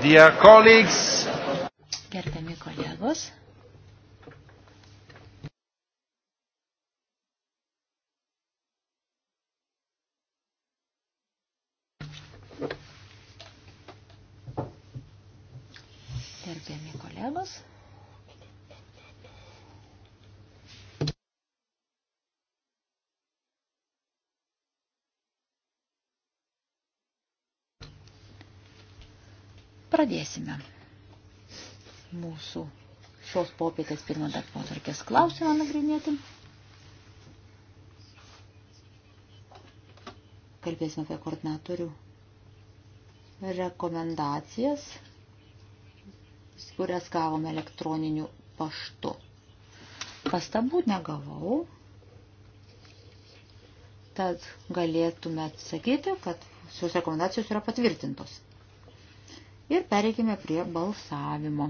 Dear colleagues. Gerbiami kolegos. Gerbiami kolegos. Pradėsime mūsų šios popietės pirmą darbo tvarkės klausimą nagrinėti. Kalbėsime apie koordinatorių rekomendacijas, kurias gavome elektroniniu paštu. Pastabų negavau, tad galėtume atsakyti, kad šios rekomendacijos yra patvirtintos ir pereikime prie balsavimo.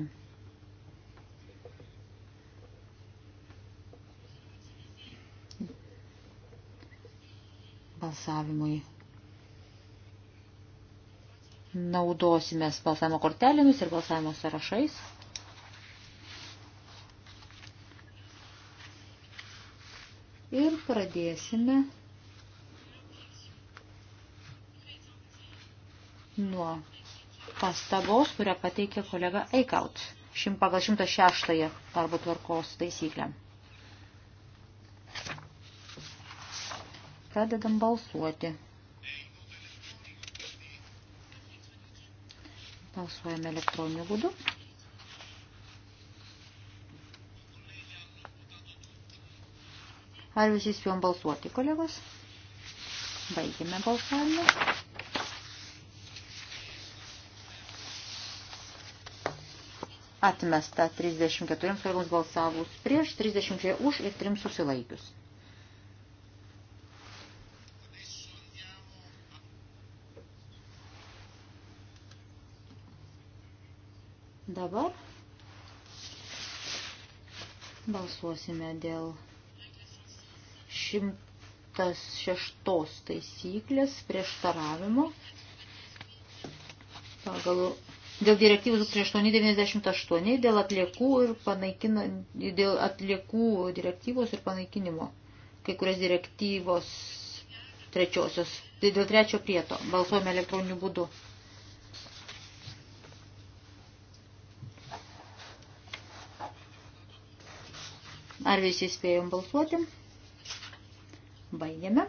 Balsavimui naudosime balsavimo kortelėmis ir balsavimo sąrašais. ir pradėsime nuo pastabos, kurią pateikė kolega Eikaut pagal 106 darbo tvarkos taisyklę. Pradedam balsuoti. Balsuojame elektroniniu būdu. Ar visi spėjom balsuoti, kolegos? Baigime balsavimą. Atmesta 34 kolegoms balsavus prieš, 30 už ir 3 susilaikius. Dabar balsuosime dėl 106 taisyklės prieštaravimo pagal dėl direktyvos 2008-98 dėl atliekų ir panaikino, dėl atliekų direktyvos ir panaikinimo kai kurias direktyvos trečiosios, tai dėl trečio prieto balsuojame elektroniniu būdu. Ar visi spėjom balsuoti? Baigiame.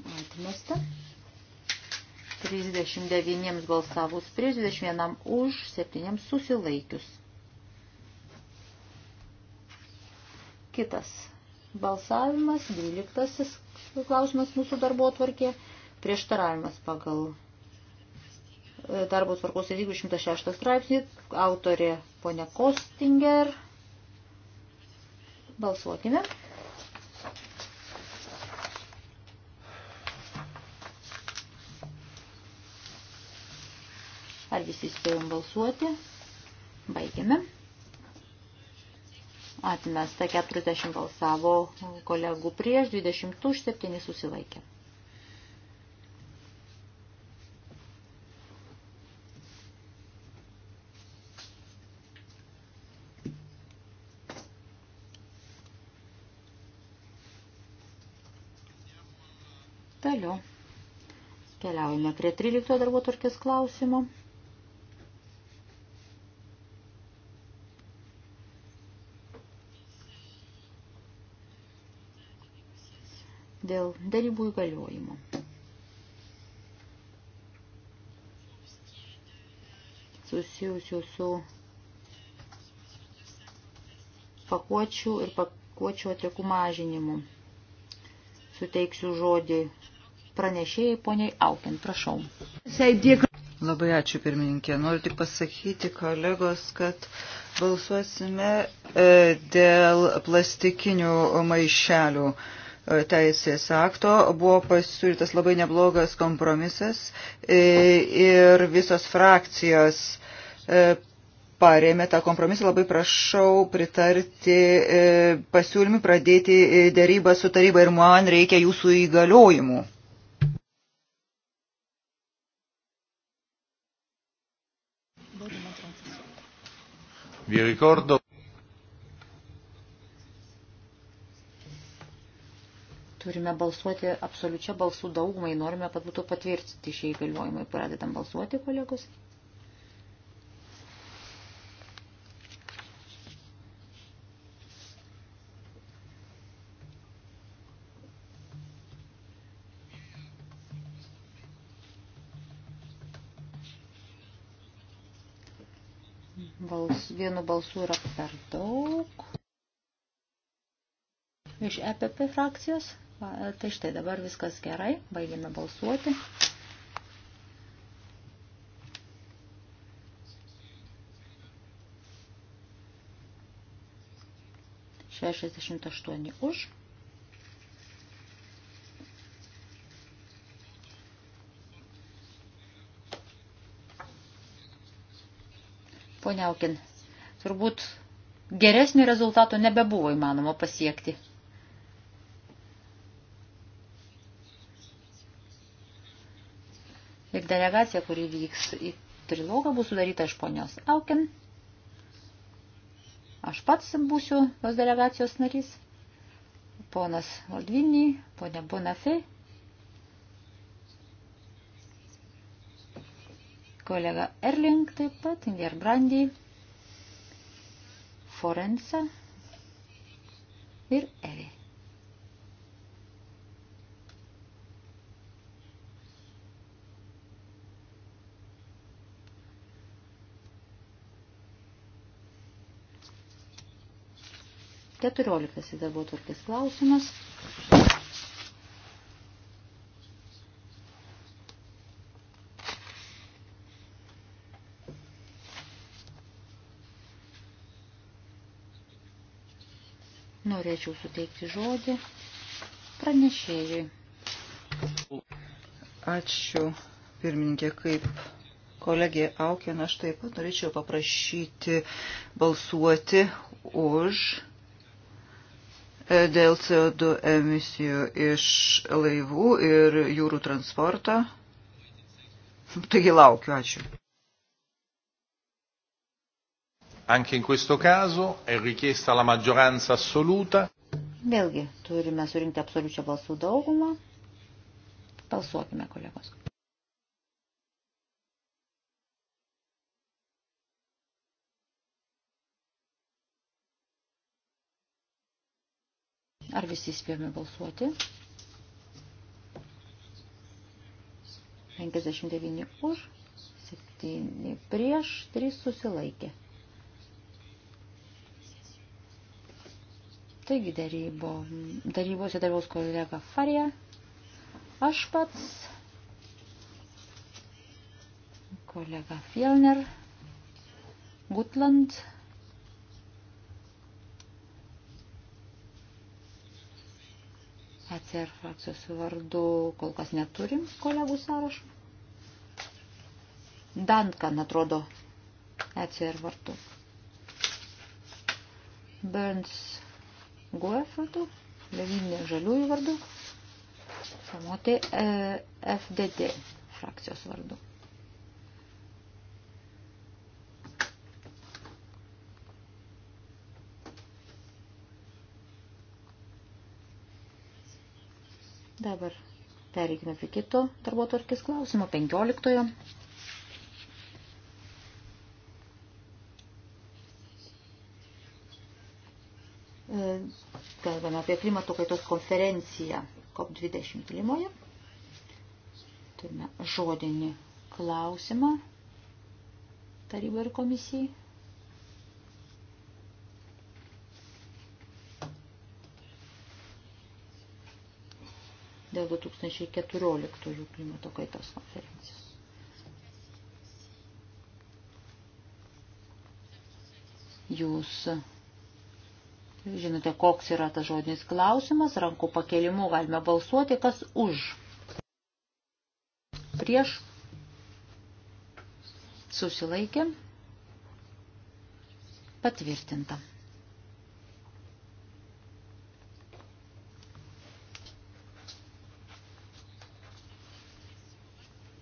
Atmesta. Atmesta. 39 balsavus prieš, 21 už, 7 susilaikius. Kitas balsavimas, 12 klausimas mūsų darbo atvarkė, prieštaravimas pagal e, darbo tvarkos 106 straipsnį, autorė ponia Kostinger. Balsuokime. Balsuokime. visi spėjom balsuoti. Baigiame. Atmesta 40 balsavo kolegų prieš, 20 už 7 susilaikė. Toliau. Keliaujame prie 13 darbo turkės klausimo. dėl darybų įgaliojimo. Susijusiu su pakuočių ir pakuočių atliekų mažinimu. Suteiksiu žodį pranešėjai poniai Aukin, prašau. Labai ačiū pirmininkė. Noriu tik pasakyti kolegos, kad balsuosime e, dėl plastikinių maišelių. E, teisės akto buvo pasiūlytas labai neblogas kompromisas e, ir visos frakcijos e, paremė tą kompromisą. Labai prašau pritarti e, pasiūlymį pradėti dėrybą su taryba ir man reikia jūsų įgaliojimų. Vi ricordo Turime balsuoti absoliučia balsų daugumai, norime, kad būtų patvirtinti šie įgaliojimai. Pradedam balsuoti, kolegos. Bals, vienu balsu yra per daug. Iš EPP frakcijos. E, tai štai dabar viskas gerai, baigėme balsuoti. 68 už. Pone Aukin, turbūt geresnio rezultato nebebuvo įmanoma pasiekti. delegacija, kuri vyks į trilogą, bus sudaryta iš ponios Aukin. Aš pats būsiu jos delegacijos narys. Ponas Valdvinį, ponia Bonafė, kolega Erling taip pat, Inger Brandy, Forensa ir Evi. 14 darbo tvarkės klausimas. Norėčiau suteikti žodį pranešėjui. Ačiū, pirmininkė, kaip kolegė Aukien, aš taip pat norėčiau paprašyti balsuoti už E, dėl CO2 emisijų iš laivų ir jūrų transporto. Taigi laukiu, ačiū. Anche in questo caso è richiesta la maggioranza assoluta. Vėlgi, turime surinkti absoliučią balsų daugumą. Balsuokime, kolegos. Ar visi spėjome balsuoti? 59 už, 7 prieš, 3 susilaikė. Taigi darybo, darybose dalyvaus kolega Farija, aš pats, kolega Fielner, Gutland, ACR frakcijos vardu kol kas neturim kolegų sąrašų. Dankan, atrodo, ECR vardu. Burns Guef vardu, Levinė žaliųjų vardu, samotė e, FDD frakcijos vardu. Dabar pereikime prie kito darbo tvarkės klausimo, 15. E, kalbame apie klimato kaitos konferenciją COP20 Limoje. Turime žodinį klausimą tarybai ir komisijai. dėl 2014 klimato kaitos konferencijos. Jūs žinote, koks yra tas žodinis klausimas, rankų pakelimu galime balsuoti, kas už. Prieš susilaikė patvirtinta.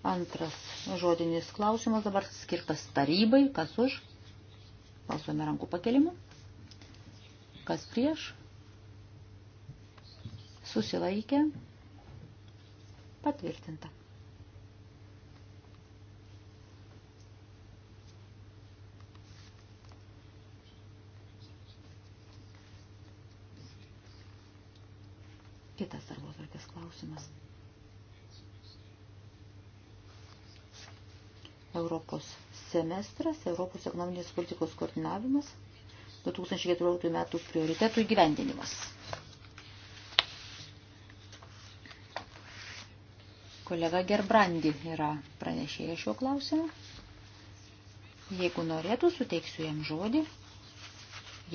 Antras žodinis klausimas dabar skirtas tarybai. Kas už? Balsuojame rankų pakelimu. Kas prieš? Susilaikė. Patvirtinta. Kitas darbo tvarkės klausimas. Europos semestras, Europos ekonominės politikos koordinavimas, 2014 metų prioritetų įgyvendinimas. Kolega Gerbrandi yra pranešėjęs šiuo klausimu. Jeigu norėtų, suteiksiu jam žodį.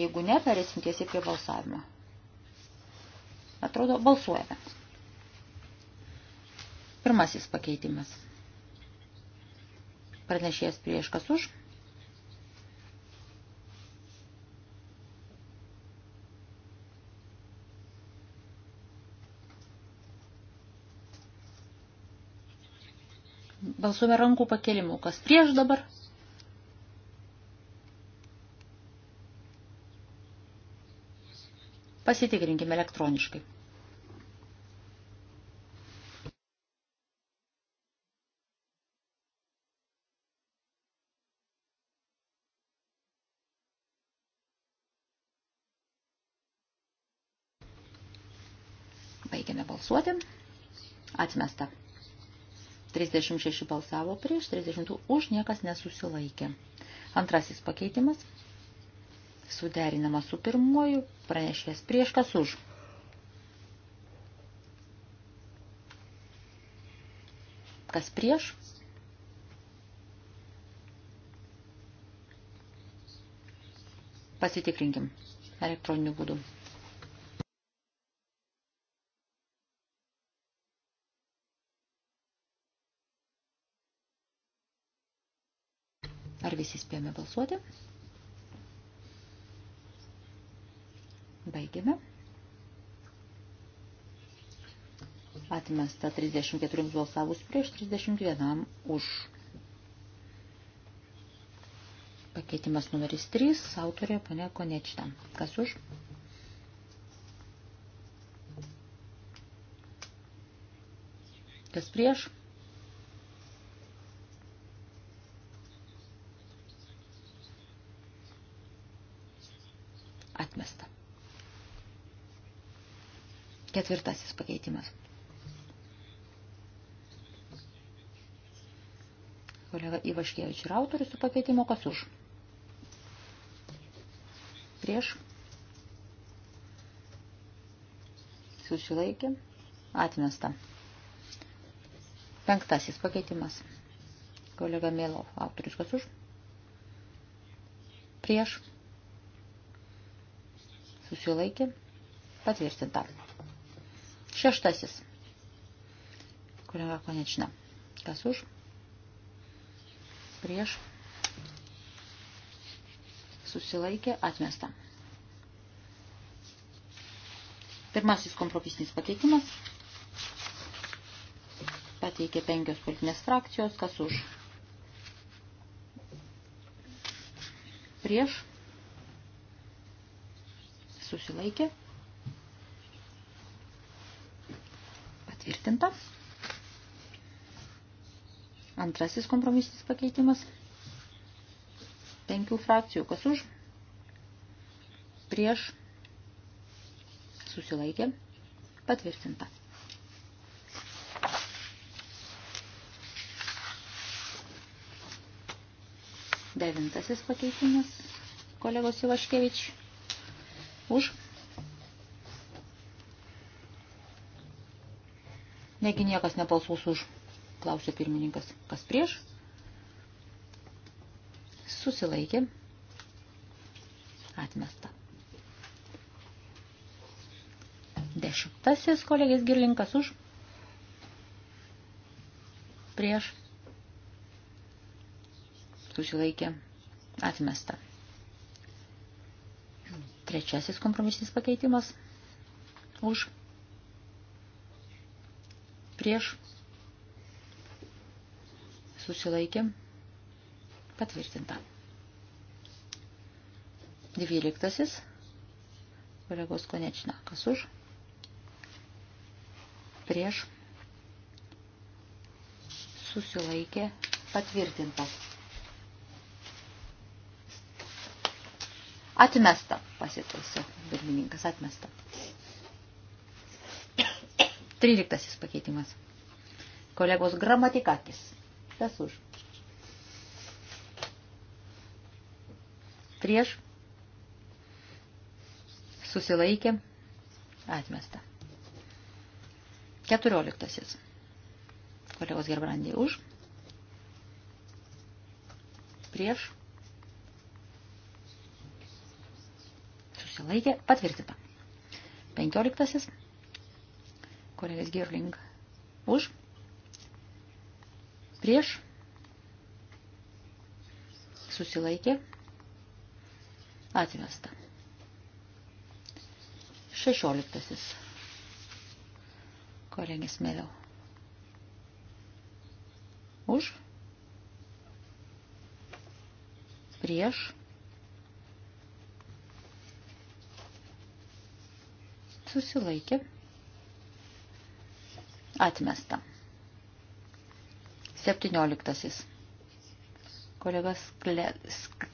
Jeigu ne, perėsim tiesiai prie balsavimo. Atrodo, balsuojame. Pirmasis pakeitimas. Pranešėjas prieš kas už. Balsuome rankų pakelimu. Kas prieš dabar? Pasitikrinkime elektroniškai. balsuoti. Atmesta. 36 balsavo prieš, 32 už, niekas nesusilaikė. Antrasis pakeitimas. Suderinamas su pirmuoju, pranešės prieš, kas už. Kas prieš? Pasitikrinkim elektroniniu būdu. visi spėjome balsuoti. Baigėme. Atmesta 34 balsavus prieš 31 už. Pakeitimas numeris 3, autorė pane Konečta. Kas už? Kas prieš? Kas prieš? atmesta. Ketvirtasis pakeitimas. Kolega Ivaškievičių ir autorius su pakeitimo kas už. Prieš. Susilaikė. Atmesta. Penktasis pakeitimas. Kolega Mėlov, autorius kas už. Prieš susilaikė, patvirtinta. Šeštasis, kurio yra konečina. Kas už? Prieš. Susilaikė, atmesta. Pirmasis kompromisinis pateikimas. Pateikė penkios politinės frakcijos. Kas už? Prieš susilaikė, patvirtinta. Antrasis kompromisinis pakeitimas. Penkių frakcijų. Kas už? Prieš. Susilaikė. Patvirtinta. Devintasis pakeitimas. Kolegos Ivaškevičiai. Už. Negi niekas nepalsuos už, klausė pirmininkas. Kas prieš? Susilaikė. Atmesta. Dešimtasis kolegės Girlinkas už. Prieš. Susilaikė. Atmesta. Trečiasis kompromisinis pakeitimas už prieš susilaikė patvirtinta. Dvyliktasis kolegos konečina. Kas už? Prieš susilaikė patvirtintas. Atmesta, pasitaisė pirmininkas, atmesta. Tryliktasis pakeitimas. Kolegos gramatikakis. Kas už? Prieš. Susilaikė. Atmesta. Keturioliktasis. Kolegos gerbrandė už. Prieš. susilaikė, patvirtinta. 15. Kornelis Girling už, prieš, susilaikė, atmesta. 16. Kolegis Meliau. Už, prieš, susilaikė, atmesta. 17. Kolegas Skle... Sk...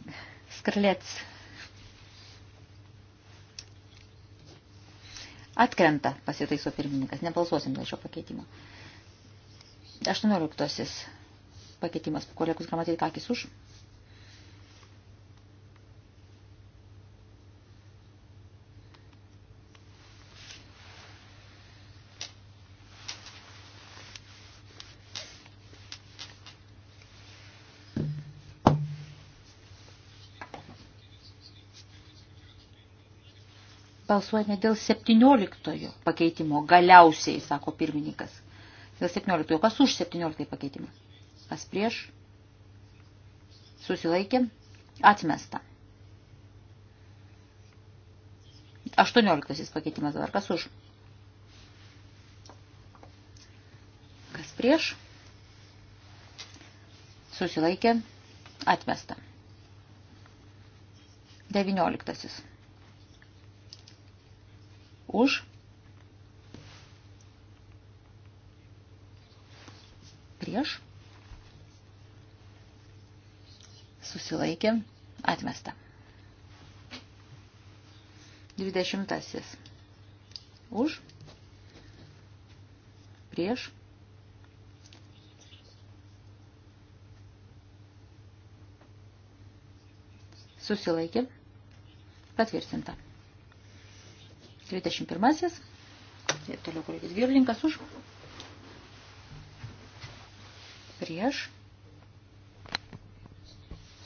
Skrlėts atkrenta, pasitaiso pirmininkas, nebalsuosim dėl šio pakeitimo. 18. Pakeitimas, kolegus gramatikakis už, balsuojame dėl 17 pakeitimo, galiausiai, sako pirmininkas. Dėl 17, kas už 17 pakeitimą? Kas prieš? Susilaikė? Atmesta. 18 pakeitimas dabar, kas už? Kas prieš? Susilaikė? Atmesta. 19 už, prieš, susilaikė, atmesta. Dvidešimtasis už, prieš, susilaikė, patvirtinta. 21. Ir toliau kolegis Virlinkas už. Prieš.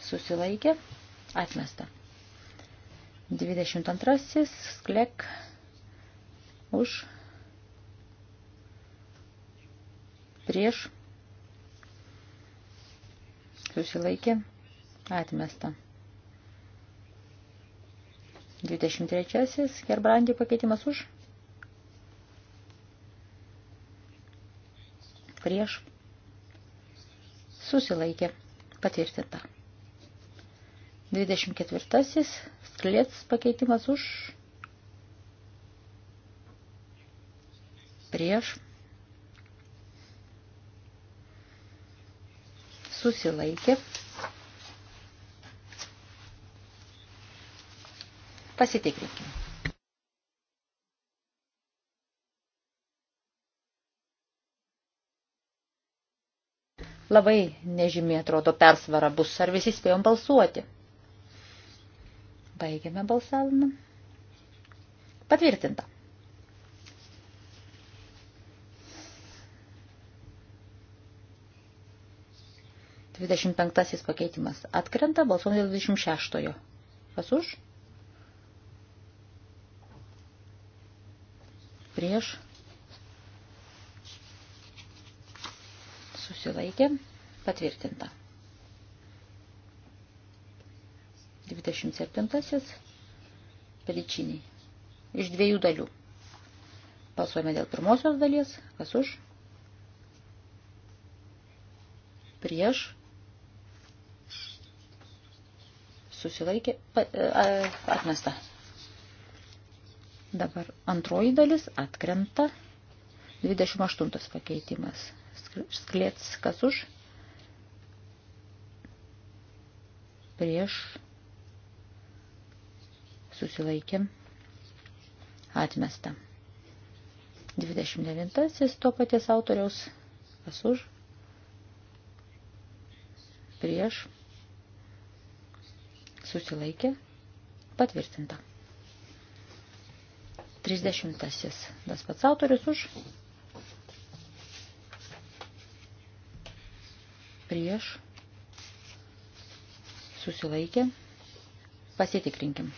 Susilaikė. Atmesta. 22. Sklek. Už. Prieš. Susilaikė. Atmesta. 23. Gerbrandį pakeitimas už. Prieš. Susilaikė. Patvirtinta. 24. Sklėts pakeitimas už. Prieš. Susilaikė. Susilaikė Pasitikrinkime. Labai nežymiai atrodo persvara bus, ar visi spėjom balsuoti. Baigiame balsavimą. Patvirtinta. Dvidešimt penktasis pakeitimas. Atkrenta balsuom dėl dvidešimt šeštojo. Kas už? prieš susilaikė patvirtinta. 27. Peličiniai. Iš dviejų dalių. Pasuojame dėl pirmosios dalies. Kas už? Prieš. Susilaikė. E, atmesta. Dabar antroji dalis atkrenta. 28 pakeitimas. Sklėts kas už. Prieš. Susilaikėm. Atmesta. 29 to paties autoriaus. Kas už. Prieš. Susilaikė. Patvirtinta. 30. Tas pats autorius už. Prieš. Susilaikė. Pasitikrinkim.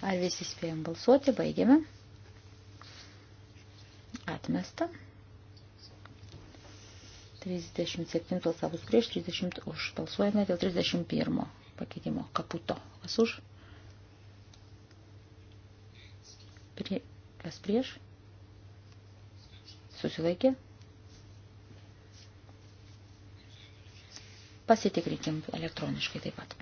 Ar visi spėjom balsuoti? Baigėme. Atmesta. Atmesta. 37 balsavus prieš, 30 už. Balsuojame dėl 31 pakeitimo kaputo. Kas už? Prie, kas prieš? Susilaikė? Pasitikrinkim elektroniškai taip pat.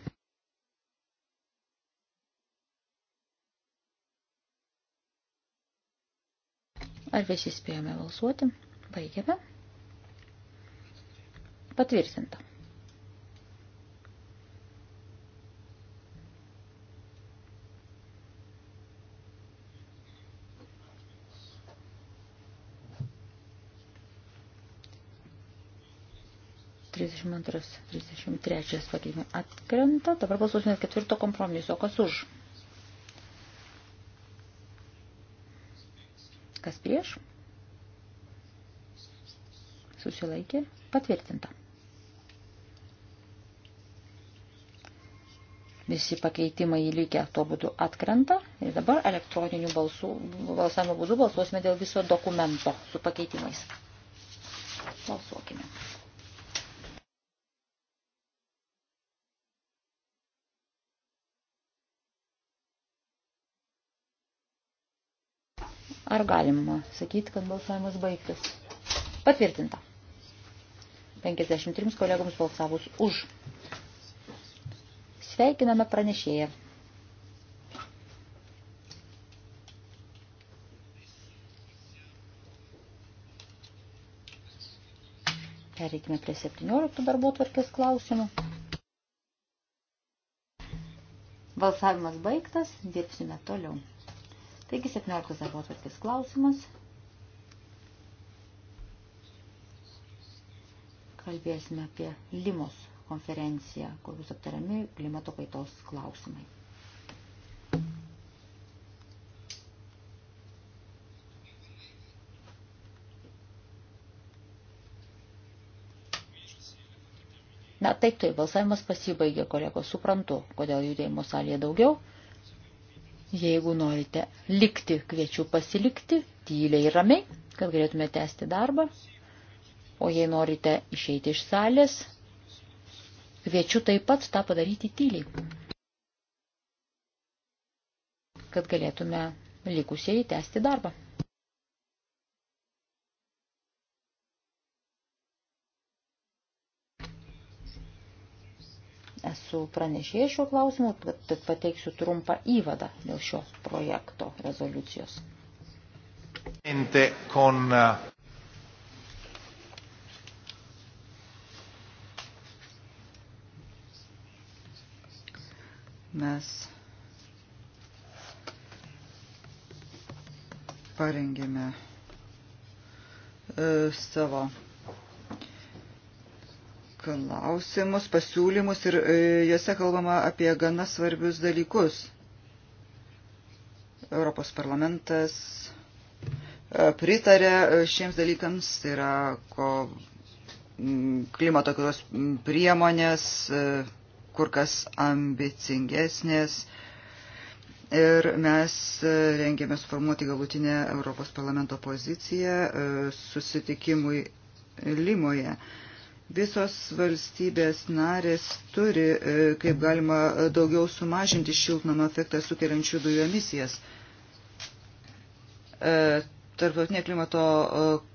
Ar visi spėjome balsuoti? Baigėme. Patvirtinta. Trisdešimt antras, trisdešimt trečias pakeitimai atkrenta. Dabar balsuosime ketvirto kompromiso. Kas už? Kas prieš? Susilaikė. Patvirtinta. Visi pakeitimai lygia tuo būdu atkrenta. Ir dabar elektroniniu balsu, balsavimo būdu balsuosime dėl viso dokumento su pakeitimais. Balsuokime. Ar galima sakyti, kad balsavimas baigtas? Patvirtinta. 53 kolegoms balsavus už. Sveikiname pranešėją. Pereikime prie 17 darbo tvarkės klausimų. Balsavimas baigtas, dirbsime toliau. Taigi 17 darbo tvarkės klausimas. Kalbėsime apie Limos konferenciją, kur bus aptariami klimato kaitos klausimai. Na, taip, tai balsavimas pasibaigė, kolegos, suprantu, kodėl judėjimo salėje daugiau. Jeigu norite likti, kviečiu pasilikti, tyliai ir ramiai, kad galėtume tęsti darbą. O jei norite išeiti iš salės, Kviečiu taip pat tą padaryti tyliai, kad galėtume likusieji tęsti darbą. Esu pranešėjęs šiuo klausimu, tad pateiksiu trumpą įvadą dėl šio projekto rezoliucijos. Con... Mes parengėme e, savo klausimus, pasiūlymus ir e, juose kalbama apie gana svarbius dalykus. Europos parlamentas e, pritarė šiems dalykams, tai yra ko, klimato kaitos priemonės, kur kas ambicingesnės. Ir mes e, rengėme suformuoti galutinę Europos parlamento poziciją e, susitikimui Limoje. Visos valstybės narės turi, e, kaip galima, daugiau sumažinti šiltnamą efektą sukeliančių dujų emisijas. Tarptautinė klimato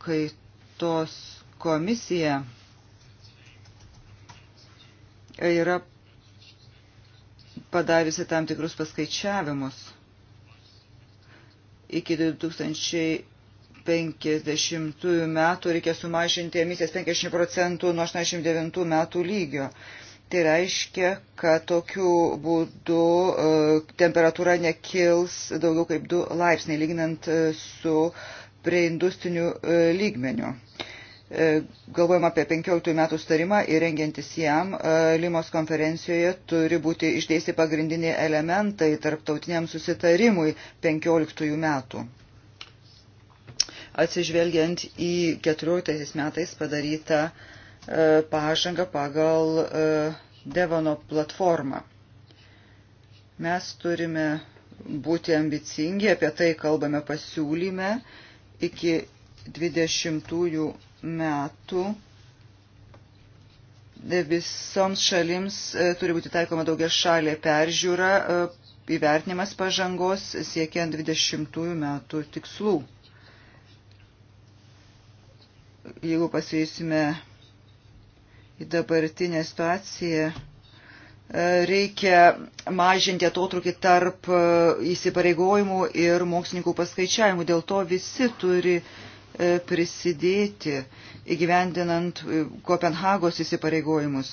kaitos komisija yra padariusi tam tikrus paskaičiavimus. Iki 2050 metų reikia sumažinti emisijas 50 procentų nuo 89 metų lygio. Tai reiškia, kad tokiu būdu e, temperatūra nekils daugiau kaip 2 laipsniai, lyginant e, su preindustriniu e, lygmeniu. E, galvojama apie 15 metų starimą ir rengiantis jam e, Limos konferencijoje turi būti išdėsti pagrindiniai elementai tarptautiniam susitarimui 15 metų. Atsižvelgiant į 14 metais padarytą e, pažangą pagal Devono platformą. Mes turime būti ambicingi, apie tai kalbame pasiūlyme iki 20 metų e, visoms šalims e, turi būti taikoma daugia šalė peržiūra, e, įvertinimas pažangos siekiant 20 metų tikslų. Jeigu pasveisime į dabartinę situaciją, reikia mažinti atotrukį tarp įsipareigojimų ir mokslininkų paskaičiavimų. Dėl to visi turi uh, E, prisidėti įgyvendinant e, Kopenhagos įsipareigojimus.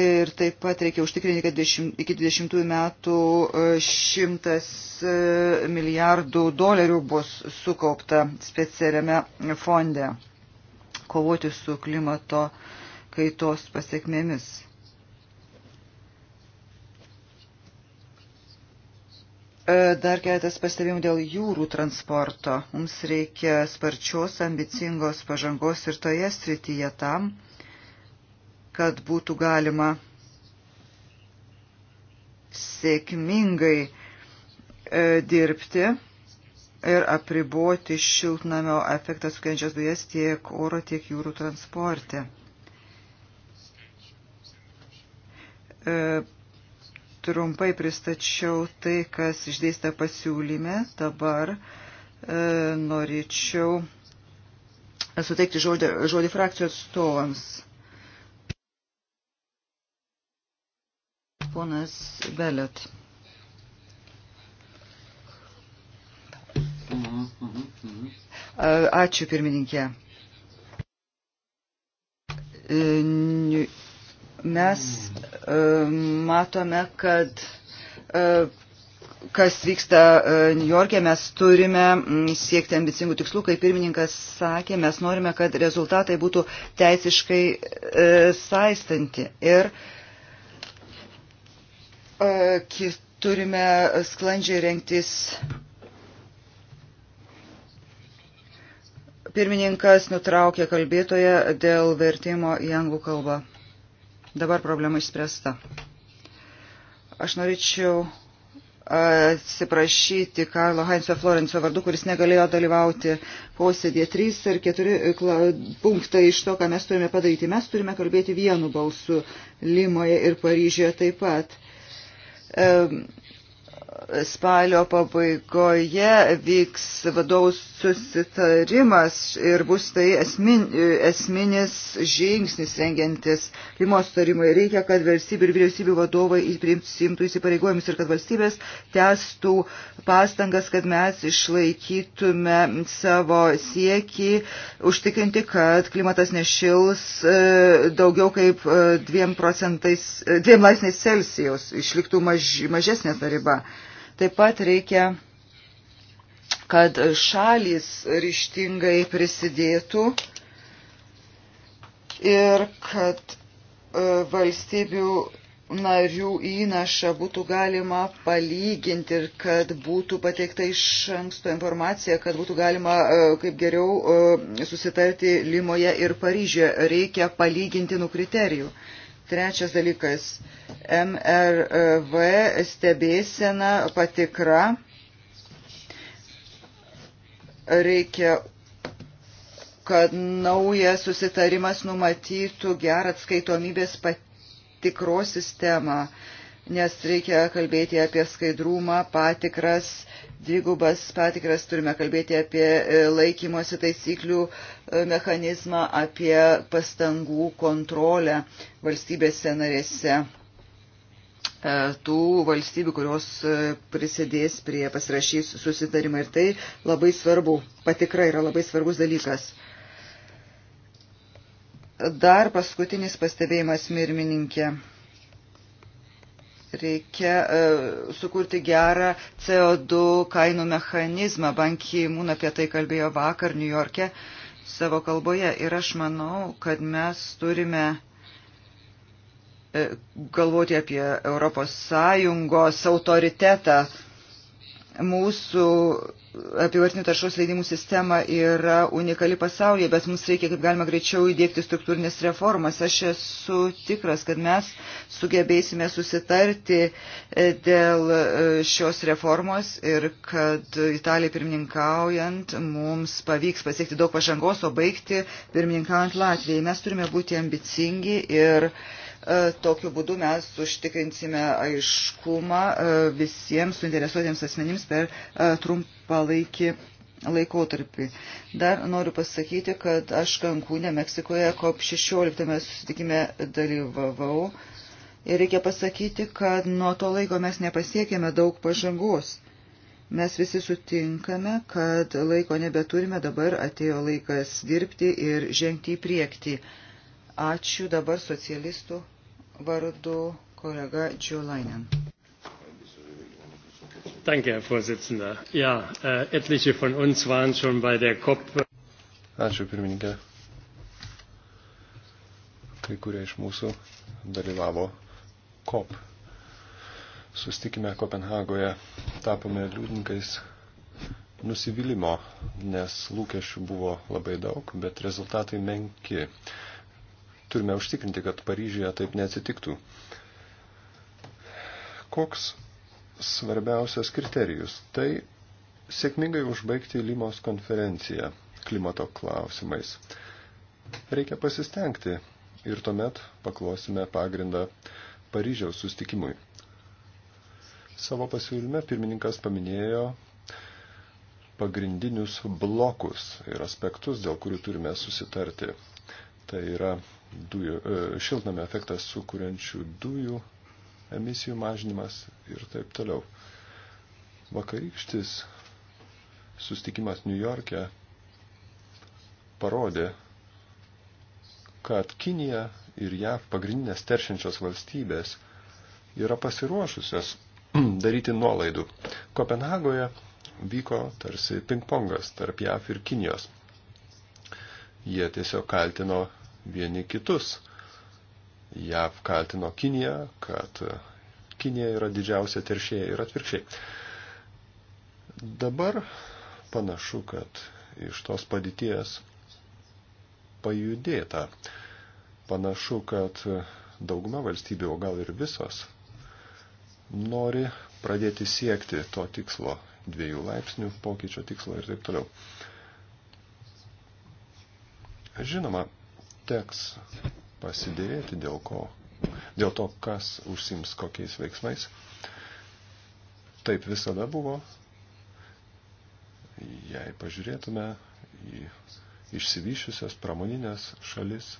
Ir taip pat reikia užtikrinti, kad iki 20 metų 100 e, milijardų dolerių bus sukaupta specialiame fonde kovoti su klimato kaitos pasiekmėmis. E, dar keletas pastebėjimų dėl jūrų transporto. Mums reikia sparčios, ambicingos pažangos ir toje srityje tam, kad būtų galima sėkmingai e, dirbti ir apriboti šiltnamio efektą sukeliančias dujas tiek oro, tiek jūrų transporte. E, trumpai pristačiau tai, kas išdėsta pasiūlyme. Dabar e, norėčiau suteikti žodį, žodį frakcijų atstovams. Ponas Belet. Ačiū pirmininkė. E, Mes e, matome, kad e, kas vyksta e, New York'e, mes turime siekti ambicingų tikslų, kaip pirmininkas sakė, mes norime, kad rezultatai būtų teisiškai saistanti. Ir turime sklandžiai rengtis Pirmininkas nutraukė kalbėtoją dėl vertimo į anglų kalbą. Dabar problema išspręsta. Aš norėčiau atsiprašyti Karlo Heinzo Florenco vardu, kuris negalėjo dalyvauti posėdėje. Trys ar keturi e, punktai iš to, ką mes turime padaryti. Mes turime kalbėti vienu balsu Limoje ir Paryžioje taip pat spalio pabaigoje vyks vadovų susitarimas ir bus tai esmin, esminis žingsnis rengiantis klimo sutarimui. Reikia, kad valstybių ir vyriausybių vadovai priimtų įsipareigojimus ir kad valstybės testų pastangas, kad mes išlaikytume savo siekį užtikrinti, kad klimatas nešils e, daugiau kaip 2 e, procentais, 2 e, laipsniais Celsijaus, išliktų maž, mažesnė ta riba. Taip pat reikia, kad šalys ryštingai prisidėtų ir kad e, valstybių narių įnašą būtų galima palyginti ir kad būtų pateikta iš anksto informacija, kad būtų galima e, kaip geriau e, susitarti Limoje ir Paryžioje. Reikia palygintinų kriterijų. kriterijų Trečias dalykas - MRV stebėsena patikra. Reikia kad naujas susitarimas numatytų gerą atskaitomybės patikros sistemą. Uh, nes reikia kalbėti apie skaidrumą, patikras, dvigubas patikras, turime kalbėti apie e, laikymosi taisyklių e, mechanizmą, apie pastangų kontrolę valstybėse narėse e, tų valstybių, kurios prisidės prie pasirašys susitarimą. Ir tai labai svarbu, patikra yra labai svarbus dalykas. Dar paskutinis pastebėjimas mirmininkė. Reikia uh, sukurti gerą CO2 kainų mechanizmą. Bankiai Mūn apie tai kalbėjo vakar New York'e savo kalboje. Ir aš manau, kad mes turime e, galvoti apie Europos Sąjungos autoritetą mūsų apivartinių taršos leidimų sistema yra unikali pasaulyje, bet mums reikia kaip galima greičiau įdėkti struktūrinės reformas. Aš esu tikras, kad mes sugebėsime susitarti e, dėl e, šios reformos ir kad Italijai pirmininkaujant mums pavyks pasiekti daug pažangos, o baigti pirmininkaujant Latvijai. Mes turime būti ambicingi ir uh, E, tokiu būdu mes užtikrinsime aiškumą e, visiems suinteresuotiems asmenims per e, trumpalaikį laikotarpį. Dar noriu pasakyti, kad aš Kankūne, Meksikoje, COP16 susitikime dalyvavau. Ir reikia pasakyti, kad nuo to laiko mes nepasiekėme daug pažangos. Mes visi sutinkame, kad laiko nebeturime, dabar atėjo laikas dirbti ir žengti į priekį. Ačiū dabar socialistų vardu kolega Džiulainen. Danke, Herr Vorsitzender. Ja, äh, etliche von uns waren schon bei der COP. Ačiū, pirmininkė. Kai kurie iš mūsų dalyvavo COP. Sustikime Kopenhagoje, tapome liūdininkais nusivylimų, nes lūkesčių buvo labai daug, bet rezultatai menki. Turime užtikrinti, kad Paryžyje taip neatsitiktų. Koks svarbiausias kriterijus? Tai sėkmingai užbaigti Limos konferenciją klimato klausimais. Reikia pasistengti ir tuomet paklosime pagrindą Paryžiaus sustikimui. Savo pasiūlyme pirmininkas paminėjo pagrindinius blokus ir aspektus, dėl kurių turime susitarti. Tai yra dujų, e, šiltnamio efektą sukūrenčių dujų emisijų mažinimas ir taip toliau. Vakarykštis sustikimas New York'e parodė, kad Kinija ir JAV pagrindinės teršiančios valstybės yra pasiruošusios daryti nuolaidų. Kopenhagoje vyko tarsi pingpongas tarp JAV ir Kinijos. Jie tiesiog kaltino vieni kitus. JAV kaltino Kiniją, kad Kinija yra didžiausia teršėja ir atvirkščiai. Dabar panašu, kad iš tos padėties pajudėta. Panašu, kad dauguma valstybių, o gal ir visos, nori pradėti siekti to tikslo dviejų laipsnių pokyčio tikslo ir taip toliau. Žinoma, teks pasidėrėti dėl ko, dėl to, kas užsims kokiais veiksmais. Taip visada buvo. Jei pažiūrėtume į išsivyšiusias pramoninės šalis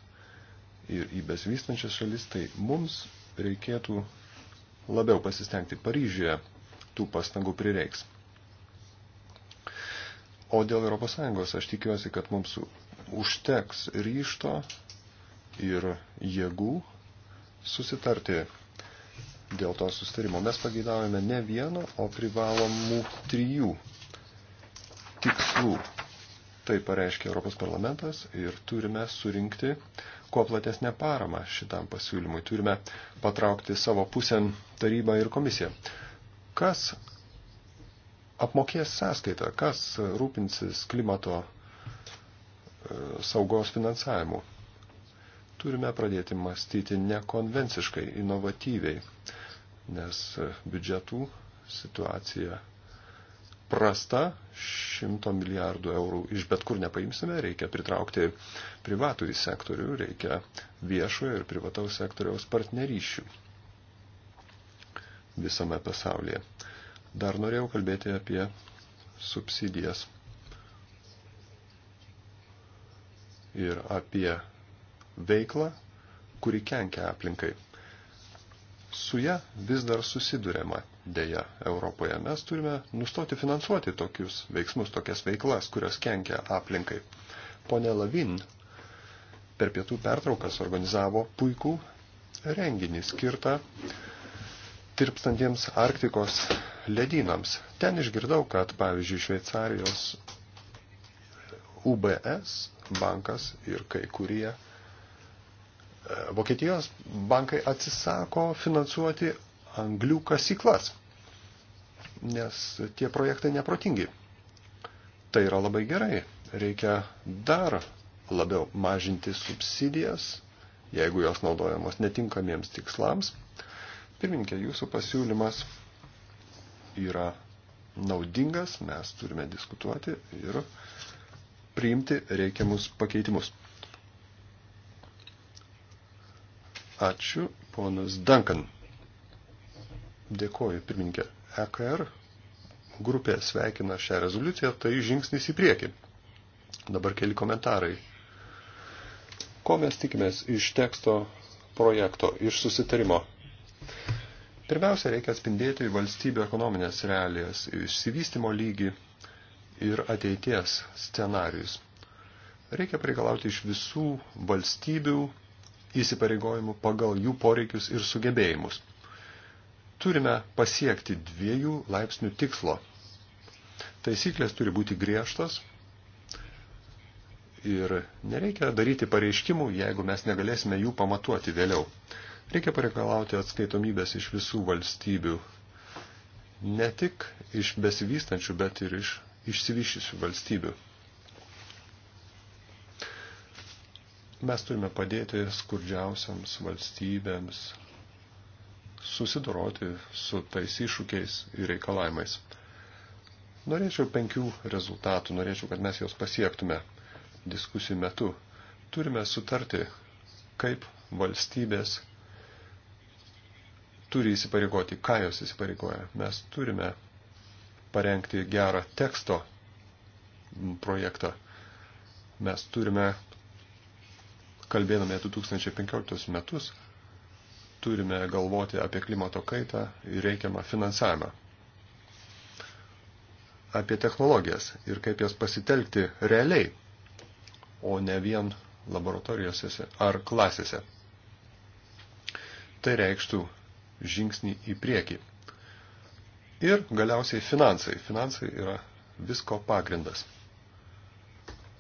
ir į besvystančias šalis, tai mums reikėtų labiau pasistengti Paryžiuje, tų pastangų prireiks. O dėl ES aš tikiuosi, kad mums užteks ryšto ir jėgų susitarti dėl to sustarimo. Mes pageidavome ne vieno, o privalomų trijų tikslų. Tai pareiškia Europos parlamentas ir turime surinkti kuo platesnę paramą šitam pasiūlymui. Turime patraukti savo pusėn tarybą ir komisiją. Kas apmokės sąskaitą, kas rūpinsis klimato saugos finansavimu. Turime pradėti mąstyti nekonvenciškai, inovatyviai, nes biudžetų situacija prasta, 100 milijardų eurų iš bet kur nepaimsime, reikia pritraukti privatų į sektorių, reikia viešojo ir privataus sektoriaus partnerysčių visame pasaulyje. Dar norėjau kalbėti apie subsidijas. ir apie veiklą, kuri kenkia aplinkai. Su ją vis dar susidurėma dėja Europoje. Mes turime nustoti finansuoti tokius veiksmus, tokias veiklas, kurios kenkia aplinkai. Pone Lavin per pietų pertraukas organizavo puikų renginį skirtą tirpstantiems Arktikos ledynams. Ten išgirdau, kad, pavyzdžiui, Šveicarijos UBS bankas ir kai kurie e, Vokietijos bankai atsisako finansuoti anglių kasyklas, nes tie projektai neprotingi. Tai yra labai gerai. Reikia dar labiau mažinti subsidijas, jeigu jos naudojamos netinkamiems tikslams. Pirminkė, jūsų pasiūlymas yra naudingas, mes turime diskutuoti ir uh, priimti reikiamus pakeitimus. Ačiū, ponas Duncan. Dėkoju, pirmininkė. EKR grupė sveikina šią rezoliuciją, tai žingsnis į priekį. Dabar keli komentarai. Ko mes tikimės iš teksto projekto, iš susitarimo? Pirmiausia, reikia atspindėti valstybių ekonominės realijas, išsivystimo lygį ir ateities scenarius. Reikia reikalauti iš visų valstybių įsipareigojimų pagal jų poreikius ir sugebėjimus. Turime pasiekti dviejų laipsnių tikslo. Taisyklės turi būti griežtos ir nereikia daryti pareiškimų, jeigu mes negalėsime jų pamatuoti vėliau. Reikia pareikalauti atskaitomybės iš visų valstybių, ne tik iš besivystančių, bet ir iš išsivyšysių valstybių. Mes turime padėti skurdžiausiams valstybėms susidoroti su tais iššūkiais ir reikalavimais. Norėčiau penkių rezultatų, norėčiau, kad mes jos pasiektume diskusijų metu. Turime sutarti, kaip valstybės turi įsipareigoti, ką jos įsipareigoja. Mes turime parengti gerą teksto projektą. Mes turime, kalbėdami 2015 metus, turime galvoti apie klimato kaitą ir reikiamą finansavimą. Apie technologijas ir kaip jas pasitelkti realiai, o ne vien laboratorijose ar klasėse. Tai reikštų žingsnį į priekį. Ir galiausiai finansai. Finansai yra visko pagrindas.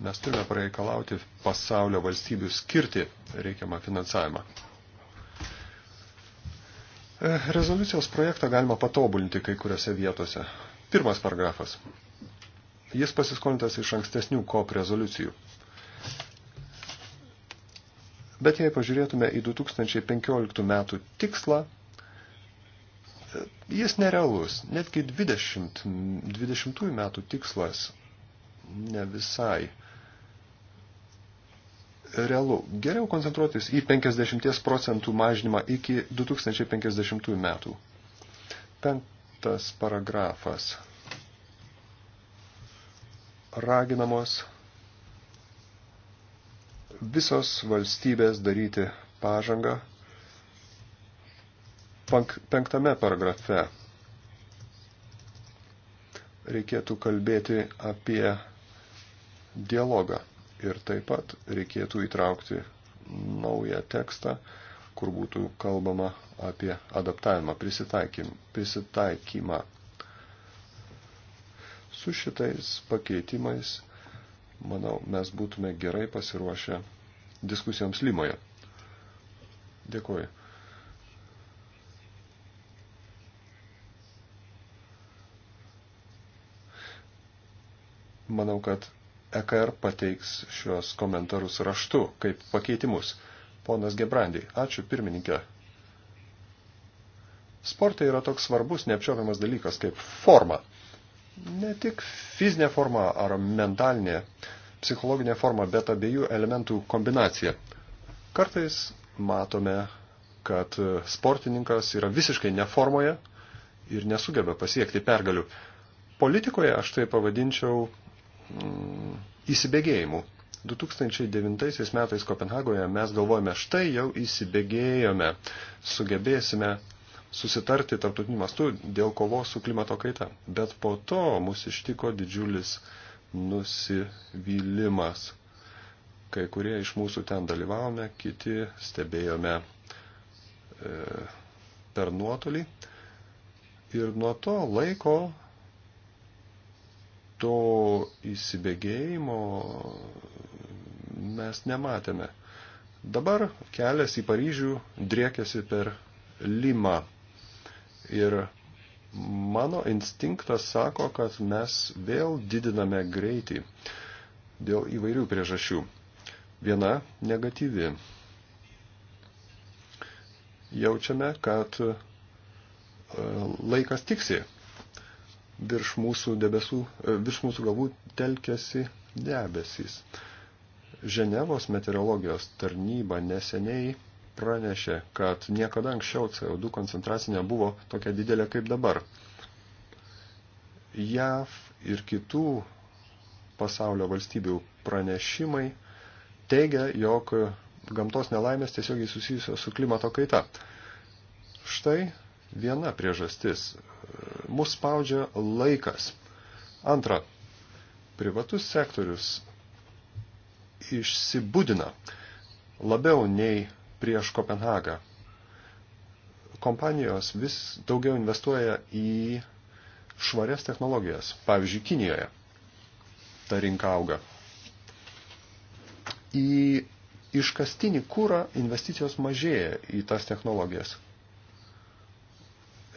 Mes turime pareikalauti pasaulio valstybių skirti reikiamą finansavimą. Eh, rezoliucijos projektą galima patobulinti kai kuriuose vietose. Pirmas paragrafas. Jis pasiskolintas iš ankstesnių COP rezoliucijų. Bet jei pažiūrėtume į 2015 metų tikslą, Jis nerealus, netgi 20, 20 metų tikslas ne visai realu. Geriau koncentruotis į 50 procentų mažinimą iki 2050 metų. Penktas paragrafas. Raginamos visos valstybės daryti pažangą penktame paragrafe reikėtų kalbėti apie dialogą ir taip pat reikėtų įtraukti naują tekstą, kur būtų kalbama apie adaptavimą, prisitaikymą. Su šitais pakeitimais, manau, mes būtume gerai pasiruošę diskusijoms Limoje. Dėkuoju. Manau, kad EKR pateiks šios komentarus raštu kaip pakeitimus. Ponas Gebrandį, ačiū pirmininkė. Sportai yra toks svarbus neapčiopiamas dalykas kaip forma. Ne tik fizinė forma ar mentalinė, psichologinė forma, bet abiejų elementų kombinacija. Kartais matome, kad sportininkas yra visiškai neformoje ir nesugeba pasiekti pergalių. Politikoje aš tai pavadinčiau Mm, įsibėgėjimų. 2009 metais Kopenhagoje mes galvojame, štai jau įsibėgėjome, sugebėsime susitarti tarptautiniu mastu dėl kovos su klimato kaita. Bet po to mus ištiko didžiulis nusivylimas. Kai kurie iš mūsų ten dalyvavome, kiti stebėjome e, per nuotolį. Ir nuo to laiko to įsibėgėjimo mes nematėme. Dabar kelias į Paryžių driekiasi per Limą. Ir mano instinktas sako, kad mes vėl didiname greitį dėl įvairių priežasčių. Viena negatyvi. Jaučiame, kad e, laikas tiksi, virš mūsų debesų, e, virš mūsų galvų telkėsi debesys. Ženevos meteorologijos tarnyba neseniai pranešė, kad niekada anksčiau CO2 koncentracija nebuvo tokia didelė kaip dabar. JAV ir kitų pasaulio valstybių pranešimai teigia, jog gamtos nelaimės tiesiogiai susijusios su klimato kaita. Štai viena priežastis mus spaudžia laikas. Antra, privatus sektorius išsibūdina labiau nei prieš Kopenhagą. Kompanijos vis daugiau investuoja į švarias technologijas, pavyzdžiui, Kinijoje. Ta rinka auga. Į iškastinį kūrą investicijos mažėja į tas technologijas.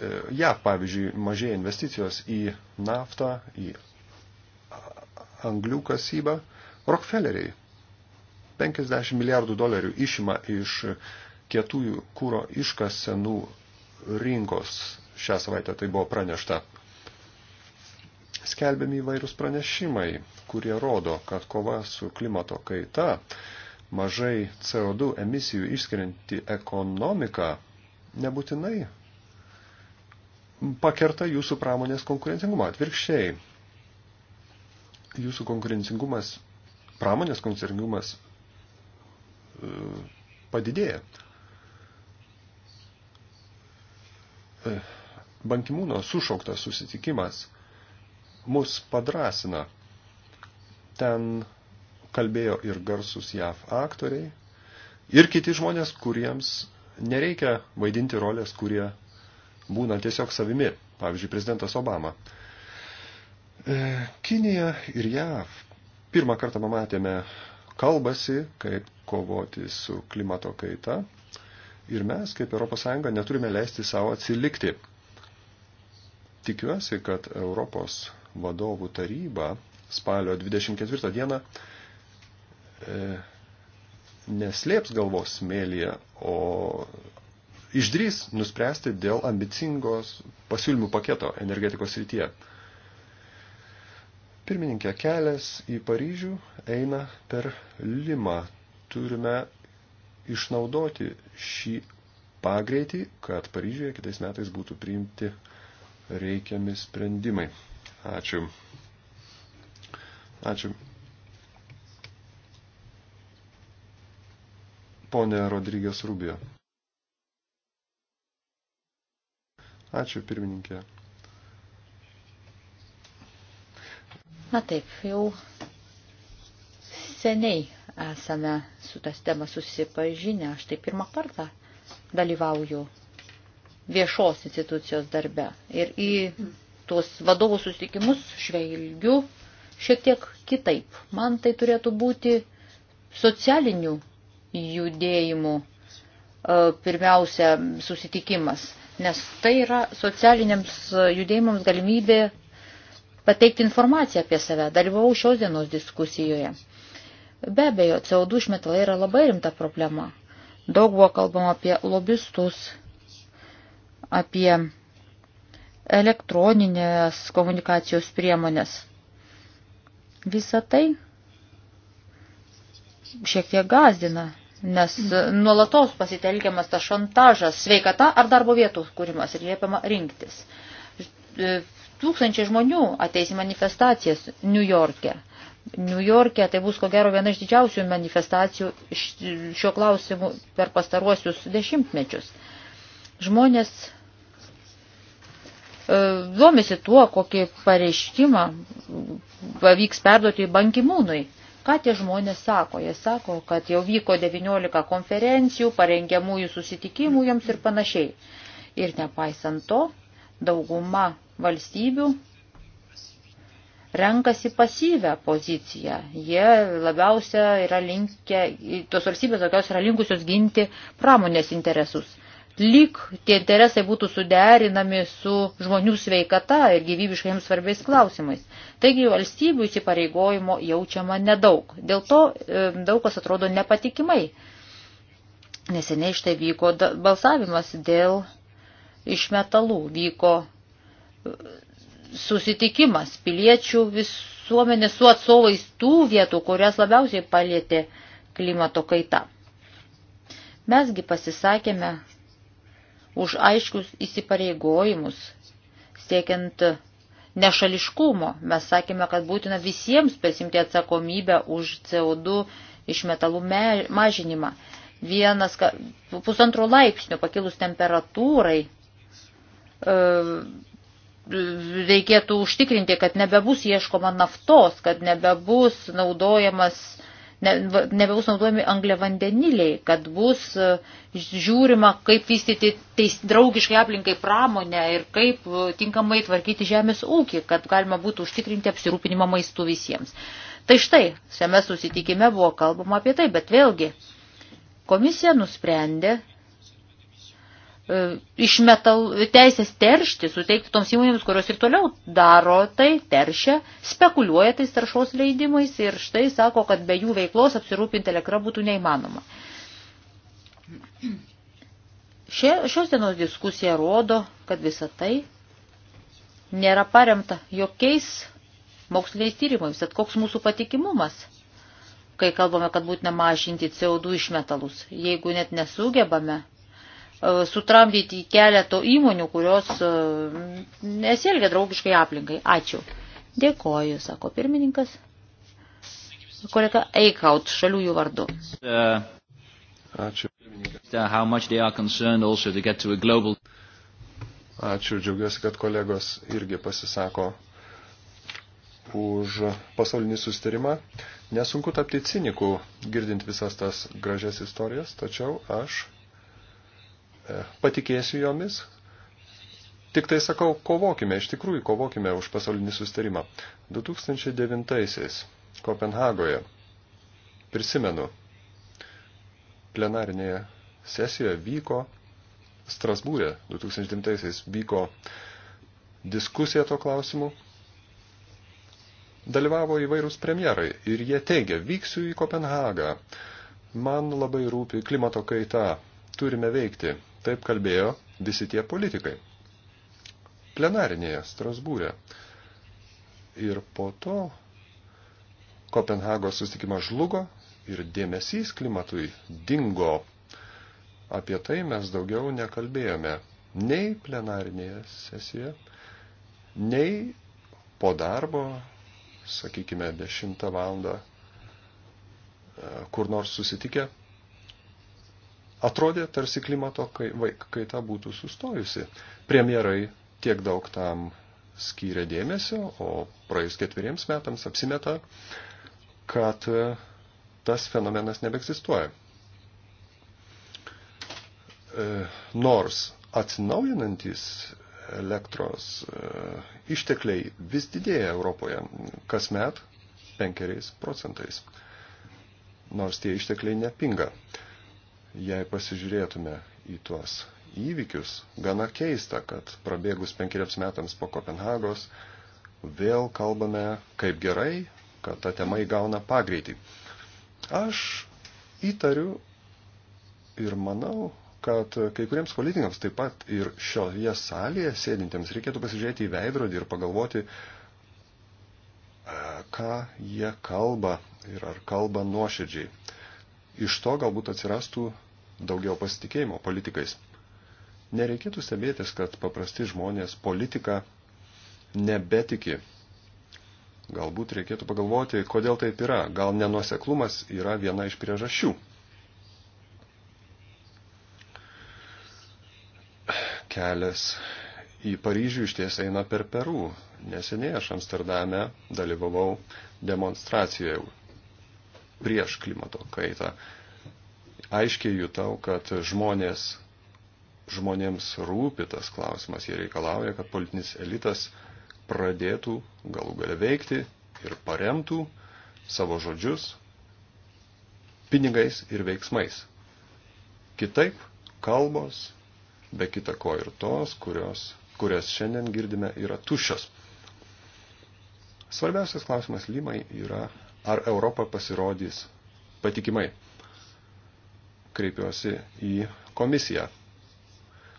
E, JAV, pavyzdžiui, mažėja investicijos į naftą, į anglių kasybą. Rockefelleriai 50 milijardų dolerių išima iš kietųjų kūro iškasenų rinkos. Šią savaitę tai buvo pranešta. Skelbiami įvairūs pranešimai, kurie rodo, kad kova su klimato kaita, mažai CO2 emisijų išskirianti ekonomika nebūtinai pakerta jūsų pramonės konkurencingumą. Atvirkščiai, jūsų konkurencingumas, pramonės konkurencingumas e, padidėja. E, Bankimūno sušauktas susitikimas mus padrasina. Ten kalbėjo ir garsus JAV aktoriai, ir kiti žmonės, kuriems nereikia vaidinti rolės, kurie būnant tiesiog savimi, pavyzdžiui, prezidentas Obama. E, Kinija ir JAV pirmą kartą matėme kalbasi, kaip kovoti su klimato kaita ir mes, kaip ES, neturime leisti savo atsilikti. Tikiuosi, kad Europos vadovų taryba spalio 24 dieną e, neslėps galvos smėlyje, o išdrys nuspręsti dėl ambicingos pasiūlymų paketo energetikos srityje. Pirmininkė kelias į Paryžių eina per Limą. Turime išnaudoti šį pagreitį, kad Paryžiuje kitais metais būtų priimti reikiami sprendimai. Ačiū. Ačiū. Pone Rodrygės Rubio. Ačiū, pirmininkė. Na taip, jau seniai esame su tas tema susipažinę. Aš tai pirmą kartą dalyvauju viešos institucijos darbe. Ir į tuos vadovų susitikimus švelgiu šiek tiek kitaip. Man tai turėtų būti socialinių judėjimų e, pirmiausia susitikimas nes tai yra socialiniams judėjimams galimybė pateikti informaciją apie save. Dalyvau šios dienos diskusijoje. Be abejo, CO2 išmetalai yra labai rimta problema. Daug buvo kalbama apie lobistus, apie elektroninės komunikacijos priemonės. Visa tai šiek tiek gazdina nes nuolatos pasitelkiamas tas šantažas, sveikata ar darbo vietų kūrimas ir liepiama rinktis. Tūkstančiai žmonių ateis į manifestacijas New York'e. New York'e tai bus ko gero viena iš didžiausių manifestacijų šiuo klausimu per pastaruosius dešimtmečius. Žmonės e, domisi tuo, kokį pareiškimą pavyks perduoti bankimūnui. Ką tie žmonės sako? Jie sako, kad jau vyko 19 konferencijų, parengiamųjų susitikimų joms ir panašiai. Ir nepaisant to, dauguma valstybių renkasi pasyvę poziciją. Jie labiausia yra linkę, tos valstybės daugiausia yra linkusios ginti pramonės interesus lyg tie interesai būtų suderinami su žmonių sveikata ir gyvybiškai jiems svarbiais klausimais. Taigi valstybių įsipareigojimo jaučiama nedaug. Dėl to e, daug kas atrodo nepatikimai. Neseniai štai vyko balsavimas dėl išmetalų, vyko e, susitikimas piliečių visuomenės su atstovais tų vietų, kurias labiausiai palėtė klimato kaita. Mesgi pasisakėme už aiškius įsipareigojimus, siekiant nešališkumo. Mes sakėme, kad būtina visiems pasimti atsakomybę už CO2 išmetalų mažinimą. Vienas, pusantro laipsnio pakilus temperatūrai, e, reikėtų užtikrinti, kad nebebus ieškoma naftos, kad nebebus naudojamas e, ne, nebebus naudojami angliavandeniliai, kad bus e, žiūrima, kaip vystyti teis, draugiškai aplinkai pramonę ir kaip e, tinkamai tvarkyti žemės ūkį, kad galima būtų užtikrinti apsirūpinimą maistų visiems. Tai štai, šiame susitikime buvo kalbama apie tai, bet vėlgi komisija nusprendė E, iš metal, teisės teršti, suteikti toms įmonėms, kurios ir toliau daro tai, teršia, spekuliuoja tais taršos leidimais ir štai sako, kad be jų veiklos apsirūpinti elektra būtų neįmanoma. Šie, šios dienos diskusija rodo, kad visa tai nėra paremta jokiais moksliniais tyrimais, tad koks mūsų patikimumas, kai kalbame, kad būtina mažinti CO2 išmetalus, jeigu net nesugebame E, sutramdyti keleto įmonių, kurios e, nesielgia draugiškai aplinkai. Ačiū. Dėkoju, sako pirmininkas. Kolega Eikaut, šaliųjų vardu. Uh, Ačiū. Uh, Ačiū, džiaugiuosi, kad kolegos irgi pasisako už pasaulinį sustarimą. Nesunku tapti ciniku, girdint visas tas gražias istorijas, tačiau aš E, patikėsiu jomis. Tik tai sakau, kovokime, iš tikrųjų kovokime už pasaulinį sustarimą. 2009-aisiais Kopenhagoje, prisimenu, plenarinėje sesijoje vyko, Strasbūrė 2009-aisiais vyko diskusija to klausimu. Dalyvavo įvairūs premjerai ir jie teigia, vyksiu į Kopenhagą. Man labai rūpi klimato kaita, turime veikti. Taip kalbėjo visi tie politikai. Plenarinėje Strasbūrė. Ir po to Kopenhagos susitikimas žlugo ir dėmesys klimatui dingo. Apie tai mes daugiau nekalbėjome nei plenarinėje sesijoje, nei po darbo, sakykime, 10 valandą, e, kur nors susitikę Atrodė, tarsi klimato kaita būtų sustojusi. Premjerai tiek daug tam skyrė dėmesio, o praėjus ketveriems metams apsimeta, kad e, tas fenomenas nebeegzistuoja. E, nors atsinaujinantis elektros e, ištekliai vis didėja Europoje kasmet penkeriais procentais, nors tie ištekliai nepinga jei pasižiūrėtume į tuos įvykius, gana keista, kad prabėgus penkeriams metams po Kopenhagos vėl kalbame, kaip gerai, kad ta tema įgauna pagreitį. Aš įtariu ir manau, kad kai kuriems politikams taip pat ir šioje salėje sėdintiems reikėtų pasižiūrėti į veidrodį ir pagalvoti, e, ką jie kalba ir ar kalba nuoširdžiai. Iš to galbūt atsirastų daugiau pasitikėjimo politikais. Nereikėtų stebėtis, kad paprasti žmonės politiką nebetiki. Galbūt reikėtų pagalvoti, kodėl taip yra. Gal nenuoseklumas yra viena iš priežasčių. Kelias į Paryžių išties eina per Perų. Neseniai aš Amsterdame dalyvavau demonstracijoje prieš klimato kaitą. Aiškiai jutau, kad žmonės, žmonėms rūpi tas klausimas, jie reikalauja, kad politinis elitas pradėtų galų gale veikti ir paremtų savo žodžius pinigais ir veiksmais. Kitaip kalbos, be kita ko ir tos, kurios, kurias šiandien girdime, yra tušios. Svarbiausias klausimas Limai yra ar Europa pasirodys patikimai. Kreipiuosi į komisiją.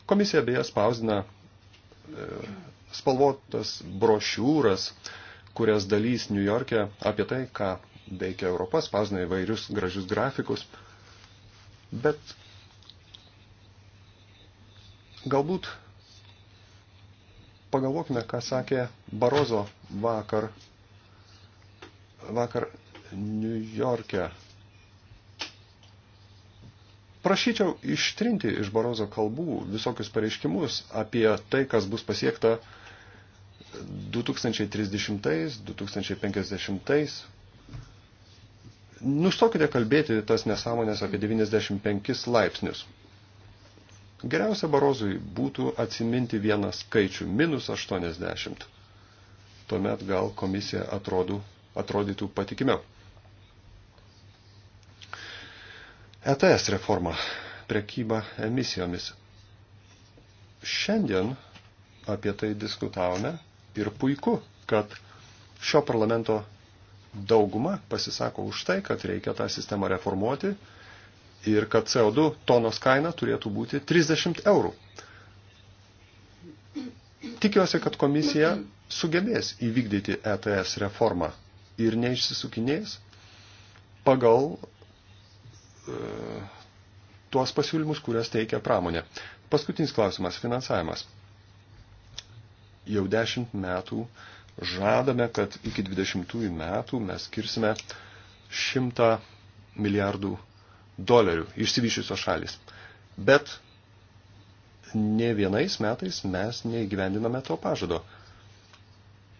Komisija beje spausdina e, spalvotas brošiūras, kurias dalys New York'e apie tai, ką veikia Europa, spausdina įvairius gražius grafikus. Bet galbūt pagalvokime, ką sakė Barozo vakar vakar New York'e. Prašyčiau ištrinti iš Barozo kalbų visokius pareiškimus apie tai, kas bus pasiekta 2030-2050. Nustokite kalbėti tas nesąmonės apie 95 laipsnius. Geriausia Barozui būtų atsiminti vieną skaičių – minus 80. Tuomet gal komisija atrodo atrodytų patikimiau. ETS reforma - prekyba emisijomis. Šiandien apie tai diskutavome ir puiku, kad šio parlamento dauguma pasisako už tai, kad reikia tą sistemą reformuoti ir kad CO2 tonos kaina turėtų būti 30 eurų. Tikiuosi, kad komisija sugebės įvykdyti ETS reformą ir neišsisukinės pagal e, tuos pasiūlymus, kurias teikia pramonė. Paskutinis klausimas - finansavimas. Jau dešimt metų žadame, kad iki 20 metų mes skirsime 100 milijardų dolerių išsivyšiusios šalis. Bet ne vienais metais mes neįgyvendiname to pažado.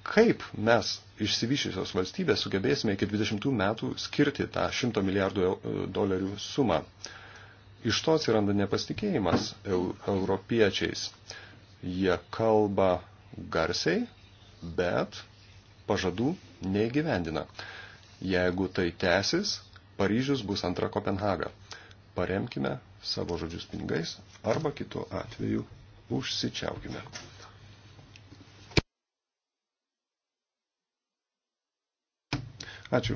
Kaip mes išsivyšusios valstybės sugebėsime iki 20 metų skirti tą 100 milijardų e, dolerių sumą. Iš to atsiranda nepasitikėjimas europiečiais. Jie kalba garsiai, bet pažadų neįgyvendina. Jeigu tai tęsis, Paryžius bus antra Kopenhaga. Paremkime savo žodžius pinigais arba kitu atveju užsičiaukime. Ačiū.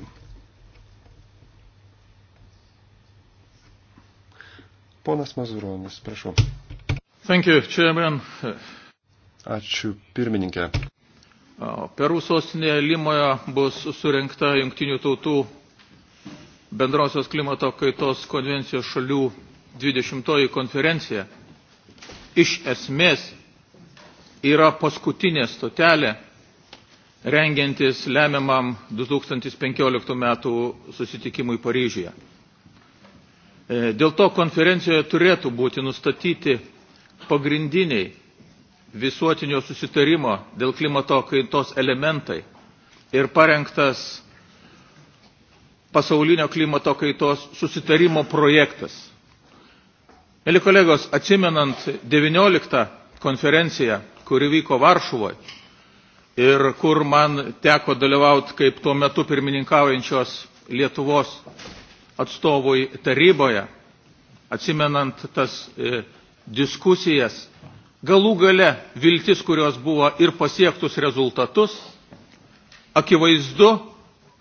Ponas Mazuronis, prašau. Thank you, chairman. Ačiū, pirmininkė. Perų sostinėje Limoje bus surinkta jungtinių tautų bendrosios klimato kaitos konvencijos šalių 20 konferencija. Iš esmės yra paskutinė stotelė rengiantis lemiamam 2015 metų susitikimui Paryžiuje. E, dėl to konferencijoje turėtų būti nustatyti pagrindiniai visuotinio susitarimo dėl klimato kaitos elementai ir parengtas pasaulinio klimato kaitos susitarimo projektas. Mėly kolegos, atsimenant 19 konferenciją, kuri vyko Varšuvoje, ir kur man teko dalyvauti kaip tuo metu pirmininkaujančios Lietuvos atstovui taryboje, atsimenant tas e, diskusijas, galų gale viltis, kurios buvo ir pasiektus rezultatus, akivaizdu,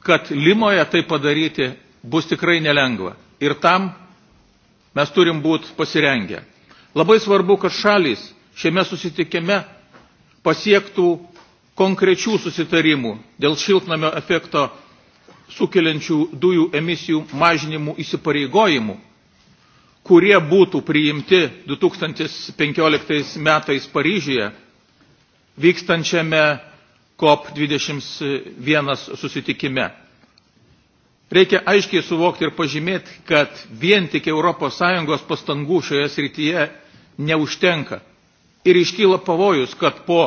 kad Limoje tai padaryti bus tikrai nelengva. Ir tam mes turim būti pasirengę. Labai svarbu, kad šalys šiame susitikime pasiektų konkrečių susitarimų dėl šiltnamio efekto sukeliančių dujų emisijų mažinimų įsipareigojimų, kurie būtų priimti 2015 metais Paryžiuje vykstančiame COP21 susitikime. Reikia aiškiai suvokti ir pažymėti, kad vien tik ES pastangų šioje srityje neužtenka. Ir iškyla pavojus, kad po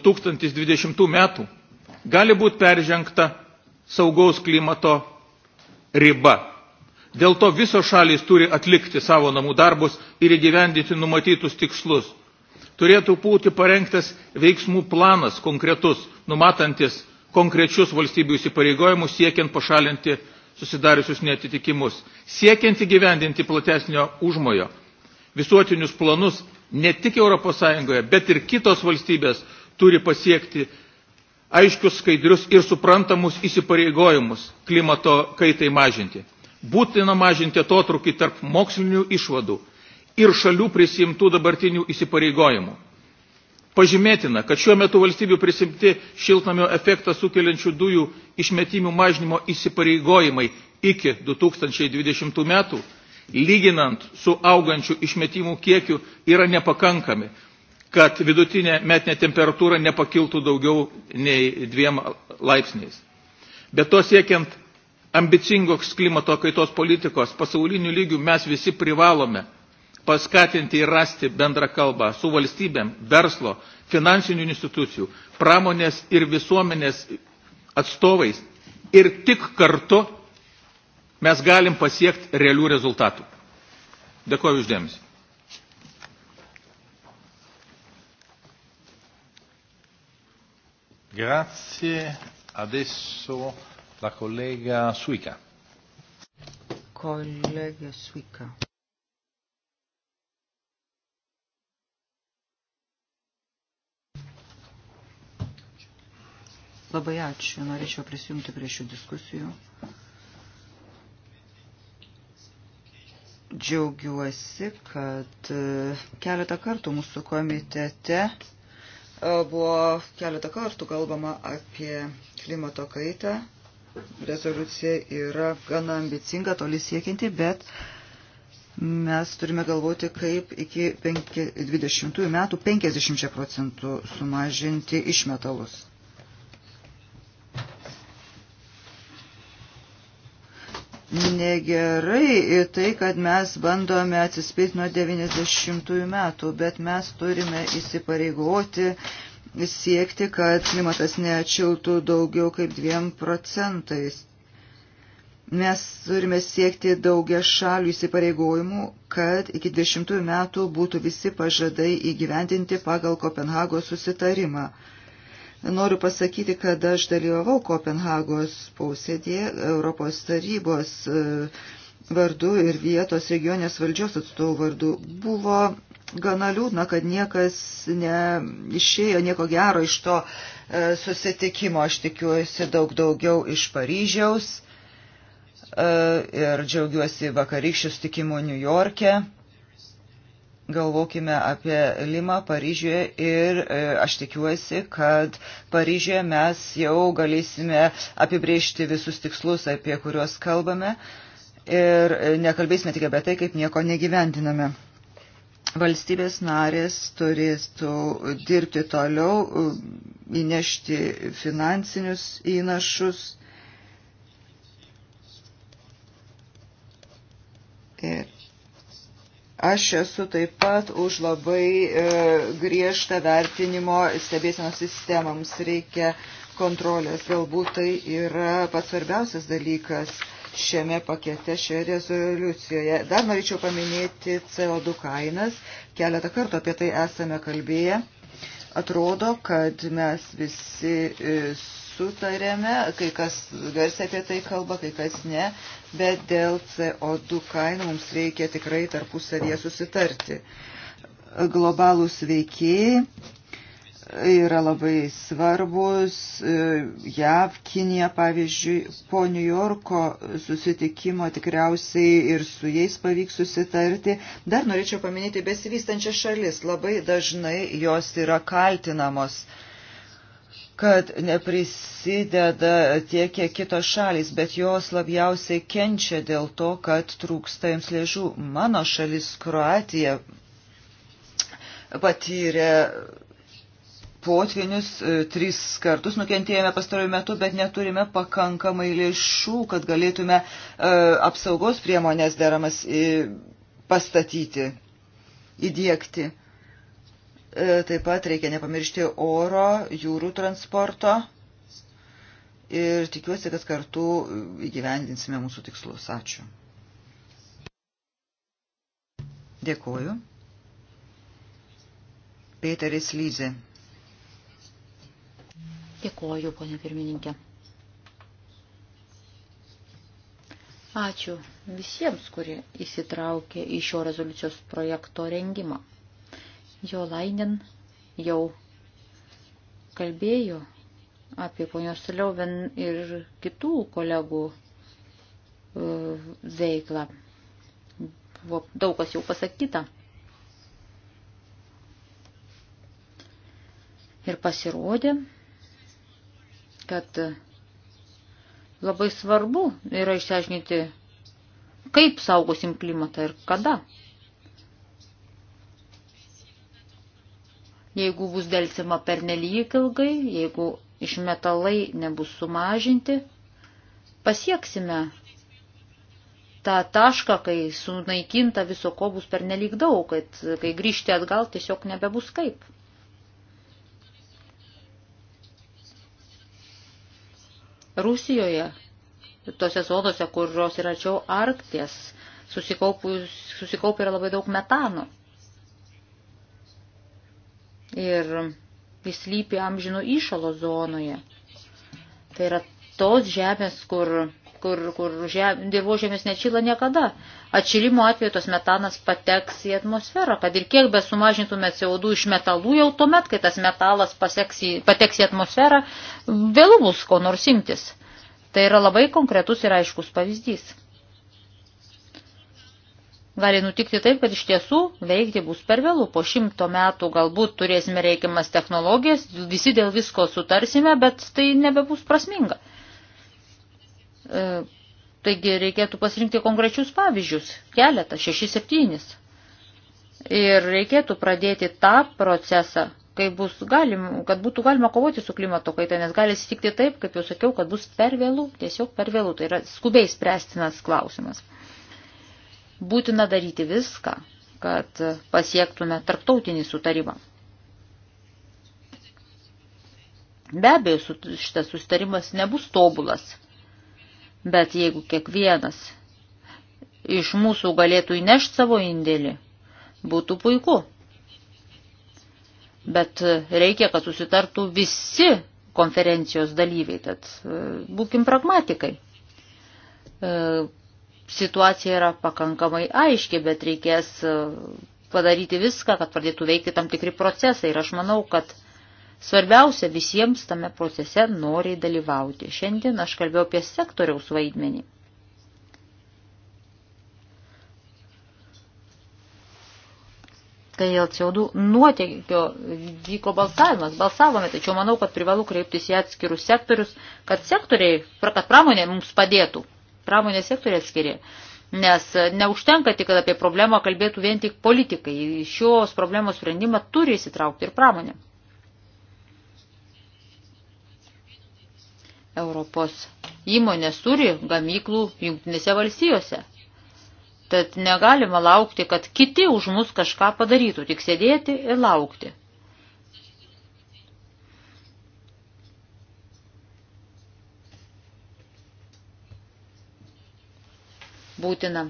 2020 metų gali būti peržengta saugaus klimato riba. Dėl to visos šalys turi atlikti savo namų darbus ir įgyvendyti numatytus tikslus. Turėtų būti parengtas veiksmų planas konkretus, numatantis konkrečius valstybių įsipareigojimus siekiant pašalinti susidariusius netitikimus. Siekiant įgyvendinti platesnio užmojo visuotinius planus ne tik ES, bet ir kitos valstybės turi pasiekti aiškius, skaidrius ir suprantamus įsipareigojimus klimato kaitai mažinti. Būtina mažinti atotrukį tarp mokslinių išvadų ir šalių prisimtų dabartinių įsipareigojimų. Pažymėtina, kad šiuo metu valstybių prisimti šiltnamio efektą sukeliančių dujų išmetimų mažnymo įsipareigojimai iki 2020 metų, lyginant su augančiu išmetimų kiekiu, yra nepakankami, kad vidutinė metinė temperatūra nepakiltų daugiau nei dviem laipsniais. Bet to siekiant ambicingos klimato kaitos politikos pasaulinių lygių mes visi privalome paskatinti ir rasti bendrą kalbą su valstybėm, verslo, finansinių institucijų, pramonės ir visuomenės atstovais. Ir tik kartu mes galim pasiekti realių rezultatų. Dėkuoju uždėmesi. Grazie. Adesso la collega Suica. Collega Suica. Labai ačiū. Norėčiau prisijungti prie šių diskusijų. Džiaugiuosi, kad e, keletą kartų mūsų komitete Buvo keletą kartų kalbama apie klimato kaitą. Rezoliucija yra gana ambicinga, toli siekinti, bet mes turime galvoti, kaip iki 20 metų 50 procentų sumažinti išmetalus. negerai tai, kad mes bandome atsispirti nuo 90-ųjų metų, bet mes turime įsipareigoti siekti, kad klimatas neatšiltų daugiau kaip 2 procentais. Mes turime siekti daugia šalių įsipareigojimų, kad iki 20 metų būtų visi pažadai įgyvendinti pagal Kopenhagos susitarimą. Noriu pasakyti, kad aš dalyvavau Kopenhagos posėdėje Europos tarybos e, vardu ir vietos regionės valdžios atstovų vardu. Buvo gana liūdna, kad niekas neišėjo nieko gero iš to e, susitikimo. Aš tikiuosi daug daugiau iš Paryžiaus e, ir džiaugiuosi vakarykščių sutikimų Niujorke. E galvokime apie Limą Paryžiuje ir e, aš tikiuosi, kad Paryžiuje mes jau galėsime apibriežti visus tikslus, apie kuriuos kalbame ir e, nekalbėsime tik apie tai, kaip nieko negyvendiname. Valstybės narės turėtų dirbti toliau, e, įnešti finansinius įnašus. Ir Aš esu taip pat už labai e, griežtą vertinimo stebėsienos sistemą. Mums reikia kontrolės. Galbūt tai yra pats svarbiausias dalykas šiame pakete, šioje rezoliucijoje. Dar norėčiau paminėti CO2 kainas. Keletą kartų apie tai esame kalbėję. Atrodo, kad mes visi. E, sutarėme, kai kas garsiai apie tai kalba, kai kas ne, bet dėl CO2 kainų mums reikia tikrai tarpusavėje susitarti. Globalūs veikėjai yra labai svarbus. JAV, Kinija, pavyzdžiui, po New Yorko susitikimo tikriausiai ir su jais pavyks susitarti. Dar norėčiau paminėti besivystančias šalis. Labai dažnai jos yra kaltinamos uh, kad neprisideda tiek, kiek kitos šalis, bet jos labiausiai kenčia dėl to, kad trūksta jums lėžų. Mano šalis, Kroatija, patyrė potvinius e, tris kartus nukentėjome pastarojų metų, bet neturime pakankamai lėšų, kad galėtume e, apsaugos priemonės deramas e, pastatyti, įdėkti. E, taip pat reikia nepamiršti oro, jūrų transporto. Ir tikiuosi, kad kartu įgyvendinsime mūsų tikslus. Ačiū. Dėkuoju. Peteris Lyzė. Dėkuoju, ponė pirmininkė. Ačiū visiems, kurie įsitraukė į šio rezoliucijos projekto rengimą. Jo Lainen jau kalbėjo apie ponios Liauven ir kitų kolegų e, veiklą. Buvo daug kas jau pasakyta. Ir pasirodė, kad labai svarbu yra išsiaiškinti, kaip saugosim klimatą ir kada. jeigu bus dėlsima per nelyg ilgai, jeigu išmetalai nebus sumažinti, pasieksime tą tašką, kai sunaikinta viso ko bus per nelyg daug, kad kai grįžti atgal tiesiog nebebus kaip. Rusijoje, tose zonose, kurios yra arčiau Arkties, susikaupia yra labai daug metano ir jis lypi amžino įšalo zonoje. Tai yra tos žemės, kur, kur, kur žem, dirbožėmės nečyla niekada. Atšilimo atveju tos metanas pateks į atmosferą, kad ir kiek besumažintume CO2 iš metalų, jau tuomet, kai tas metalas į, pateks į atmosferą, vėlų bus ko nors imtis. Tai yra labai konkretus ir aiškus pavyzdys. Gali nutikti taip, kad iš tiesų veikti bus per vėlų. Po šimto metų galbūt turėsime reikiamas technologijas, visi dėl visko sutarsime, bet tai nebebus prasminga. E, taigi reikėtų pasirinkti konkrečius pavyzdžius, keletą, šeši, septynis. Ir reikėtų pradėti tą procesą, kai bus galim, kad būtų galima kovoti su klimato kaita, nes gali sitikti taip, kaip jau sakiau, kad bus per vėlų, tiesiog per vėlų. Tai yra skubiai spręstinas klausimas. Būtina daryti viską, kad pasiektume tarptautinį sutarimą. Be abejo, šitas sustarimas nebus tobulas, bet jeigu kiekvienas iš mūsų galėtų įnešti savo indėlį, būtų puiku. Bet reikia, kad susitartų visi konferencijos dalyviai, tad e, būkim pragmatikai. E, situacija yra pakankamai aiški, bet reikės e, padaryti viską, kad pradėtų veikti tam tikri procesai. Ir aš manau, kad svarbiausia visiems tame procese noriai dalyvauti. Šiandien aš kalbėjau apie sektoriaus vaidmenį. kai dėl CO2 nuotėkio vyko balsavimas, balsavome, tačiau manau, kad privalu kreiptis į atskirus sektorius, kad sektoriai, kad pramonė mums padėtų pramonės sektoriai atskiri. Nes neužtenka tik, kad apie problemą kalbėtų vien tik politikai. Šios problemos sprendimą turi įsitraukti ir pramonė. Europos įmonės turi gamyklų jungtinėse valstijose. Tad negalima laukti, kad kiti už mus kažką padarytų, tik sėdėti ir laukti. būtina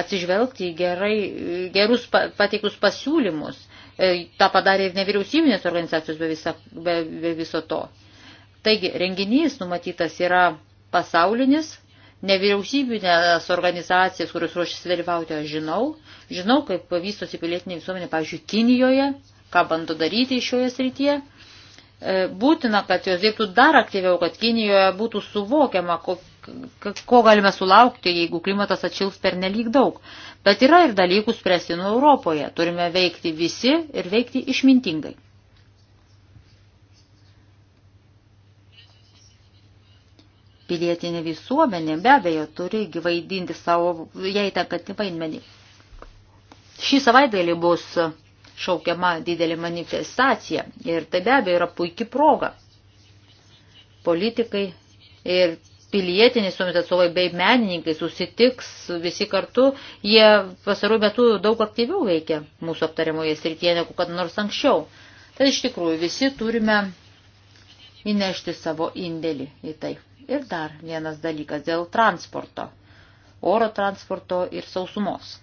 atsižvelgti į gerai, gerus pateikus pasiūlymus. E, Ta padarė ir nevyriausybinės organizacijos be, visa, be, be viso to. Taigi, renginys numatytas yra pasaulinis, nevyriausybinės organizacijas, kurios ruošiasi dalyvauti, aš žinau. Žinau, kaip vystosi pilietinė visuomenė, pavyzdžiui, Kinijoje, ką bando daryti šioje srityje. E, būtina, kad jos dirbtų dar aktyviau, kad Kinijoje būtų suvokiama, kok, ko galime sulaukti, jeigu klimatas atšils per nelik daug. Bet yra ir dalykų spręstinų Europoje. Turime veikti visi ir veikti išmintingai. Pilietinė visuomenė be abejo turi vaidinti savo, jei tekantį vaidmenį. Šį savaitgalį bus šaukiama didelė manifestacija ir tai be abejo yra puikia proga. Politikai ir pilietinis suomijos atstovai bei menininkai susitiks visi kartu, jie pasarų metu daug aktyviau veikia mūsų aptariamoje srityje negu kad nors anksčiau. Tad iš tikrųjų visi turime įnešti savo indėlį į tai. Ir dar vienas dalykas dėl transporto, oro transporto ir sausumos.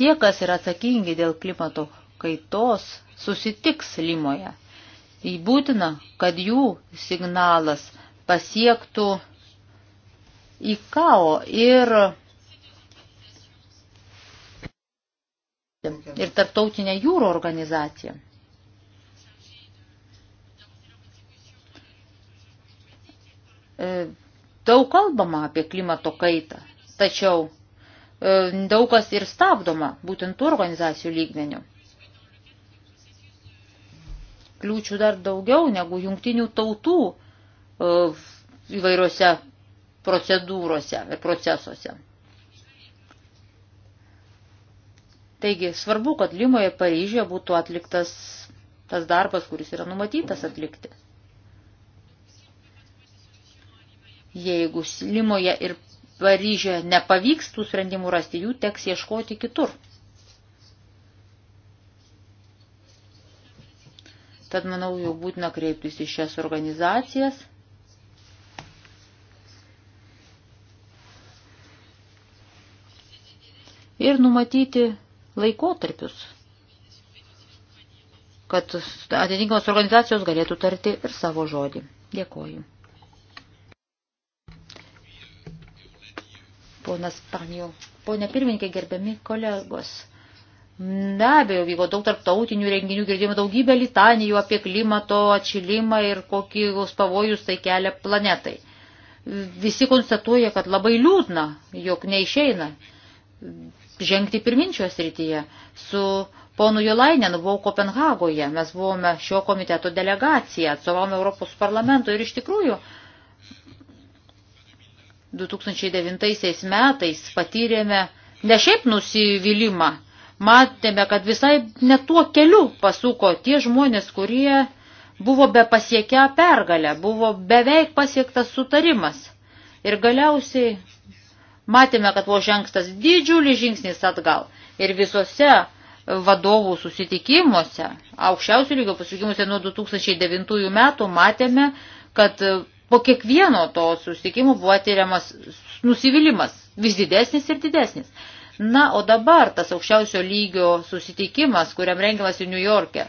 Tie, kas yra atsakingi dėl klimato kaitos, susitiks Limoje Įbūtina, kad jų signalas pasiektų į kao ir, ir tarptautinę jūro organizaciją. E, daug kalbama apie klimato kaitą, tačiau e, daug kas ir stabdoma būtent tų organizacijų lygmenių kliūčių dar daugiau negu jungtinių tautų e, įvairiuose procedūrose ir procesuose. Taigi svarbu, kad Limoje Paryžioje būtų atliktas tas darbas, kuris yra numatytas atlikti. Jeigu Limoje ir Paryžioje nepavyks tų sprendimų rasti, jų teks ieškoti kitur. Tad manau, jau būtina kreiptis į šias organizacijas. Ir numatyti laikotarpius, kad atitinkamos organizacijos galėtų tarti ir savo žodį. Dėkoju. Ponas Panijau. Pone pirmininkė, gerbiami kolegos. Be abejo, vyko daug tarptautinių renginių, girdėjome daugybę litanijų apie klimato atšilimą ir kokius pavojus tai kelia planetai. Visi konstatuoja, kad labai liūdna, jog neišeina žengti pirminčios rytyje. Su ponu Jolainenu buvau Kopenhagoje, mes buvome šio komiteto delegacija, atsovavome Europos parlamento ir iš tikrųjų 2009 metais patyrėme ne šiaip nusivylimą, matėme, kad visai netuo keliu pasuko tie žmonės, kurie buvo be pasiekę pergalę, buvo beveik pasiektas sutarimas. Ir galiausiai matėme, kad buvo žengstas didžiulis žingsnis atgal. Ir visose vadovų susitikimuose, aukščiausių lygio susitikimuose nuo 2009 metų matėme, kad po kiekvieno to susitikimo buvo atiriamas nusivylimas, vis didesnis ir didesnis. Na, o dabar tas aukščiausio lygio susitikimas, kuriam rengiamas į New York'e,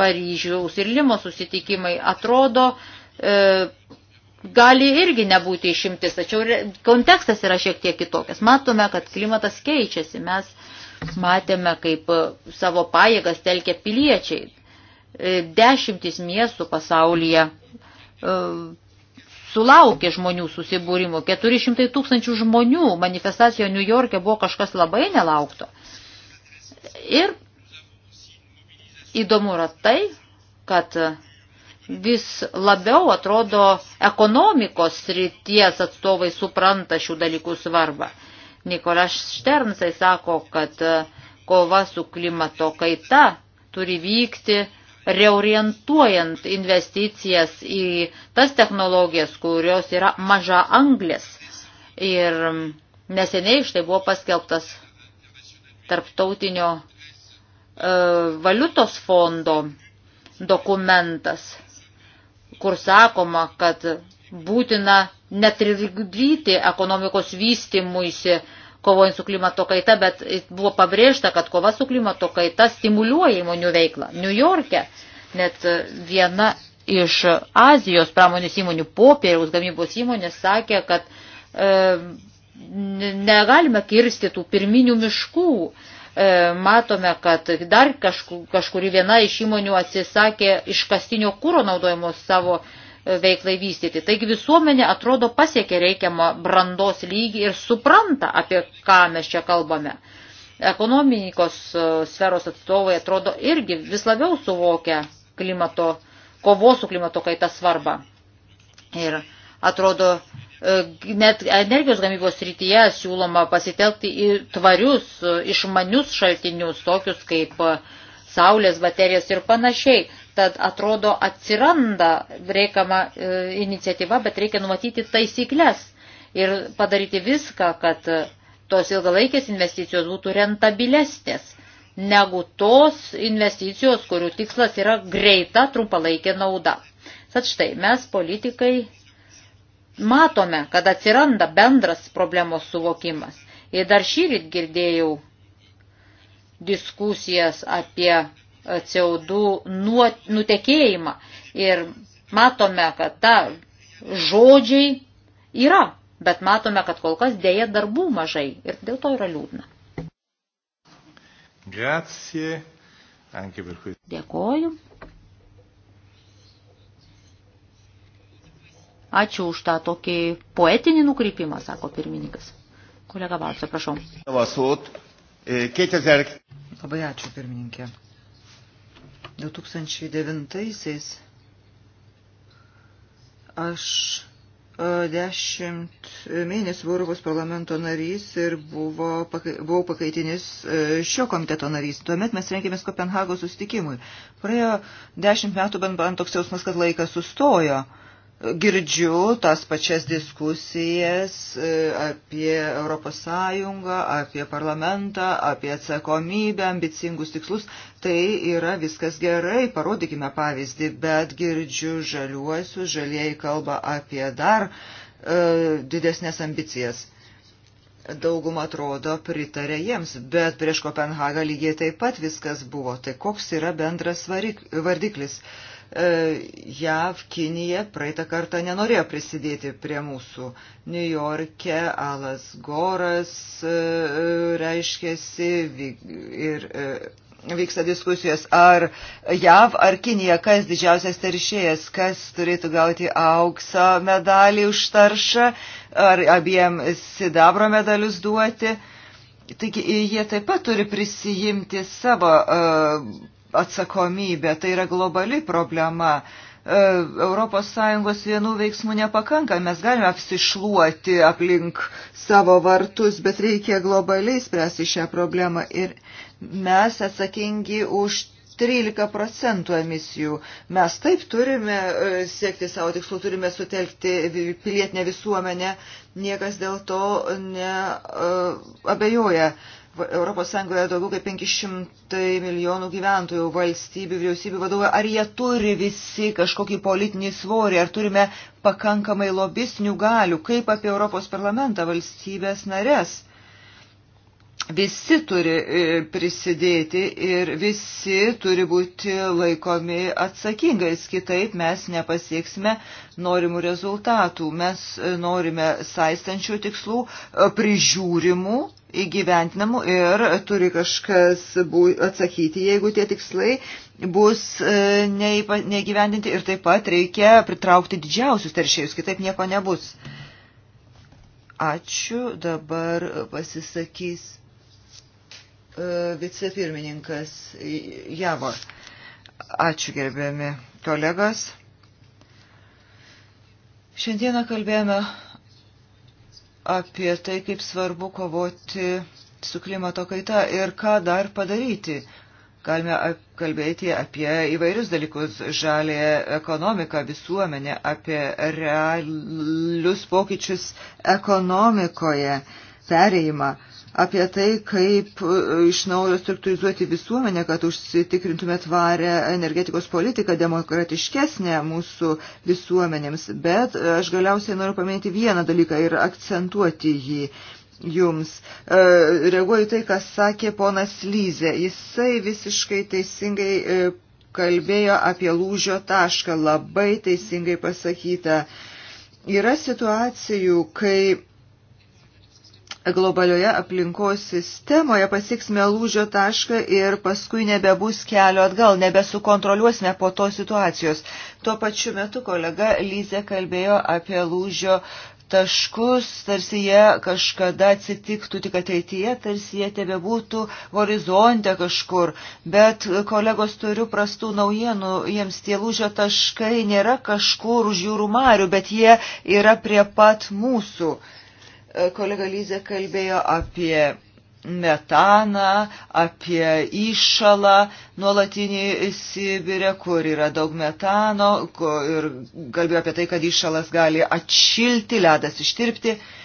Paryžiaus ir Limo susitikimai, atrodo, e, gali irgi nebūti išimtis, tačiau kontekstas yra šiek tiek kitokias. Matome, kad klimatas keičiasi, mes matėme, kaip e, savo pajėgas telkia piliečiai. E, dešimtis miestų pasaulyje e, sulaukė žmonių susibūrimo. 400 tūkstančių žmonių manifestacijoje New York'e buvo kažkas labai nelaukto. Ir įdomu yra tai, kad vis labiau atrodo ekonomikos srities atstovai supranta šių dalykų svarbą. Nikolas Šternsai sako, kad kova su klimato kaita turi vykti reorientuojant investicijas į tas technologijas, kurios yra maža anglės. Ir neseniai štai buvo paskelbtas tarptautinio e, valiutos fondo dokumentas, kur sakoma, kad būtina netrikdyti ekonomikos vystimuisi kovojant su klimato kaita, bet buvo pabrėžta, kad kova su klimato kaita stimuliuoja įmonių veiklą. New York'e net viena iš Azijos pramonės įmonių popieriaus gamybos įmonės sakė, kad e, negalime kirsti tų pirminių miškų. E, matome, kad dar kažkur, kažkuri viena iš įmonių atsisakė iškastinio kūro naudojimo savo veiklai vystyti. Taigi visuomenė atrodo pasiekė reikiamą brandos lygį ir supranta, apie ką mes čia kalbame. Ekonomikos e, sferos atstovai atrodo irgi vis labiau suvokia klimato, kovos su klimato kaita svarbą. Ir atrodo, e, net energijos gamybos rytyje siūloma pasitelkti į tvarius, e, išmanius šaltinius, tokius kaip saulės baterijas ir panašiai. Tad atrodo atsiranda reikama e, iniciatyva, bet reikia numatyti taisyklės ir padaryti viską, kad tos ilgalaikės investicijos būtų rentabilesnės negu tos investicijos, kurių tikslas yra greita trumpalaikė nauda. Tad štai mes politikai matome, kad atsiranda bendras problemos suvokimas. Ir dar šyrit girdėjau diskusijas apie CO2 nutekėjimą. Ir matome, kad ta žodžiai yra, bet matome, kad kol kas dėja darbų mažai ir dėl to yra liūdna. Grazie. Anche per questo. Dėkoju. Ačiū už tą tokį poetinį nukrypimą, sako pirmininkas. Kolega Valsė, prašau. E, Labai ačiū, pirmininkė. 2009-aisiais aš e, dešimt mėnesių buvau Europos parlamento narys ir buvo, buvau pakaitinis e, šio komiteto narys. Tuomet mes renkėmės Kopenhagos sustikimui. Praėjo dešimt metų bent man toks jausmas, kad laikas sustojo. Uh, girdžiu tas pačias diskusijas e, apie Europos Sąjungą, apie parlamentą, apie atsakomybę, ambicingus tikslus. Tai yra viskas gerai, parodykime pavyzdį, bet girdžiu žaliuosius, žalieji kalba apie dar e, didesnės ambicijas. Dauguma atrodo pritarė jiems, bet prieš Kopenhagą lygiai taip pat viskas buvo. Tai koks yra bendras varik, vardiklis? E, E, JAV, Kinija praeitą kartą nenorėjo prisidėti prie mūsų. New York'e Alas Goras e, reiškėsi ir e, vyksta diskusijos, ar JAV, ar Kinija, kas didžiausias teršėjas, kas turėtų gauti aukso medalį už taršą, ar abiem sidabro medalius duoti. Taigi jie taip pat turi prisijimti savo uh, atsakomybė, tai yra globali problema. ES vienų veiksmų nepakanka, mes galime apsišluoti aplink savo vartus, bet reikia globaliai spręsti šią problemą ir mes atsakingi už 13 procentų emisijų. Mes taip turime e, siekti savo tikslų, turime sutelkti pilietinę visuomenę, niekas dėl to neabejoja. E, uh, ES daugiau kaip 500 milijonų gyventojų, valstybių, vyriausybių vadovų, ar jie turi visi kažkokį politinį svorį, ar turime pakankamai lobistinių galių, kaip apie Europos parlamentą valstybės narės visi turi e, prisidėti ir visi turi būti laikomi atsakingais, kitaip mes nepasieksime norimų rezultatų. Mes e, norime saistančių tikslų, e, prižiūrimų, įgyventinamų ir turi kažkas atsakyti, jeigu tie tikslai bus neįgyvendinti ir taip pat reikia pritraukti didžiausius teršėjus, kitaip nieko nebus. Ačiū, dabar pasisakys E, vicepirmininkas Javor. Ačiū gerbiami kolegos. Šiandieną kalbėjome apie tai, kaip svarbu kovoti su klimato kaita ir ką dar padaryti. Galime kalbėti apie įvairius dalykus - žalę ekonomiką, visuomenę, apie realius pokyčius ekonomikoje, pereimą apie tai, kaip e, iš naujo struktūrizuoti visuomenę, kad užsitikrintume tvarę energetikos politiką, demokratiškesnę mūsų visuomenėms. Bet e, aš galiausiai noriu paminėti vieną dalyką ir akcentuoti jį jums. E, reaguoju tai, kas sakė ponas Lyze. Jisai visiškai teisingai kalbėjo apie lūžio tašką, labai teisingai pasakyta. Yra situacijų, kai globalioje aplinkos sistemoje pasiksime lūžio tašką ir paskui nebebus kelio atgal, nebesukontroliuosime po to situacijos. Tuo pačiu metu kolega Lyze kalbėjo apie lūžio taškus, tarsi jie kažkada atsitiktų tik ateityje, tarsi jie tebe būtų horizonte kažkur. Bet kolegos turiu prastų naujienų, jiems tie lūžio taškai nėra kažkur už jūrų marių, bet jie yra prie pat mūsų kolega Lyzė kalbėjo apie metaną, apie įšalą nuolatinį Sibirę, kur yra daug metano ir kalbėjo apie tai, kad įšalas gali atšilti, ledas ištirpti. Uh,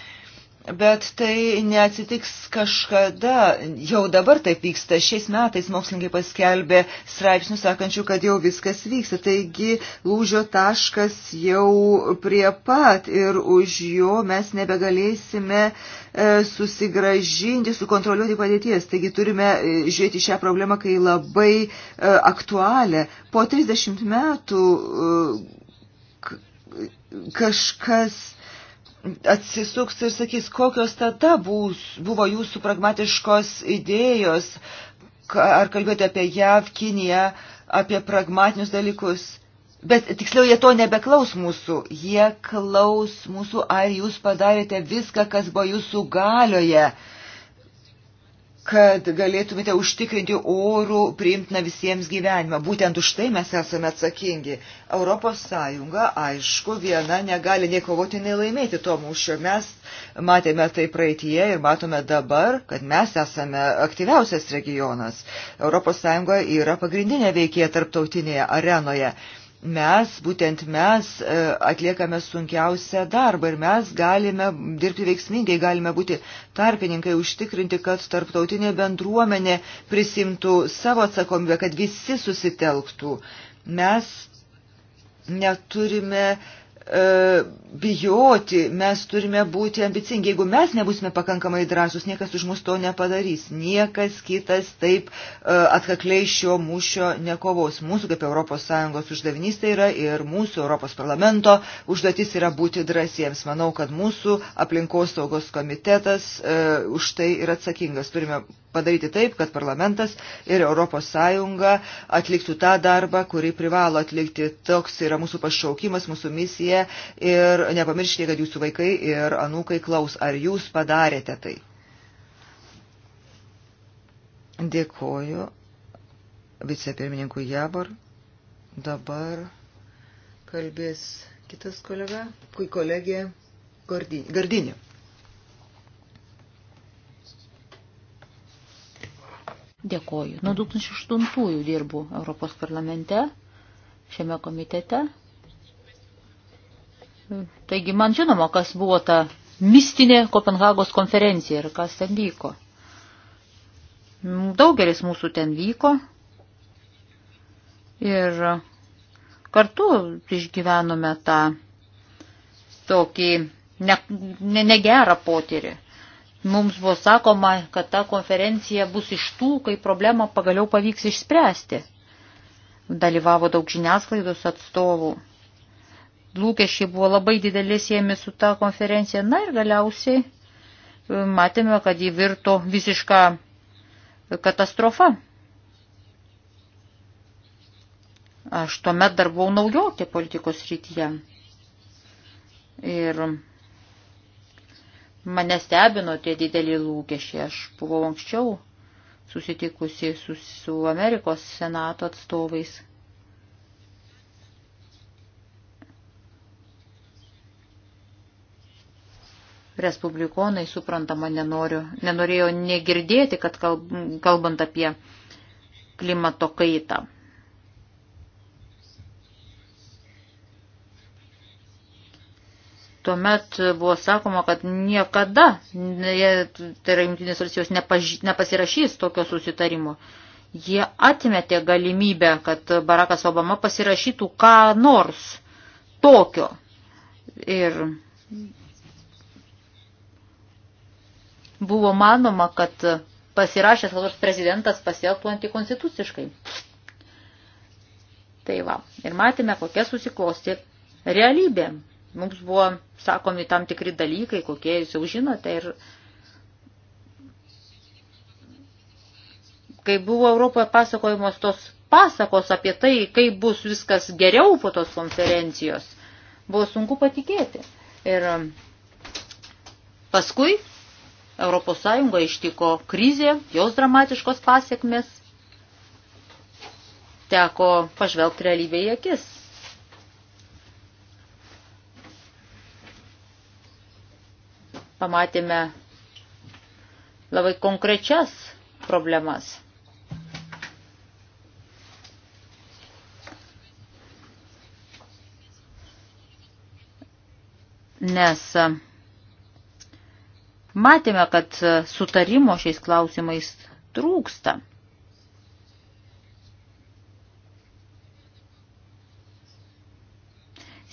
Bet tai neatsitiks kažkada, jau dabar taip vyksta, šiais metais mokslininkai paskelbė straipsnių sakančių, kad jau viskas vyksta, taigi lūžio taškas jau prie pat ir už jo mes nebegalėsime e, susigražinti, sukontroliuoti padėties, taigi turime e, žiūrėti šią problemą, kai labai e, aktualią. Po 30 metų e, kažkas atsisuks ir sakys, kokios tada bus, buvo jūsų pragmatiškos idėjos, ar kalbėjote apie JAV, Kiniją, apie pragmatinius dalykus. Bet tiksliau jie to nebeklaus mūsų, jie klaus mūsų, ar jūs padarėte viską, kas buvo jūsų galioje. Uh, kad galėtumėte užtikrinti orų priimtiną visiems gyvenimą. Būtent už tai mes esame atsakingi. Europos Sąjunga, aišku, viena negali nei kovoti, nei laimėti to mūšio. Mes matėme tai praeitie ir matome dabar, kad mes esame aktyviausias regionas. Europos Sąjunga yra pagrindinė veikėja tarptautinėje arenoje mes, būtent mes, e, atliekame sunkiausią darbą ir mes galime dirbti veiksmingai, galime būti tarpininkai, užtikrinti, kad tarptautinė bendruomenė prisimtų savo atsakomybę, kad visi susitelktų. Mes neturime uh, E, bijoti, mes turime būti ambicingi. Jeigu mes nebusime pakankamai drąsus, niekas už mus to nepadarys. Niekas kitas taip e, atkakliai šio mūšio nekovos. Mūsų kaip ES uždavinys tai yra ir mūsų ES parlamento užduotis yra būti drąsiems. Manau, kad mūsų aplinkos saugos komitetas e, už tai yra atsakingas. Turime padaryti taip, kad parlamentas ir ES atliktų tą darbą, kurį privalo atlikti. Toks yra mūsų pašaukimas, mūsų misija ir nepamirškite, kad jūsų vaikai ir anūkai klaus, ar jūs padarėte tai. Dėkoju vicepirmininkui Jabor. Dabar kalbės kitas kolega, kui kolegė Gardinė. Dėkoju. Nuo 2008 dirbu Europos parlamente, šiame komitete. Taigi man žinoma, kas buvo ta mistinė Kopenhagos konferencija ir kas ten vyko. Daugelis mūsų ten vyko ir kartu išgyvenome tą tokį ne, ne, negerą potyrį. Mums buvo sakoma, kad ta konferencija bus iš tų, kai problemą pagaliau pavyks išspręsti. Dalyvavo daug žiniasklaidos atstovų. Lūkesčiai buvo labai dideli siejami su ta konferencija. Na ir galiausiai e, matėme, kad jį virto visišką katastrofą. Aš tuomet dar buvau naujokė politikos rytyje. Ir Mane stebino tie dideliai lūkesčiai. Aš buvau anksčiau susitikusi su, su Amerikos senato atstovais. Respublikonai, suprantama, nenoriu, nenorėjo negirdėti, kad kalb, kalbant apie klimato kaitą. Tuomet buvo sakoma, kad niekada, tai yra Junktinės valstijos, nepaž, nepasirašys tokio susitarimo. Jie atmetė galimybę, kad Barakas Obama pasirašytų ką nors tokio. Ir buvo manoma, kad pasirašęs nors prezidentas pasielgtų antikonstituciškai. Tai va, ir matėme, kokia susiklosti realybė. Mums buvo sakomi tam tikri dalykai, kokie jūs jau žinote. Ir kai buvo Europoje pasakojamos tos pasakos apie tai, kaip bus viskas geriau po tos konferencijos, buvo sunku patikėti. Ir um, paskui Europos Sąjungo ištiko krizė, jos dramatiškos pasiekmes, teko pažvelgti realybėje akis. pamatėme labai konkrečias problemas. Nes matėme, kad sutarimo šiais klausimais trūksta.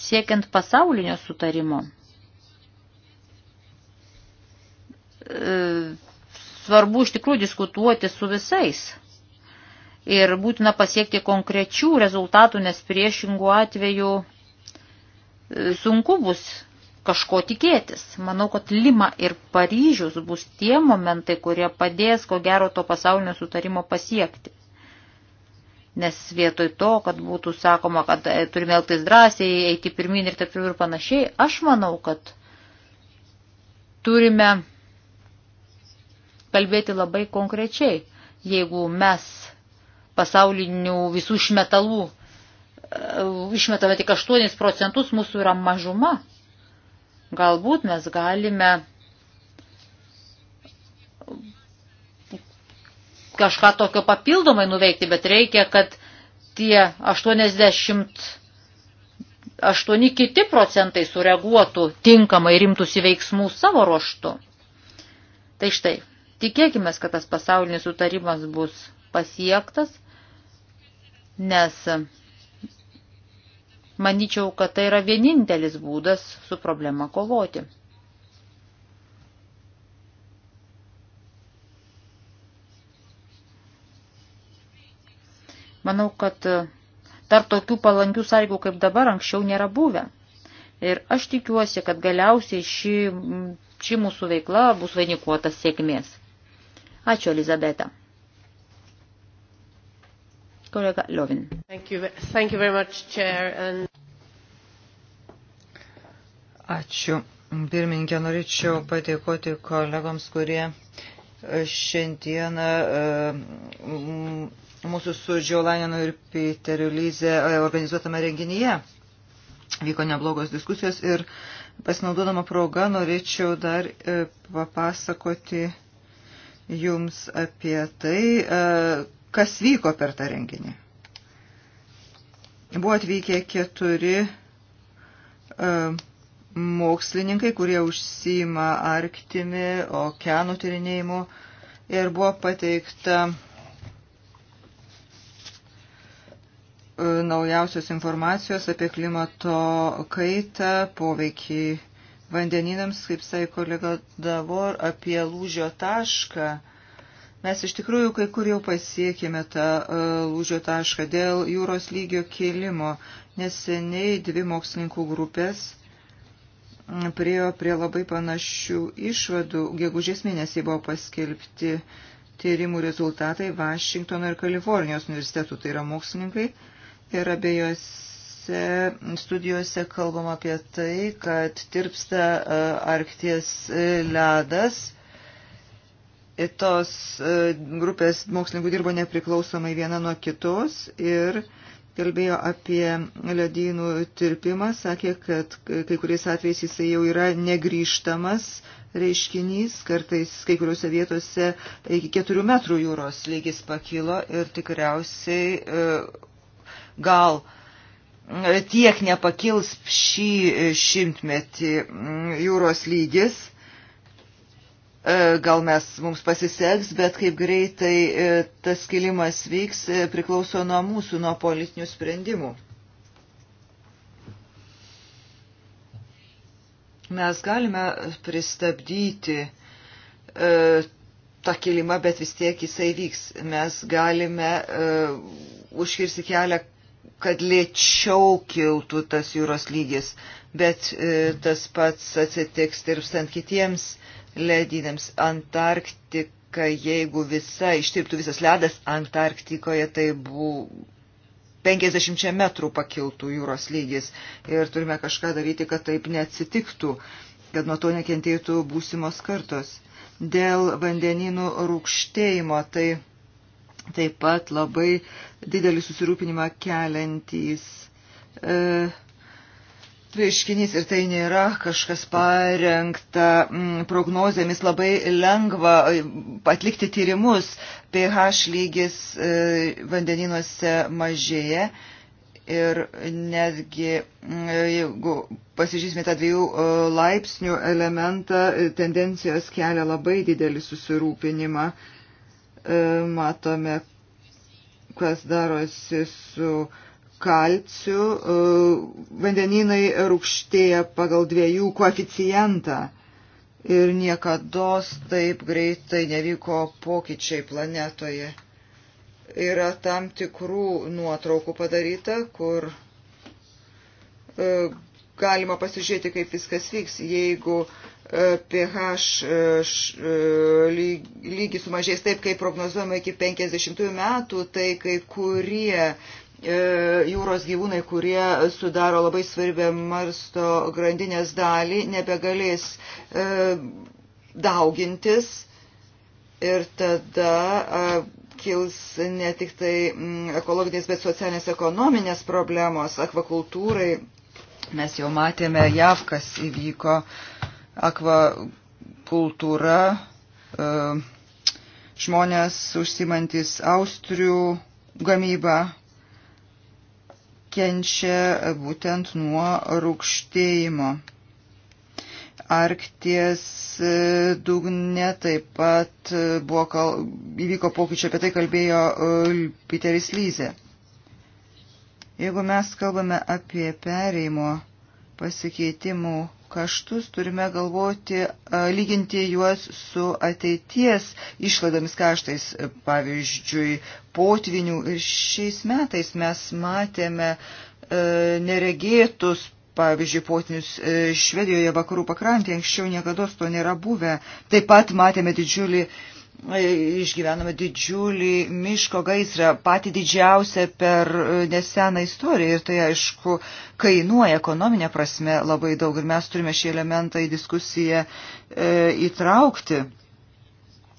Siekiant pasaulinio sutarimo. svarbu iš tikrųjų diskutuoti su visais. Ir būtina pasiekti konkrečių rezultatų, nes priešingų atveju e, sunku bus kažko tikėtis. Manau, kad Lima ir Paryžius bus tie momentai, kurie padės ko gero to pasaulinio sutarimo pasiekti. Nes vietoj to, kad būtų sakoma, kad e, turime elgtis drąsiai, eiti pirmin ir taip ir panašiai, aš manau, kad turime kalbėti labai konkrečiai. Jeigu mes pasaulinių visų išmetalų e, išmetame tik 8 procentus, mūsų yra mažuma, galbūt mes galime kažką tokio papildomai nuveikti, bet reikia, kad tie 88 kiti procentai sureaguotų tinkamai rimtųsi veiksmų savo ruoštų. Tai štai, Tikėkime, kad tas pasaulinis sutarimas bus pasiektas, nes manyčiau, kad tai yra vienintelis būdas su problema kovoti. Manau, kad tarp tokių palankių sąlygų kaip dabar anksčiau nėra buvę. Ir aš tikiuosi, kad galiausiai ši, ši mūsų veikla bus vainikuota sėkmės. Ačiū, Elizabeta. Kolega Lovin. Thank you, thank you very much, Chair. And... Ačiū. Pirmininkė, norėčiau padėkoti kolegoms, kurie e, šiandieną e, mūsų su Džiaulaninu ir Piteriu Lyze e, organizuotame renginyje vyko neblogos diskusijos ir pasinaudodama proga norėčiau dar papasakoti jums apie tai, e, kas vyko per tą renginį. Buvo atvykę keturi e, mokslininkai, kurie užsima arktimi, okeanų tyrinėjimu ir buvo pateikta e, naujausios informacijos apie klimato kaitą, poveikį vandeninams, kaip sakė kolega Davor, apie lūžio tašką. Mes iš tikrųjų kai kur jau pasiekėme tą e, lūžio tašką dėl jūros lygio kėlimo. Neseniai dvi mokslininkų grupės priejo prie labai panašių išvadų. Gegužės mėnesį buvo paskelbti tyrimų rezultatai Vašingtono ir Kalifornijos universitetų, tai yra mokslininkai. Ir abiejose Tose studijose kalbam apie tai, kad tirpsta e, arkties e, ledas. E, tos grupės mokslininkų dirbo nepriklausomai viena nuo kitos ir kalbėjo apie ledynų tirpimą, sakė, kad kai kuriais atvejais jisai jau yra negryžtamas reiškinys, kartais kai kuriuose vietose iki keturių metrų jūros lygis pakilo ir tikriausiai gal tiek nepakils šį šimtmetį mm, jūros lygis. E, gal mes mums pasiseks, bet kaip greitai e, tas kilimas vyks e, priklauso nuo mūsų, nuo politinių sprendimų. Mes galime pristabdyti tą kilimą, bet vis tiek jisai vyks. Mes galime uh, užkirsti kelią kad lėčiau kiltų tas jūros lygis, bet e, tas pats atsitiks tirpstant kitiems ledynams. Antarktika, jeigu visa, ištirptų visas ledas Antarktikoje, tai būtų 50 metrų pakiltų jūros lygis ir turime kažką daryti, kad taip neatsitiktų, kad nuo to nekentėtų būsimos kartos. Dėl vandeninų rūkštėjimo tai taip pat labai didelį susirūpinimą keliantys e, reiškinys ir tai nėra kažkas parengta m, mm, prognozėmis labai lengva e, atlikti tyrimus. pH lygis e, vandeninuose mažėja ir netgi mm, jeigu pasižiūrėsime tą dviejų e, laipsnių elementą, e, tendencijos kelia labai didelį susirūpinimą. E, E, matome, kas darosi su kalciu. E, vandeninai rūkštėja pagal dviejų koeficientą ir niekada taip greitai nevyko pokyčiai planetoje. Yra tam tikrų nuotraukų padaryta, kur e, galima pasižiūrėti, kaip viskas vyks. Jeigu e, pH lygis sumažės taip, kaip prognozuojama iki 50 metų, tai kai kurie e, jūros gyvūnai, kurie sudaro labai svarbę marsto grandinės dalį, nebegalės e, daugintis ir tada e, kils ne tik tai ekologinės, bet socialinės ekonominės problemos akvakultūrai. Mes jau matėme jav, kas įvyko uh, akvakultūra, e, žmonės užsimantis austrių gamybą kenčia būtent nuo rūkštėjimo. Arkties e, dugne taip pat e, buvo kal... įvyko pokyčiai, apie tai kalbėjo Piteris Lyze. Jeigu mes kalbame apie pereimo pasikeitimų kaštus, turime galvoti, lyginti juos su ateities išlaidomis kaštais, pavyzdžiui, potvinių. Ir šiais metais mes matėme neregėtus, pavyzdžiui, potvinius Švedijoje vakarų pakrantėje, anksčiau niekada to nėra buvę. Taip pat matėme didžiulį išgyvenome didžiulį miško gaisrą, patį didžiausią per e, neseną istoriją ir tai aišku kainuoja ekonominė prasme labai daug ir mes turime šį elementą į diskusiją e, įtraukti,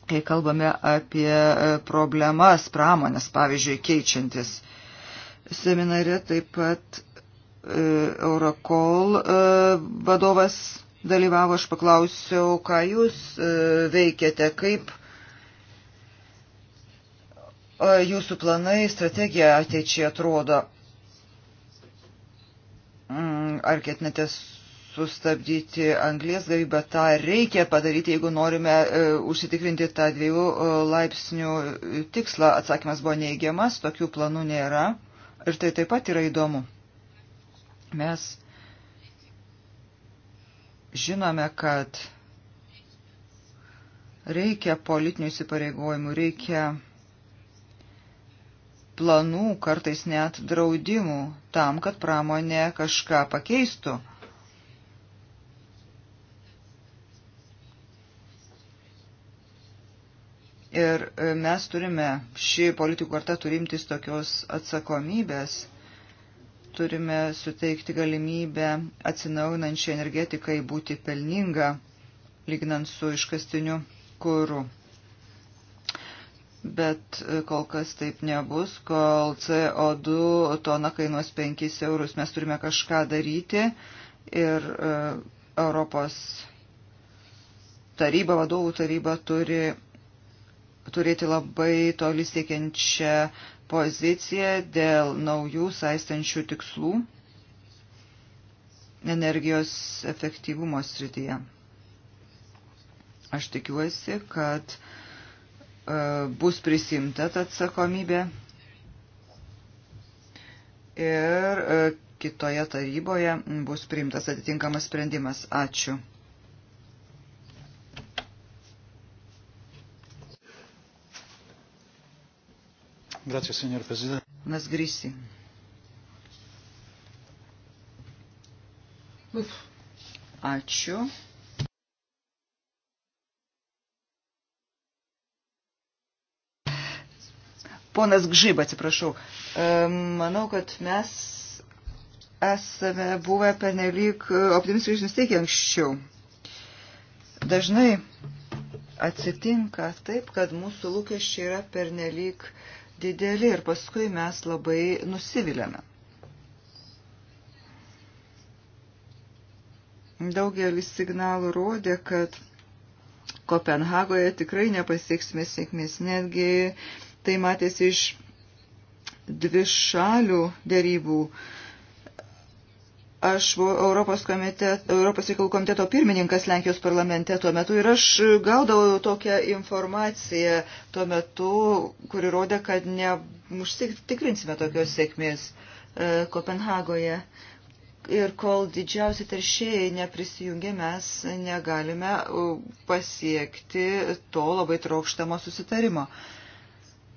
kai kalbame apie e, problemas pramonės, pavyzdžiui, keičiantis. Seminare taip pat e, Eurocall e, vadovas dalyvavo, aš paklausiau, ką jūs e, veikiate, kaip jūsų planai, strategija ateičiai atrodo? Mm, ar ketinate sustabdyti anglės gavybą, tą reikia padaryti, jeigu norime e, užsitikrinti tą dviejų e, laipsnių tikslą. Atsakymas buvo neigiamas, tokių planų nėra ir tai taip pat yra įdomu. Mes žinome, kad reikia politinių įsipareigojimų, reikia planų, kartais net draudimų tam, kad pramonė kažką pakeistų. Ir e, mes turime, ši politikų karta turimtis tokios atsakomybės, turime suteikti galimybę atsinaujinančiai energetikai būti pelninga, lyginant su iškastiniu kūru bet e, kol kas taip nebus, kol CO2 tona kainuos 5 eurus. Mes turime kažką daryti ir e, Europos taryba, vadovų taryba turi turėti labai toli siekiančią poziciją dėl naujų saistančių tikslų energijos efektyvumo srityje. Aš tikiuosi, kad uh, E, bus prisimta ta atsakomybė ir e, kitoje taryboje bus priimtas atitinkamas sprendimas. Ačiū. Grazie, signor Presidente. Nas Grisi. Uf. Ačiū. Ponas Gžyb, atsiprašau. Manau, kad mes esame buvę pernelyg e, optimistiškai nusteikę anksčiau. Dažnai atsitinka taip, kad mūsų lūkesčiai yra pernelyg dideli ir paskui mes labai nusiviliame. Daugelis signalų rodė, kad Kopenhagoje tikrai nepasieksime sėkmės, netgi Tai matėsi iš dvi šalių dėrybų. Aš buvau Europos, komitet, Europos reikalų komiteto pirmininkas Lenkijos parlamente tuo metu ir aš gaudavau tokią informaciją tuo metu, kuri rodė, kad neužtikrinsime tokios sėkmės e, Kopenhagoje. Ir kol didžiausi teršėjai neprisijungia, mes negalime pasiekti to labai trokštamo susitarimo. E,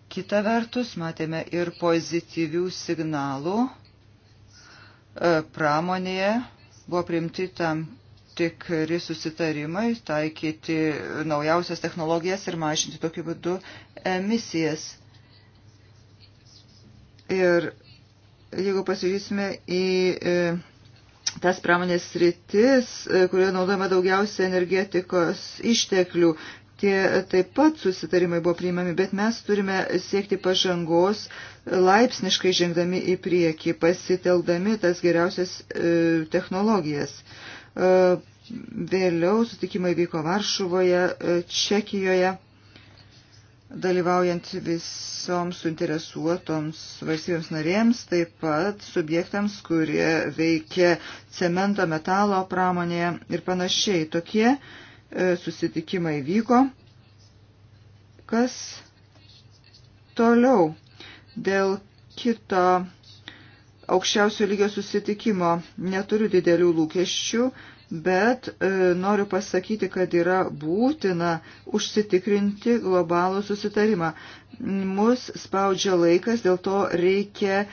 Kita vertus, matėme ir pozityvių signalų. E, pramonėje buvo priimti tam tikri susitarimai taikyti naujausias technologijas ir mažinti tokiu būdu emisijas. Ir jeigu pasižiūrėsime į e, tas pramonės rytis, e, kurioje naudojama daugiausia energetikos išteklių, tie taip pat susitarimai buvo priimami, bet mes turime siekti pažangos laipsniškai žengdami į priekį, pasitelkdami tas geriausias e, technologijas. E, vėliau sutikimai vyko Varšuvoje, e, Čekijoje, dalyvaujant visoms suinteresuotoms valstybėms narėms, taip pat subjektams, kurie veikia cemento, metalo pramonėje ir panašiai. Tokie E, susitikimai vyko. Kas toliau dėl kito aukščiausio lygio susitikimo neturiu didelių lūkesčių, bet e, noriu pasakyti, kad yra būtina užsitikrinti globalų susitarimą. Mus spaudžia laikas, dėl to reikia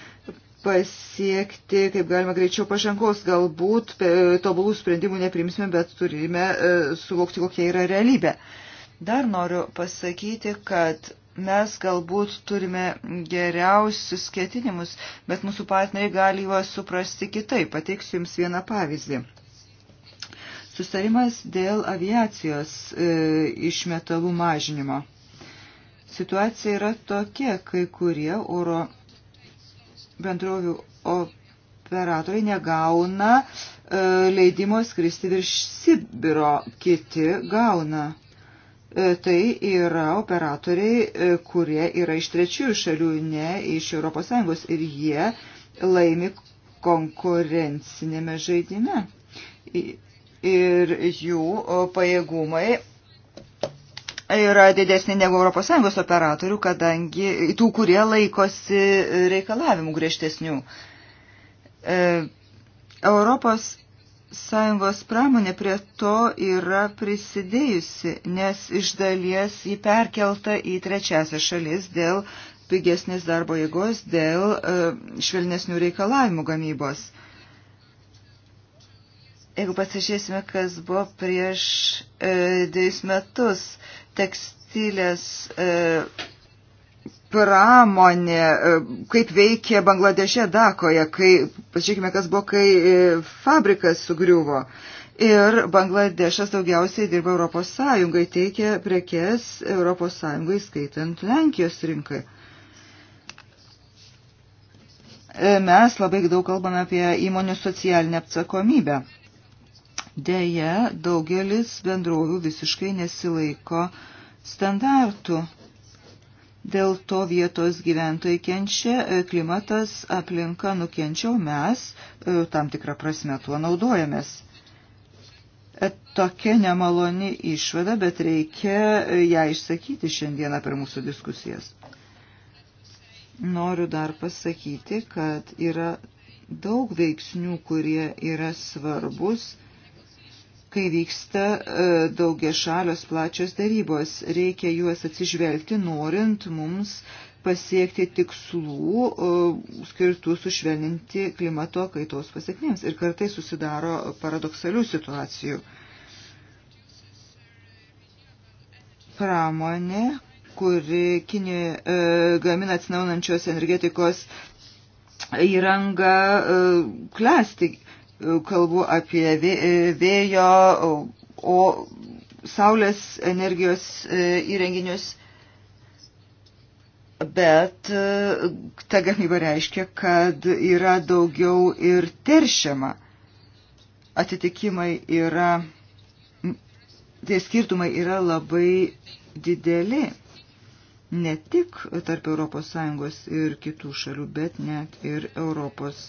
pasiekti, kaip galima greičiau pažangos. Galbūt e, tobulų sprendimų neprimsime, bet turime e, suvokti, kokia yra realybė. Dar noriu pasakyti, kad mes galbūt turime geriausius ketinimus, bet mūsų partneriai gali juos suprasti kitaip. Pateiksiu Jums vieną pavyzdį. Sustarimas dėl aviacijos e, išmetalų mažinimo. Situacija yra tokia, kai kurie oro bendrovių operatoriai negauna e, leidimo skristi virš Sibiro, kiti gauna. E, tai yra operatoriai, e, kurie yra iš trečiųjų šalių, ne iš ES ir jie laimi konkurencinėme žaidime. Ir jų pajėgumai yra didesnė negu ES operatorių, kadangi tų, kurie laikosi reikalavimų griežtesnių. E, Europos Sąjungos pramonė prie to yra prisidėjusi, nes iš dalies jį perkelta į trečiasią šalis dėl pigesnės darbo jėgos, dėl e, švelnesnių reikalavimų gamybos. Jeigu pasižiūrėsime, kas buvo prieš e, dėjus metus, tekstilės e, pramonė, e, kaip veikė Bangladeše Dakoje, kai, pažiūrėkime, kas buvo, kai e, fabrikas sugriuvo. Ir Bangladešas daugiausiai dirba Europos Sąjungai, teikia prekes Europos Sąjungai, skaitant Lenkijos rinkai. E, mes labai daug kalbame apie įmonių socialinę atsakomybę. Deja, daugelis bendrovių visiškai nesilaiko standartų. Dėl to vietos gyventojai kenčia, e, klimatas aplinka nukenčia, o mes e, tam tikrą prasme tuo naudojamės. E, tokia nemaloni išvada, bet reikia ją išsakyti šiandieną per mūsų diskusijas. Noriu dar pasakyti, kad yra daug veiksnių, kurie yra svarbus kai vyksta e, daugia šalios plačios darybos. Reikia juos atsižvelgti, norint mums pasiekti tikslų e, skirtų sušvelninti klimato kaitos pasiekmėms. Ir kartai susidaro paradoksalių situacijų. Pramonė, kuri Kinė e, gamina atsinaunančios energetikos įrangą e, klesti. E, kalbu apie vėjo, o saulės energijos e, įrenginius. Bet e, ta gamyba reiškia, kad yra daugiau ir teršiama. Atitikimai yra, tie skirtumai yra labai dideli. Ne tik tarp ES ir kitų šalių, bet net ir ES.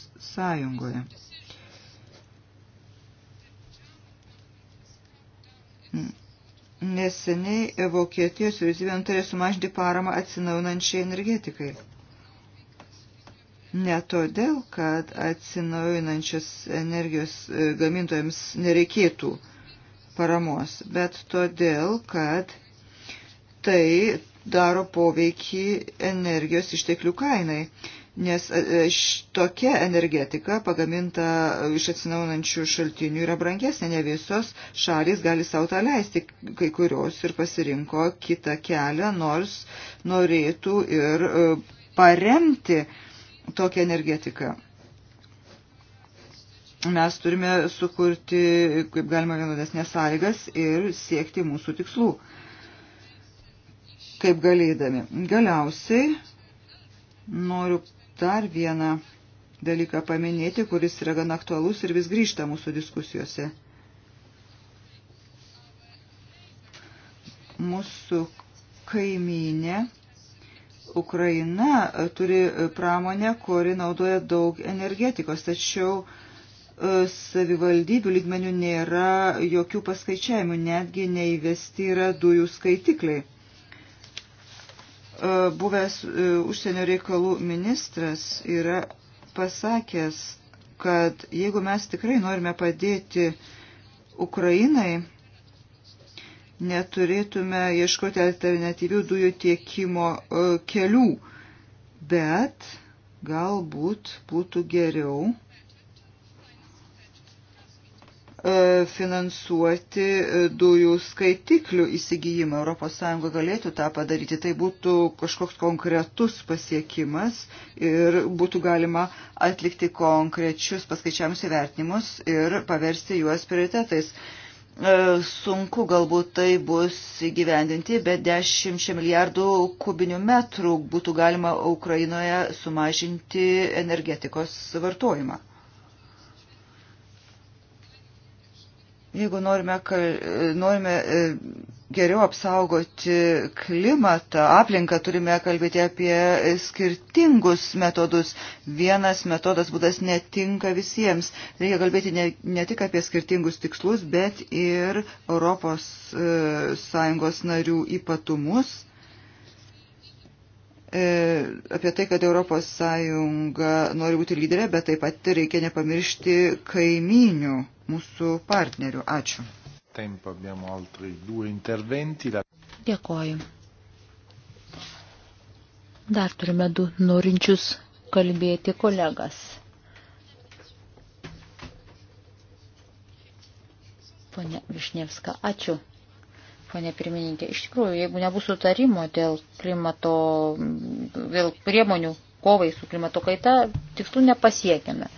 Neseniai Vokietijos vyriausybė nutarė sumažinti paramą atsinaujinančiai energetikai. Ne todėl, kad atsinaujinančios energijos e, gamintojams nereikėtų paramos, bet todėl, kad tai daro poveikį energijos išteklių kainai nes e, e, tokia energetika pagaminta e, iš atsinaunančių šaltinių yra brangesnė, ne visos šalis gali savo tą leisti, kai kurios ir pasirinko kitą kelią, nors norėtų ir paremti tokią energetiką. Mes turime sukurti, kaip galima, vienodesnės sąlygas ir siekti mūsų tikslų, kaip galėdami. Galiausiai noriu dar vieną dalyką paminėti, kuris yra gan aktualus ir vis grįžta mūsų diskusijose. Mūsų kaimynė Ukraina turi pramonę, kuri naudoja daug energetikos, tačiau e, savivaldybių lygmenių nėra jokių paskaičiavimų, netgi neįvesti yra dujų skaitikliai. E, buvęs e, užsienio reikalų ministras yra pasakęs, kad jeigu mes tikrai norime padėti Ukrainai, neturėtume ieškoti alternatyvių dujų tiekimo e, kelių, bet galbūt būtų geriau E, finansuoti e, dujų skaitiklių įsigijimą. ES galėtų tą padaryti. Tai būtų kažkoks konkretus pasiekimas ir būtų galima atlikti konkrečius paskaičiamus įvertinimus ir paversti juos prioritetais. E, sunku galbūt tai bus įgyvendinti, bet 10 milijardų kubinių metrų būtų galima Ukrainoje sumažinti energetikos vartojimą. Jeigu norime, norime e, geriau apsaugoti klimatą, aplinką, turime kalbėti apie skirtingus metodus. Vienas metodas būdas netinka visiems. Reikia kalbėti ne, ne tik apie skirtingus tikslus, bet ir Europos e, Sąjungos narių ypatumus E, apie tai, kad Europos Sąjunga nori būti lyderė, bet taip pat reikia nepamiršti kaiminių mūsų partnerių. Ačiū. Tempo abbiamo altri due interventi. La... Dėkoju. Dar turime du norinčius kalbėti kolegas. Pone Višnevska, ačiū ponė pirmininkė. Iš tikrųjų, jeigu nebus sutarimo dėl klimato, dėl priemonių kovai su klimato kaita, tikslų nepasiekime.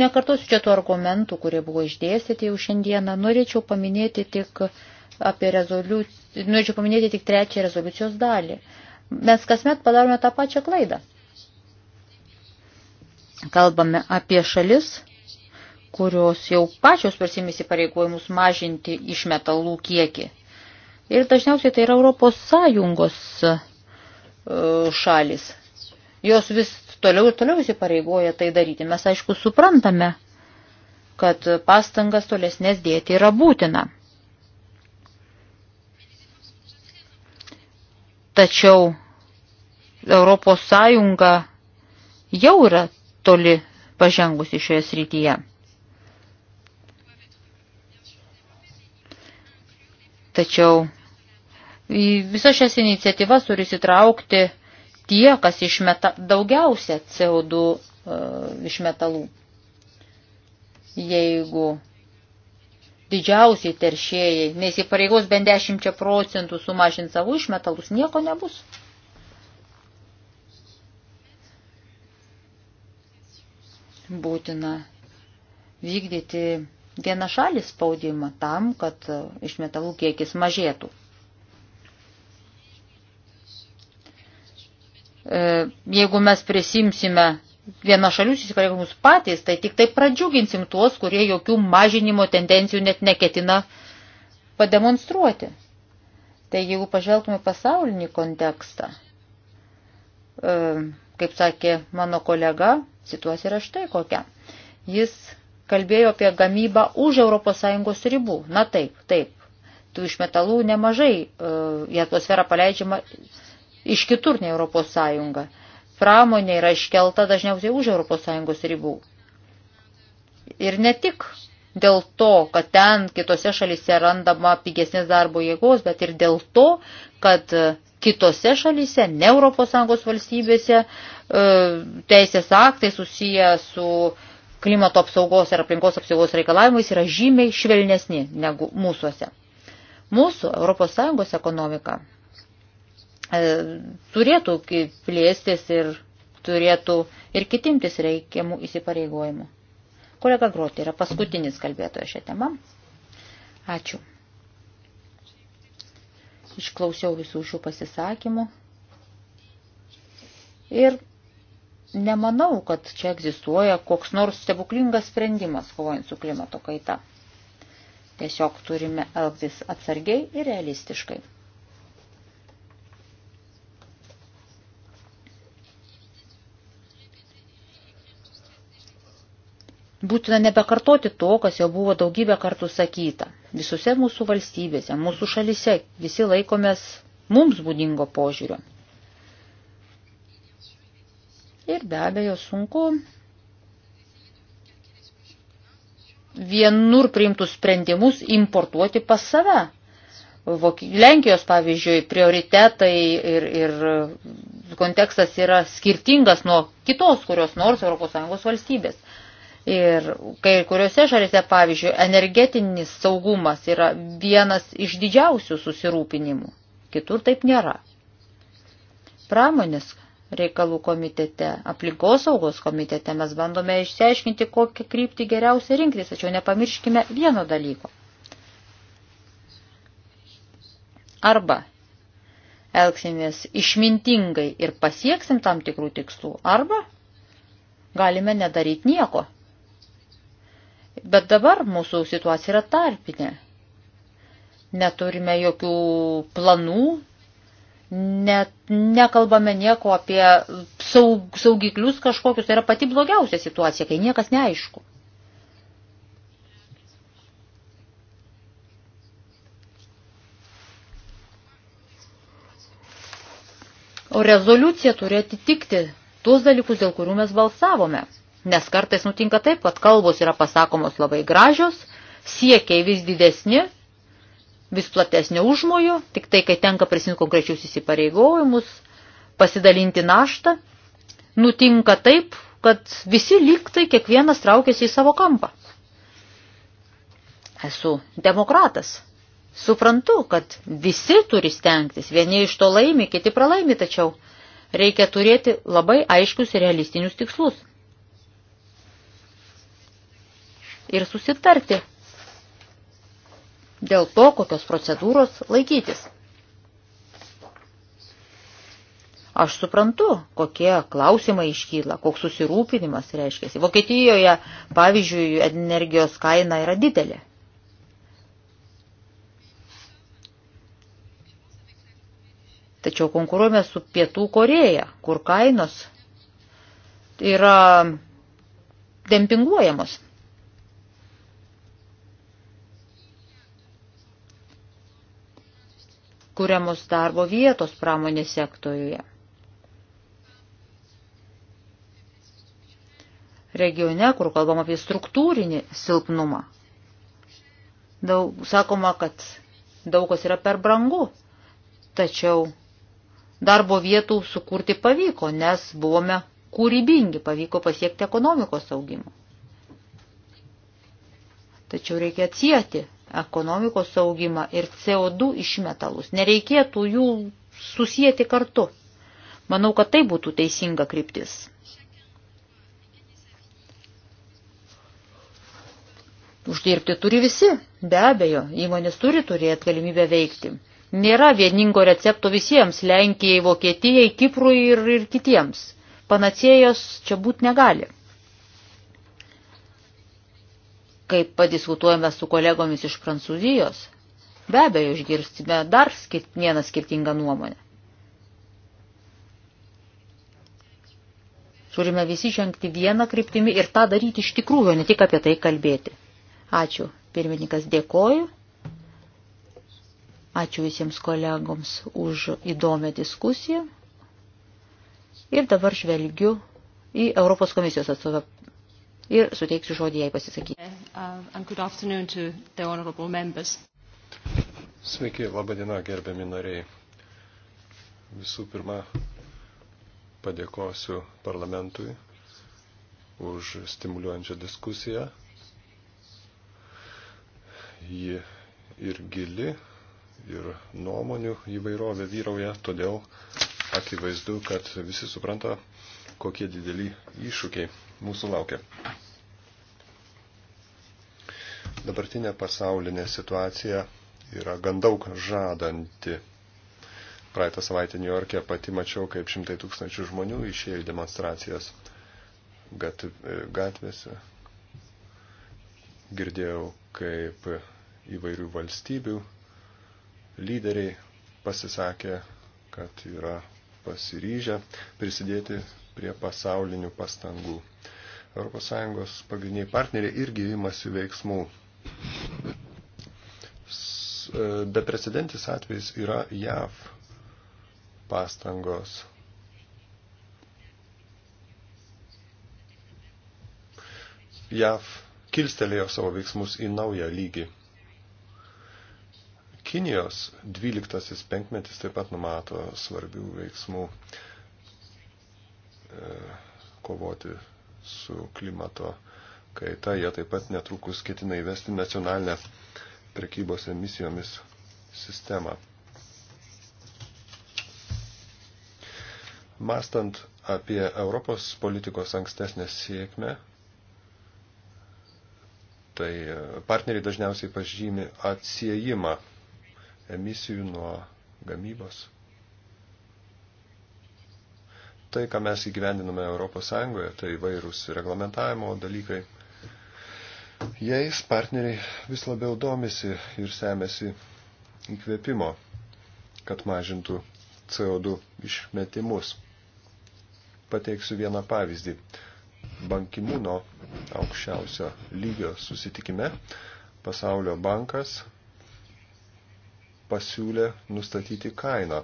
Nekartosiu čia tų argumentų, kurie buvo išdėstyti jau šiandieną. Norėčiau paminėti tik apie rezoliuciją, norėčiau paminėti tik trečią rezoliucijos dalį. Mes kasmet padarome tą pačią klaidą. Kalbame apie šalis, kurios jau pačios persimėsi pareigojimus mažinti išmetalų kiekį. Ir dažniausiai tai yra Europos Sąjungos e, šalis. Jos vis toliau ir toliau įsipareigoja tai daryti. Mes aišku suprantame, kad pastangas tolesnės dėti yra būtina. Tačiau Europos Sąjunga jau yra toli pažengusi šioje srityje. Tačiau visas šias iniciatyvas turi sitraukti tie, kas išmeta daugiausia CO2 uh, e, iš metalų. Jeigu didžiausiai teršėjai neįsipareigos bent 10 procentų sumažinti savo išmetalus, nieko nebus. Būtina vykdyti vieną šalį spaudimą tam, kad e, išmetalų kiekis mažėtų. E, jeigu mes prisimsime vieną šalių įsipareigojimus patys, tai tik tai pradžiuginsim tuos, kurie jokių mažinimo tendencijų net neketina pademonstruoti. Tai jeigu pažvelgtume pasaulinį kontekstą, e, kaip sakė mano kolega, situacija yra štai kokia. Jis kalbėjo apie gamybą už ES ribų. Na taip, taip. Tų išmetalų nemažai e, į atmosferą paleidžiama iš kitur nei ES. Pramonė yra iškelta dažniausiai už ES ribų. Ir ne tik dėl to, kad ten kitose šalyse randama pigesnės darbo jėgos, bet ir dėl to, kad kitose šalyse, ne ES valstybėse, e, teisės aktai susiję su uh, klimato apsaugos ir aplinkos apsaugos reikalavimais yra žymiai švelnesni negu mūsųse. Mūsų ES ekonomika e, turėtų plėstis ir turėtų ir kitimtis reikiamų įsipareigojimų. Kolega Groti yra paskutinis kalbėtojas šią temą. Ačiū. Išklausiau visų šių pasisakymų. Ir nemanau, kad čia egzistuoja koks nors stebuklingas sprendimas kovojant su klimato kaita. Tiesiog turime elgtis atsargiai ir realistiškai. Būtina nebekartoti to, kas jau buvo daugybę kartų sakyta. Visose mūsų valstybėse, mūsų šalise visi laikomės mums būdingo požiūrio. Ir be abejo sunku vienur priimtus sprendimus importuoti pas save. Lenkijos, pavyzdžiui, prioritetai ir, ir kontekstas yra skirtingas nuo kitos, kurios nors ES valstybės. Ir kai kuriuose šalise, pavyzdžiui, energetinis saugumas yra vienas iš didžiausių susirūpinimų, kitur taip nėra. Pramonės reikalų komitete, aplinkosaugos komitete. Mes bandome išsiaiškinti, kokią kryptį geriausia rinktis, tačiau nepamirškime vieno dalyko. Arba elgsimės išmintingai ir pasieksim tam tikrų tikslų, arba galime nedaryti nieko. Bet dabar mūsų situacija yra tarpinė. Neturime jokių planų, net nekalbame nieko apie saug, saugiklius kažkokius, tai yra pati blogiausia situacija, kai niekas neaišku. O rezoliucija turi atitikti tuos dalykus, dėl kurių mes balsavome. Nes kartais nutinka taip, kad kalbos yra pasakomos labai gražios, siekiai vis didesni, vis platesnio užmojo, tik tai, kai tenka prisimti konkrečius įsipareigojimus, pasidalinti naštą, nutinka taip, kad visi lygtai kiekvienas traukiasi į savo kampą. Esu demokratas. Suprantu, kad visi turi stengtis, vieni iš to laimi, kiti pralaimi, tačiau reikia turėti labai aiškius ir realistinius tikslus. Ir susitarti, dėl to, kokios procedūros laikytis. Aš suprantu, kokie klausimai iškyla, koks susirūpinimas reiškia. Vokietijoje, pavyzdžiui, energijos kaina yra didelė. Tačiau konkuruojame su Pietų Koreja, kur kainos yra dempinguojamos. kuriamos darbo vietos pramonės sektoriuje. Regione, kur kalbam apie struktūrinį silpnumą, daug, sakoma, kad daug kas yra per brangu, tačiau darbo vietų sukurti pavyko, nes buvome kūrybingi, pavyko pasiekti ekonomikos augimą. Tačiau reikia atsijėti ekonomikos saugimą ir CO2 išmetalus. Nereikėtų jų susijęti kartu. Manau, kad tai būtų teisinga kryptis. Uždirbti turi visi, be abejo, įmonės turi turėti galimybę veikti. Nėra vieningo recepto visiems – Lenkijai, Vokietijai, Kiprui ir, ir kitiems. Panacėjos čia būt negali. kai padiskutuojame su kolegomis iš Prancūzijos, be abejo išgirstime dar skirt, vieną skirtingą nuomonę. Turime visi žengti vieną kryptimį ir tą daryti iš tikrųjų, ne tik apie tai kalbėti. Ačiū. Pirmininkas dėkoju. Ačiū visiems kolegoms už įdomią diskusiją. Ir dabar žvelgiu į Europos komisijos atstovę ir suteiksiu žodį jai pasisakyti. Uh, uh, Sveiki, laba diena, gerbiami nariai. Visų pirma, padėkosiu parlamentui už stimuliuojančią diskusiją. Ji ir gili, ir nuomonių įvairovė vyrauja, todėl akivaizdu, kad visi supranta, kokie dideli iššūkiai mūsų laukia. Dabartinė pasaulinė situacija yra gan daug žadanti. Praeitą savaitę New York'e pati mačiau, kaip šimtai tūkstančių žmonių išėjo į demonstracijas gatvėse. Girdėjau, kaip įvairių valstybių lyderiai pasisakė, kad yra pasiryžę prisidėti prie pasaulinių pastangų ES pagrindiniai partneriai irgi imasi veiksmų. E, beprecedentis atvejs yra JAV pastangos. JAV kilstelėjo savo veiksmus į naują lygį. Kinijos 12 penkmetis taip pat numato svarbių veiksmų e, kovoti su klimato kaita. Jie taip pat netrukus ketina įvesti nacionalinę prekybos emisijomis sistemą. Mastant apie Europos politikos ankstesnę sėkmę, tai partneriai dažniausiai pažymi atsiejimą emisijų nuo gamybos tai, ką mes įgyvendiname ES, tai vairūs reglamentavimo dalykai. Jais partneriai vis labiau domisi ir semėsi įkvėpimo, kad mažintų CO2 išmetimus. Pateiksiu vieną pavyzdį. Bankimūno aukščiausio lygio susitikime Pasaulio bankas pasiūlė nustatyti kainą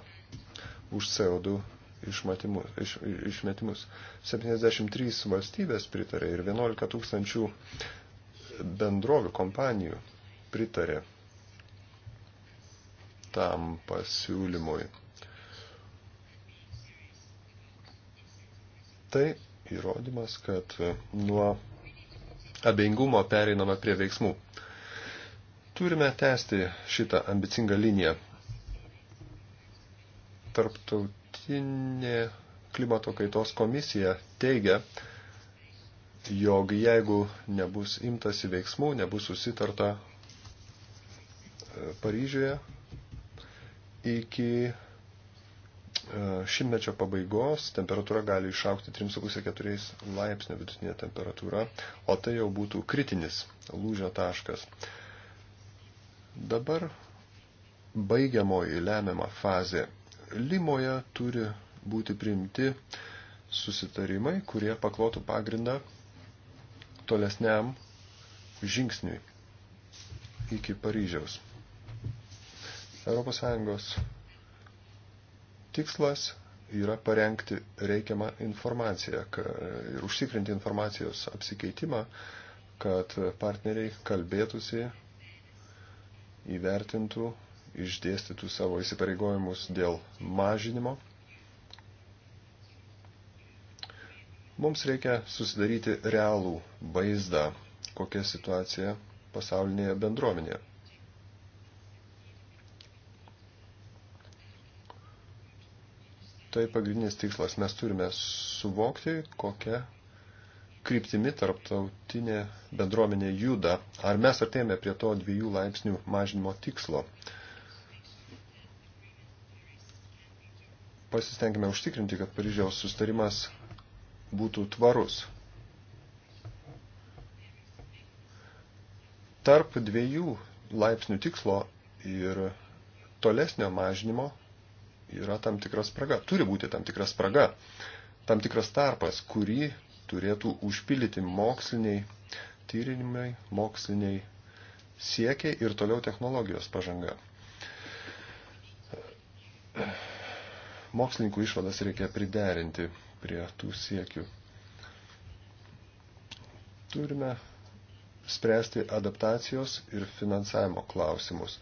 už CO2 išmetimus. Iš, išmetimus. 73 valstybės pritarė ir 11 tūkstančių bendrovių kompanijų pritarė tam pasiūlymui. Tai įrodymas, kad nuo abejingumo pereinama prie veiksmų. Turime tęsti šitą ambicingą liniją. Tarptaut Tarptautinė klimato kaitos komisija teigia, jog jeigu nebus imtasi veiksmų, nebus susitarta e, Paryžiuje iki e, šimtmečio pabaigos temperatūra gali išaukti 3,4 laipsnio vidutinė temperatūra, o tai jau būtų kritinis lūžio taškas. Dabar baigiamoji lemiama fazė Limoje turi būti priimti susitarimai, kurie paklotų pagrindą tolesniam žingsniui iki Paryžiaus. ES tikslas yra parengti reikiamą informaciją ir užtikrinti informacijos apsikeitimą, kad partneriai kalbėtųsi, įvertintų išdėstytų savo įsipareigojimus dėl mažinimo. Mums reikia susidaryti realų vaizdą, kokia situacija pasaulinėje bendruomenėje. Tai pagrindinis tikslas. Mes turime suvokti, kokia kryptimi tarptautinė bendruomenė juda. Ar mes artėjame prie to dviejų laipsnių mažinimo tikslo? pasistengime užtikrinti, kad Paryžiaus sustarimas būtų tvarus. Tarp dviejų laipsnių tikslo ir tolesnio mažinimo yra tam tikras spraga. Turi būti tam tikras spraga, tam tikras tarpas, kurį turėtų užpildyti moksliniai tyrinimai, moksliniai siekiai ir toliau technologijos pažanga mokslininkų išvadas reikia priderinti prie tų siekių. Turime spręsti adaptacijos ir finansavimo klausimus.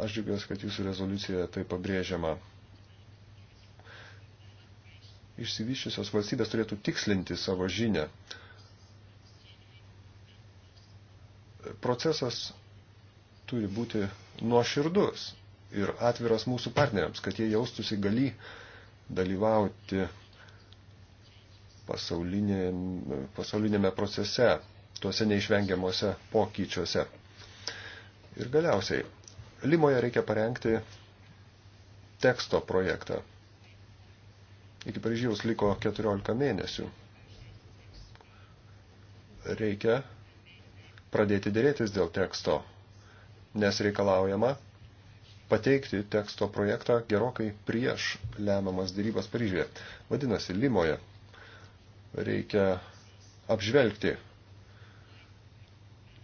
Aš džiugiuosi, kad jūsų rezoliucijoje tai pabrėžiama. Išsivyščiusios valstybės turėtų tikslinti savo žinę. Procesas turi būti nuoširdus ir atviras mūsų partneriams, kad jie jaustųsi galį dalyvauti pasaulinėme, pasaulinėme procese, tuose neišvengiamuose pokyčiuose. Ir galiausiai, Limoje reikia parengti teksto projektą. Iki Paryžiaus liko 14 mėnesių. Reikia pradėti dėrėtis dėl teksto, nes reikalaujama pateikti teksto projektą gerokai prieš lemiamas dėrybas Paryžyje. Vadinasi, Limoje reikia apžvelgti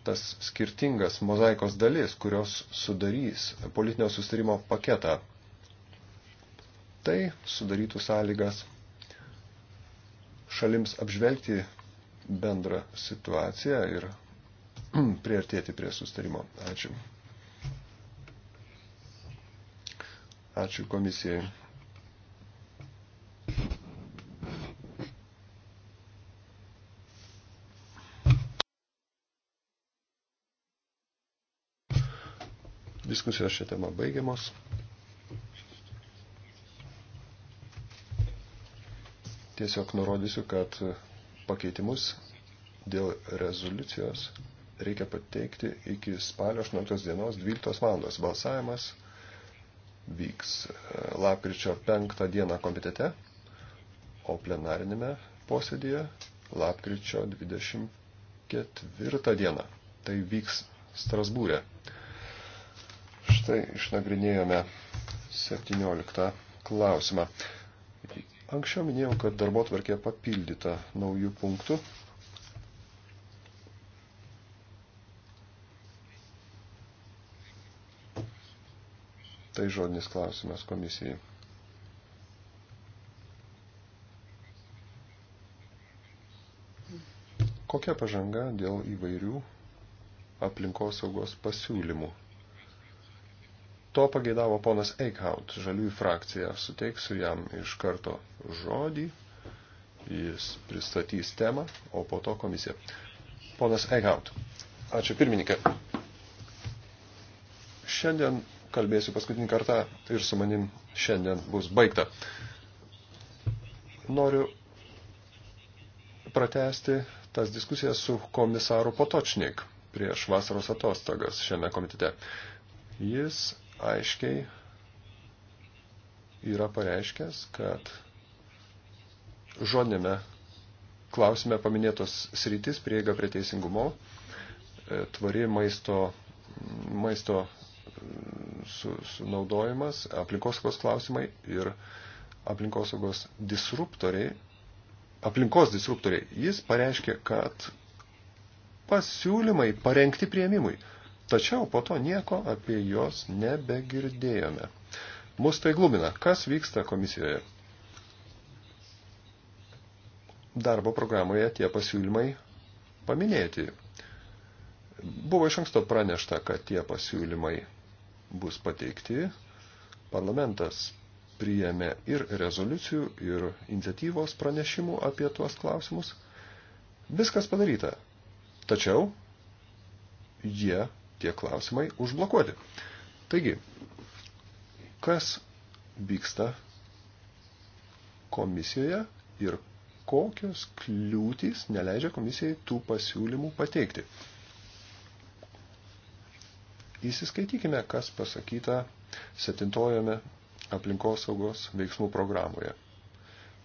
tas skirtingas mozaikos dalis, kurios sudarys politinio sustarimo paketą. Tai sudarytų sąlygas šalims apžvelgti bendrą situaciją ir priartėti prie sustarimo. Ačiū. Ačiū komisijai. Diskusijos šią temą baigiamos. Tiesiog nurodysiu, kad pakeitimus dėl rezoliucijos reikia pateikti iki spalio 18 dienos 12 valandos. Balsavimas vyks e, lapkričio 5 dieną komitete, o plenarinėme posėdėje lapkričio 24 dieną. Tai vyks Strasbūrė. Štai išnagrinėjome 17 klausimą. Anksčiau minėjau, kad darbo tvarkė papildyta naujų punktų. Tai žodinis klausimas komisijai. Kokia pažanga dėl įvairių aplinkosaugos pasiūlymų? To pageidavo ponas Eichhout, žaliųjų frakcija. Suteiksiu jam iš karto žodį, jis pristatys temą, o po to komisija. Ponas Eichhout, ačiū pirmininkė. Šiandien kalbėsiu paskutinį kartą ir su manim šiandien bus baigta. Noriu pratesti tas diskusijas su komisaru Potočnik prieš vasaros atostogas šiame komitete. Jis aiškiai yra pareiškęs, kad žodinėme klausime paminėtos sritis prieiga prie teisingumo, e, tvari maisto, maisto su, sunaudojimas, aplinkosaugos klausimai ir aplinkosaugos disruptoriai, aplinkos disruptoriai. Jis pareiškė, kad pasiūlymai parengti prieimimui, tačiau po to nieko apie juos nebegirdėjome. Mus tai glumina, kas vyksta komisijoje. Darbo programoje tie pasiūlymai paminėti. Buvo iš anksto pranešta, kad tie pasiūlymai bus pateikti, parlamentas priėmė ir rezoliucijų, ir iniciatyvos pranešimų apie tuos klausimus. Viskas padaryta. Tačiau jie, tie klausimai, užblokuoti. Taigi, kas vyksta komisijoje ir kokios kliūtys neleidžia komisijai tų pasiūlymų pateikti. Įsiskaitykime, kas pasakyta septintojame aplinkosaugos veiksmų programoje.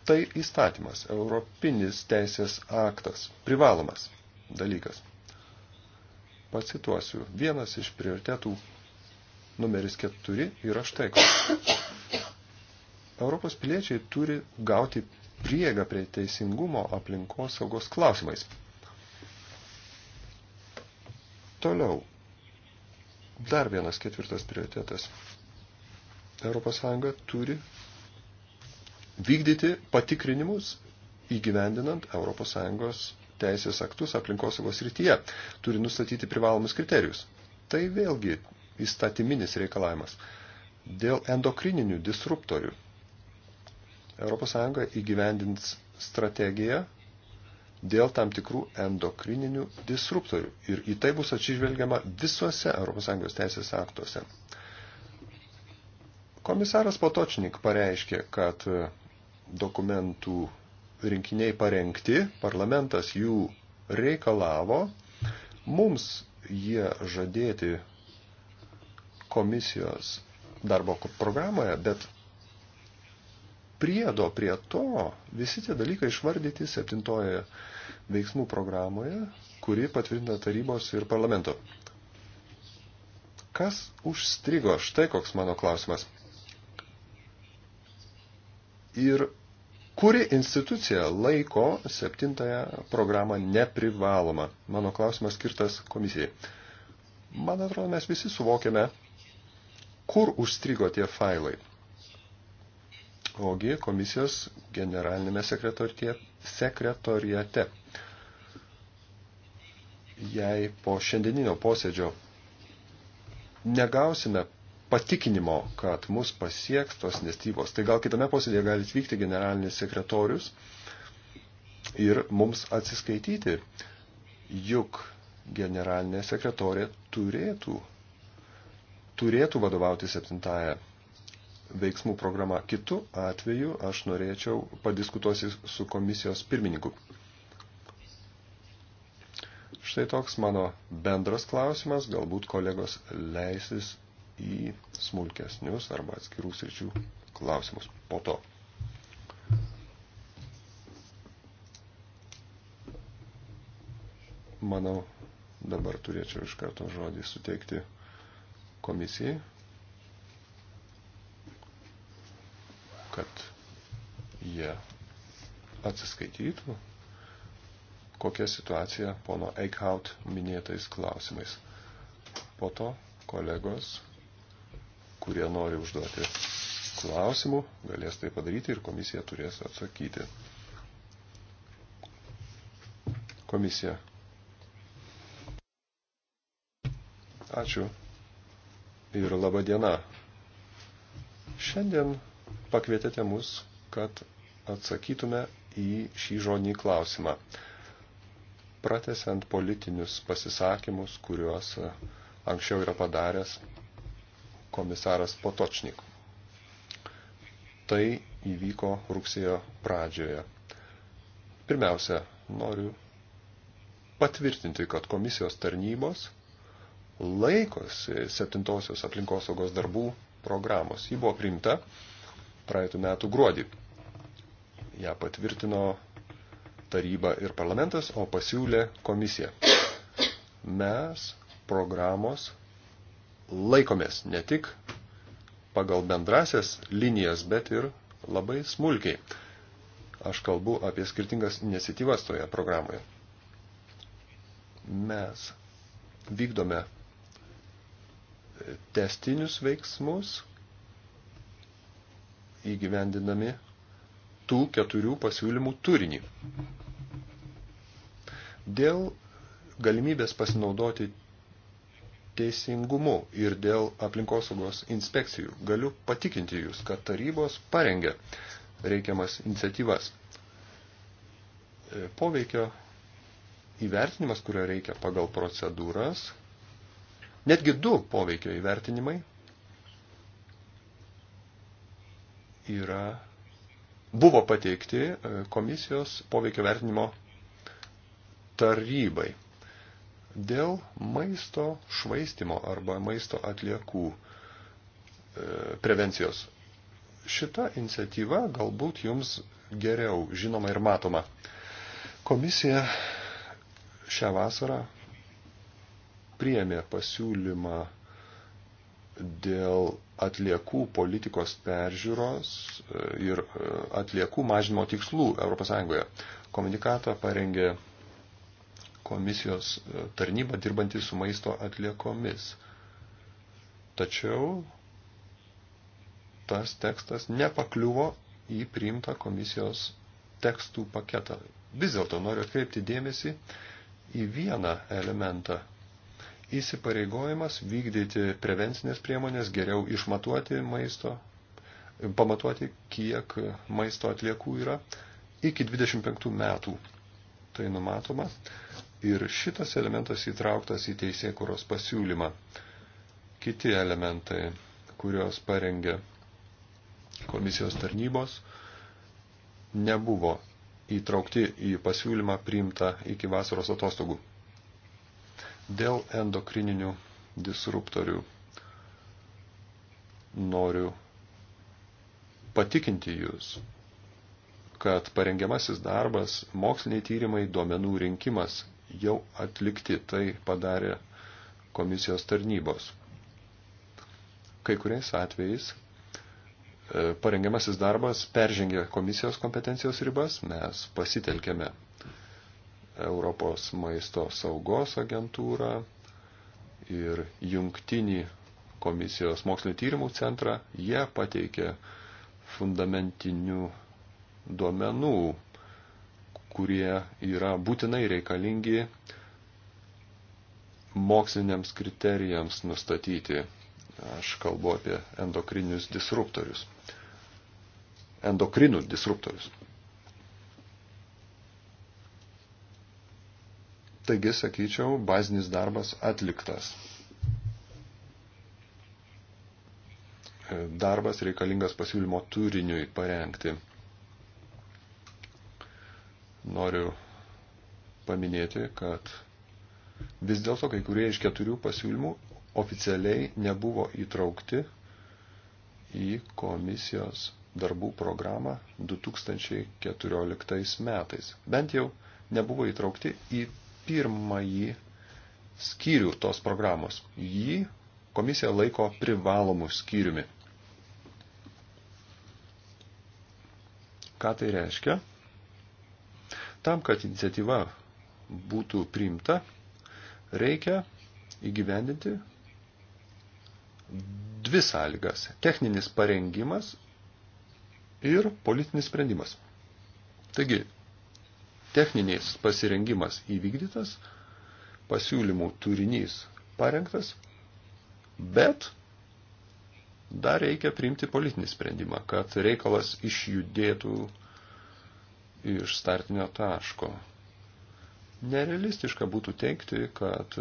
Tai įstatymas, europinis teisės aktas, privalomas dalykas. Pacituosiu, vienas iš prioritetų numeris keturi yra štai koks. Europos piliečiai turi gauti priega prie teisingumo aplinkos saugos klausimais. Toliau, Dar vienas ketvirtas prioritetas. ES turi vykdyti patikrinimus įgyvendinant ES teisės aktus aplinkosaugos rytyje. Turi nustatyti privalomus kriterijus. Tai vėlgi įstatyminis reikalavimas. Dėl endokrininių disruptorių ES įgyvendins strategiją dėl tam tikrų endokrininių disruptorių. Ir į tai bus atsižvelgiama visuose ES teisės aktuose. Komisaras Potočnik pareiškė, kad dokumentų rinkiniai parengti, parlamentas jų reikalavo, mums jie žadėti komisijos darbo programoje, bet priedo prie to visi tie dalykai išvardyti septintoje veiksmų programoje, kuri patvirtina tarybos ir parlamento. Kas užstrigo? Štai koks mano klausimas. Ir kuri institucija laiko septintąją programą neprivaloma? Mano klausimas skirtas komisijai. Man atrodo, mes visi suvokiame, kur užstrigo tie failai. Ogi komisijos generalinėme sekretoriate jei po šiandieninio posėdžio negausime patikinimo, kad mus pasieks tos nestyvos, tai gal kitame posėdėje gali atvykti generalinis sekretorius ir mums atsiskaityti. Juk generalinė sekretorė turėtų, turėtų vadovauti septintąją veiksmų programą. Kitu atveju aš norėčiau padiskutuosi su komisijos pirmininku. Štai toks mano bendras klausimas, galbūt kolegos leisis į smulkesnius arba atskirų sričių klausimus po to. Manau, dabar turėčiau iš karto žodį suteikti komisijai, kad jie atsiskaitytų kokia situacija pono Eichhout minėtais klausimais. Po to kolegos, kurie nori užduoti klausimų, galės tai padaryti ir komisija turės atsakyti. Komisija. Ačiū ir laba diena. Šiandien pakvietėte mus, kad atsakytume į šį žodinį klausimą pratesant politinius pasisakymus, kuriuos e, anksčiau yra padaręs komisaras Potočnik. Tai įvyko rugsėjo pradžioje. Pirmiausia, noriu patvirtinti, kad komisijos tarnybos laikosi septintosios aplinkosaugos darbų programos. Ji buvo priimta praeitų metų gruodį. Ja patvirtino taryba ir parlamentas, o pasiūlė komisija. Mes programos laikomės ne tik pagal bendrasias linijas, bet ir labai smulkiai. Aš kalbu apie skirtingas iniciatyvas toje programoje. Mes vykdome testinius veiksmus, įgyvendinami tų keturių pasiūlymų turinį. Dėl galimybės pasinaudoti teisingumu ir dėl aplinkosaugos inspekcijų galiu patikinti Jūs, kad tarybos parengė reikiamas iniciatyvas. E, poveikio įvertinimas, kurio reikia pagal procedūras, netgi du poveikio įvertinimai yra buvo pateikti e, komisijos poveikio vertinimo tarybai dėl maisto švaistimo arba maisto atliekų e, prevencijos. Šita iniciatyva galbūt jums geriau žinoma ir matoma. Komisija šią vasarą priėmė pasiūlymą dėl atliekų politikos peržiūros e, ir e, atliekų mažinimo tikslų ES. Komunikatą parengė komisijos e, tarnyba dirbanti su maisto atliekomis. Tačiau tas tekstas nepakliuvo į priimtą komisijos tekstų paketą. Vis dėlto noriu atkreipti dėmesį į vieną elementą įsipareigojimas vykdyti prevencinės priemonės, geriau išmatuoti maisto, pamatuoti, kiek maisto atliekų yra iki 25 metų. Tai numatoma. Ir šitas elementas įtrauktas į teisėkuros pasiūlymą. Kiti elementai, kurios parengė komisijos tarnybos, nebuvo įtraukti į pasiūlymą priimtą iki vasaros atostogų. Dėl endokrininių disruptorių noriu patikinti jūs, kad parengiamasis darbas, moksliniai tyrimai, duomenų rinkimas jau atlikti, tai padarė komisijos tarnybos. Kai kuriais atvejais e, parengiamasis darbas peržengė komisijos kompetencijos ribas, mes pasitelkėme Europos maisto saugos agentūrą ir jungtinį komisijos mokslinio tyrimų centrą. Jie pateikė fundamentinių duomenų, kurie yra būtinai reikalingi moksliniams kriterijams nustatyti. Aš kalbu apie endokrinius disruptorius. Endokrinų disruptorius. Taigi, sakyčiau, bazinis darbas atliktas. E, darbas reikalingas pasiūlymo turiniui parengti. Noriu paminėti, kad vis dėlto kai kurie iš keturių pasiūlymų oficialiai nebuvo įtraukti į komisijos darbų programą 2014 metais. Bent jau nebuvo įtraukti į pirmąjį skyrių tos programos. Jį komisija laiko privalomų skyriumi. Ką tai reiškia? Tam, kad iniciatyva būtų priimta, reikia įgyvendinti dvi sąlygas – techninis parengimas ir politinis sprendimas. Taigi, techninės pasirengimas įvykdytas, pasiūlymų turinys parengtas, bet dar reikia priimti politinį sprendimą, kad reikalas išjudėtų iš startinio taško. Nerealistiška būtų teikti, kad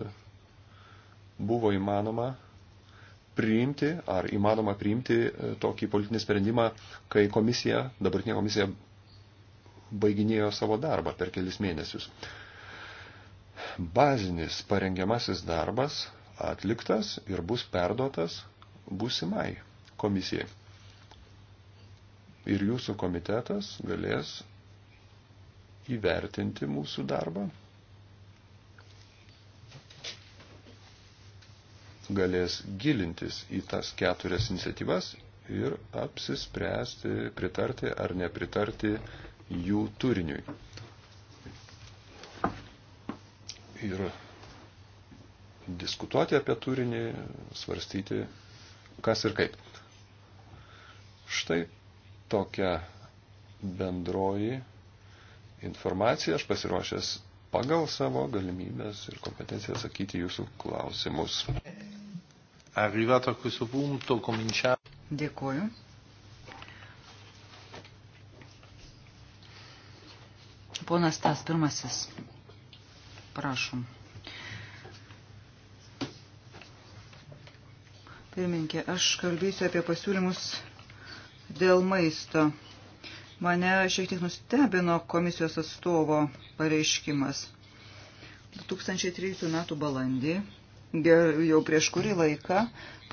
buvo įmanoma priimti, ar įmanoma priimti tokį politinį sprendimą, kai komisija, dabartinė komisija baiginėjo savo darbą per kelis mėnesius. Bazinis parengiamasis darbas atliktas ir bus perduotas būsimai komisijai. Ir jūsų komitetas galės įvertinti mūsų darbą, galės gilintis į tas keturias iniciatyvas ir apsispręsti, pritarti ar nepritarti jų turiniui. Ir diskutuoti apie turinį, svarstyti, kas ir kaip. Štai tokia bendroji informacija. Aš pasiruošęs pagal savo galimybės ir kompetenciją atsakyti jūsų klausimus. Arrivato a questo punto cominciamo. Dėkuoju. Ponas tas pirmasis. Prašom. Pirminkė, aš kalbėsiu apie pasiūlymus dėl maisto. Mane šiek tiek nustebino komisijos atstovo pareiškimas. 2013 m. balandį, jau prieš kurį laiką,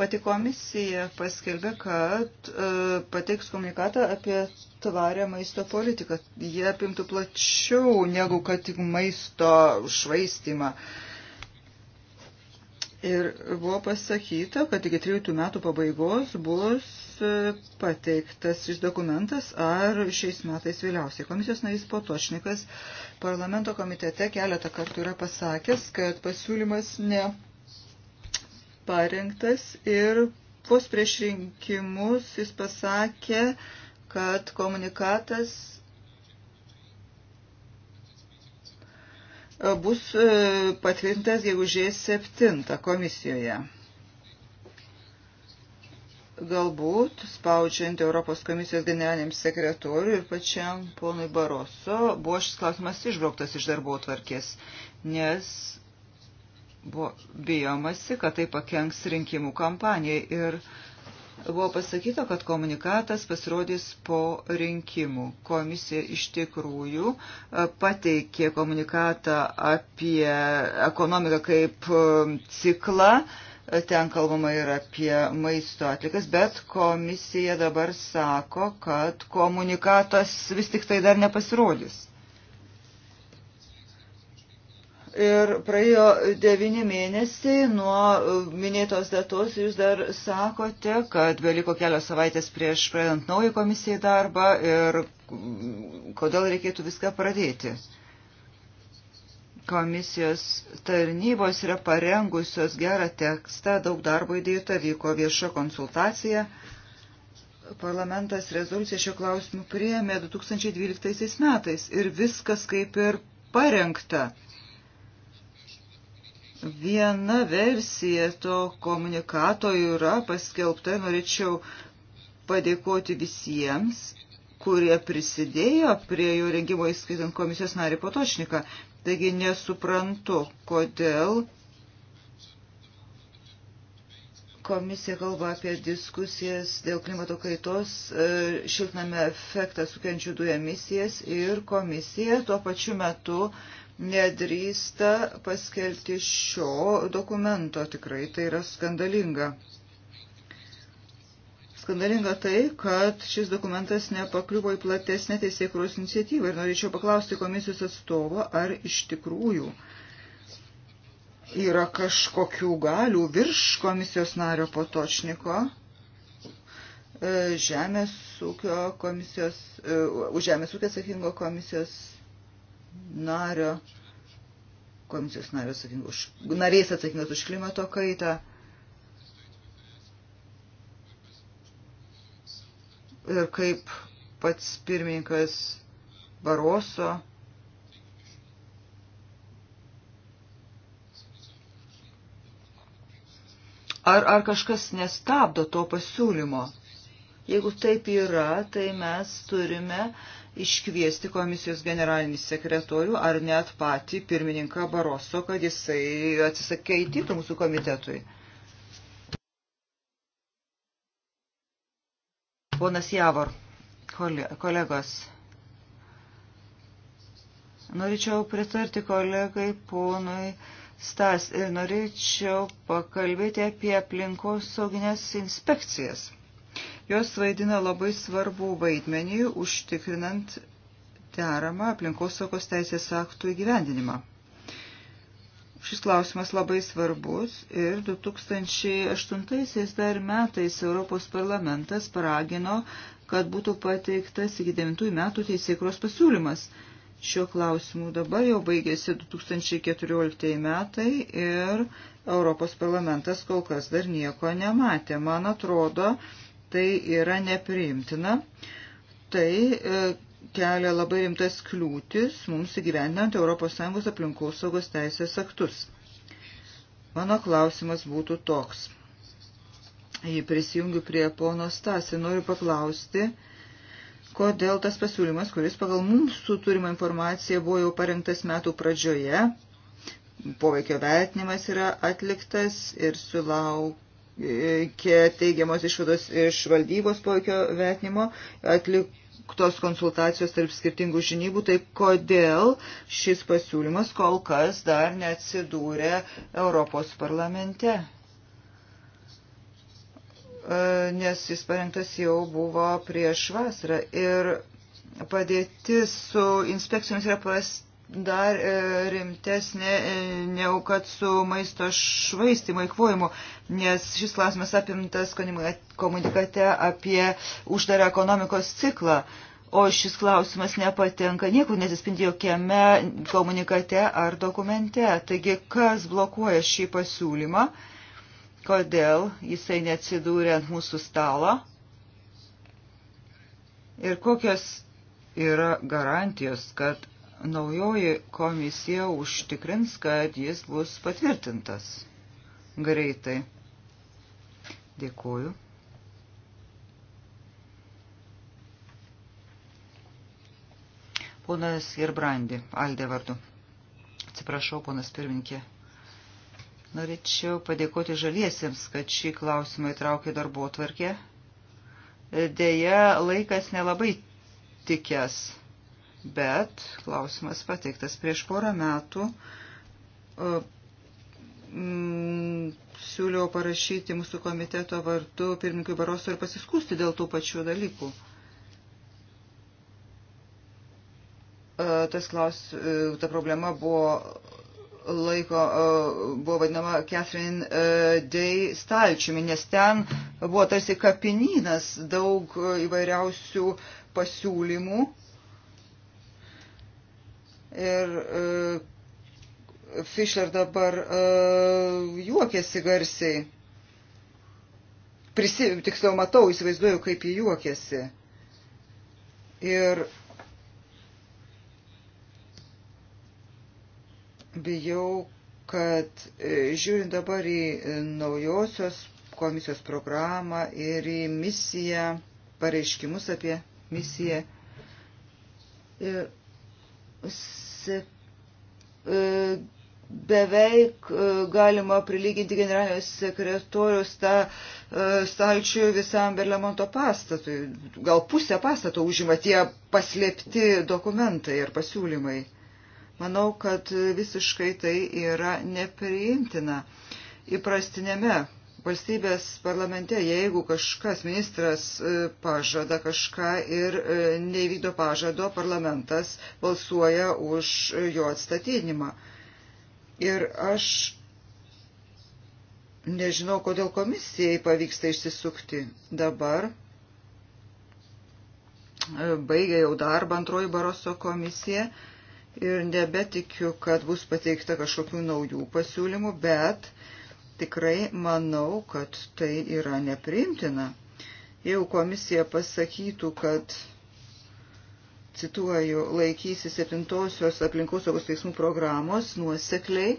pati komisija paskelbė, kad e, pateiks komunikatą apie tvarę maisto politiką. Jie apimtų plačiau negu kad tik maisto švaistimą. Ir buvo pasakyta, kad iki 13 metų pabaigos bus e, pateiktas šis dokumentas ar šiais metais vėliausiai. Komisijos narys Potočnikas parlamento komitete keletą kartų yra pasakęs, kad pasiūlymas ne parengtas ir vos prieš rinkimus jis pasakė, kad komunikatas e, bus e, patvirtintas gegužės 7 komisijoje. Galbūt, spaudžiant Europos komisijos generaliniam sekretoriui ir pačiam ponui Baroso, buvo šis klausimas išbrauktas iš darbo tvarkės, nes buvo bijomasi, kad tai pakenks rinkimų kampanijai ir uh, Buvo pasakyta, kad komunikatas pasirodys po rinkimų. Komisija iš tikrųjų e, pateikė komunikatą apie ekonomiką kaip e, ciklą. E, ten kalbama ir apie maisto atlikas, bet komisija dabar sako, kad komunikatas vis tik tai dar nepasirodys. Ir praėjo devini mėnesiai nuo uh, minėtos datos, jūs dar sakote, kad beliko kelios savaitės prieš pradant naują komisiją darbą ir mm, kodėl reikėtų viską pradėti. Komisijos tarnybos yra parengusios gerą tekstą, daug darbo įdėta, vyko vieša konsultacija. Parlamentas rezoliuciją šio klausimu priėmė 2012 metais ir viskas kaip ir parengta Viena versija to komunikato yra paskelbta, norėčiau padėkoti visiems, kurie prisidėjo prie jų rengimo įskaitant komisijos narį Potočniką. Taigi nesuprantu, kodėl komisija kalba apie diskusijas dėl klimato kaitos, e, šiltname efektą sukenčių dujų emisijas ir komisija tuo pačiu metu nedrįsta paskelbti šio dokumento. Tikrai tai yra skandalinga. Skandalinga tai, kad šis dokumentas nepakliuvo į platesnę teisėkūros iniciatyvą ir norėčiau paklausti komisijos atstovo, ar iš tikrųjų yra kažkokių galių virš komisijos nario Potočniko, e, žemės ūkio komisijos, e, už žemės ūkio atsakingo komisijos nario, komisijos narės atsakingas už, narės atsakingas už klimato kaitą. Ir kaip pats pirmininkas Baroso Ar, ar kažkas nestabdo to pasiūlymo? Jeigu taip yra, tai mes turime uh, iškviesti komisijos generalinį sekretorių ar net patį pirmininką Baroso, kad jisai atsisakeitytų mūsų komitetui. Ponas Javor, kolegos. Norėčiau pritarti kolegai ponui Stas ir norėčiau pakalbėti apie aplinkos sauginės inspekcijas. Jos vaidina labai svarbų vaidmenį užtikrinant deramą aplinkosaugos teisės aktų įgyvendinimą. Šis klausimas labai svarbus ir 2008 dar metais Europos parlamentas paragino, kad būtų pateiktas iki 9 metų teisėkros pasiūlymas. Šiuo klausimu dabar jau baigėsi 2014 metai ir Europos parlamentas kol kas dar nieko nematė. Man atrodo, tai yra nepriimtina. Tai e, kelia labai rimtas kliūtis mums įgyvendinant ES aplinkos saugos teisės aktus. Mano klausimas būtų toks. Jį prisijungiu prie pono Stasi. Noriu paklausti, kodėl tas pasiūlymas, kuris pagal mums turimą informaciją buvo jau parengtas metų pradžioje, poveikio vertinimas yra atliktas ir sulauk teigiamos išvados iš valdybos poveikio vertinimo atliktos konsultacijos tarp skirtingų žinybų, tai kodėl šis pasiūlymas kol kas dar neatsidūrė Europos parlamente. E, nes jis parengtas jau buvo prieš vasarą ir padėtis su inspekcijomis yra prasta dar e, rimtesnė e, negu kad su maisto švaistimu įkvojimu, nes šis klausimas apimtas komunikate apie uždarą ekonomikos ciklą. O šis klausimas nepatenka, niekur nesispindi jokiame komunikate ar dokumente. Taigi, kas blokuoja šį pasiūlymą, kodėl jisai neatsidūrė ant mūsų stalo ir kokios yra garantijos, kad naujoji komisija užtikrins, kad jis bus patvirtintas greitai. Dėkuoju. Ponas Gerbrandi, Aldė vardu. Atsiprašau, ponas pirminkė. Norėčiau padėkoti žaliesiems, kad šį klausimą įtraukė darbo tvarkė. Deja, laikas nelabai tikęs bet klausimas pateiktas prieš porą metų. Mm, siūliau parašyti mūsų komiteto vardu pirmininkui Baroso ir pasiskūsti dėl tų pačių dalykų. E, tas klaus, e, ta problema buvo laiko, buvo vadinama Catherine Day stalčiumi, nes ten buvo tarsi kapinynas daug įvairiausių pasiūlymų Ir e, Fischer dabar e, juokėsi garsiai. Prisi, tiksliau matau, įsivaizduoju, kaip jį juokėsi. Ir bijau, kad e, žiūrint dabar į naujosios komisijos programą ir į misiją, pareiškimus apie misiją, ir E, beveik e, galima prilyginti generalinio sekretoriaus tą e, stalčių visam Berlemonto pastatui. Gal pusę pastato užima tie paslėpti dokumentai ir pasiūlymai. Manau, kad visiškai tai yra nepriimtina. Įprastinėme valstybės parlamente, jeigu kažkas ministras e, pažada kažką ir e, neįvykdo pažado, parlamentas balsuoja už e, jo atstatydinimą. Ir aš nežinau, kodėl komisijai pavyksta išsisukti dabar. Baigė jau darbą antroji Baroso komisija ir nebetikiu, kad bus pateikta kažkokių naujų pasiūlymų, bet uh, Tikrai manau, kad tai yra nepriimtina. Jeigu komisija pasakytų, kad, cituoju, laikysi septintosios aplinkosaugos teismų programos nuosekliai,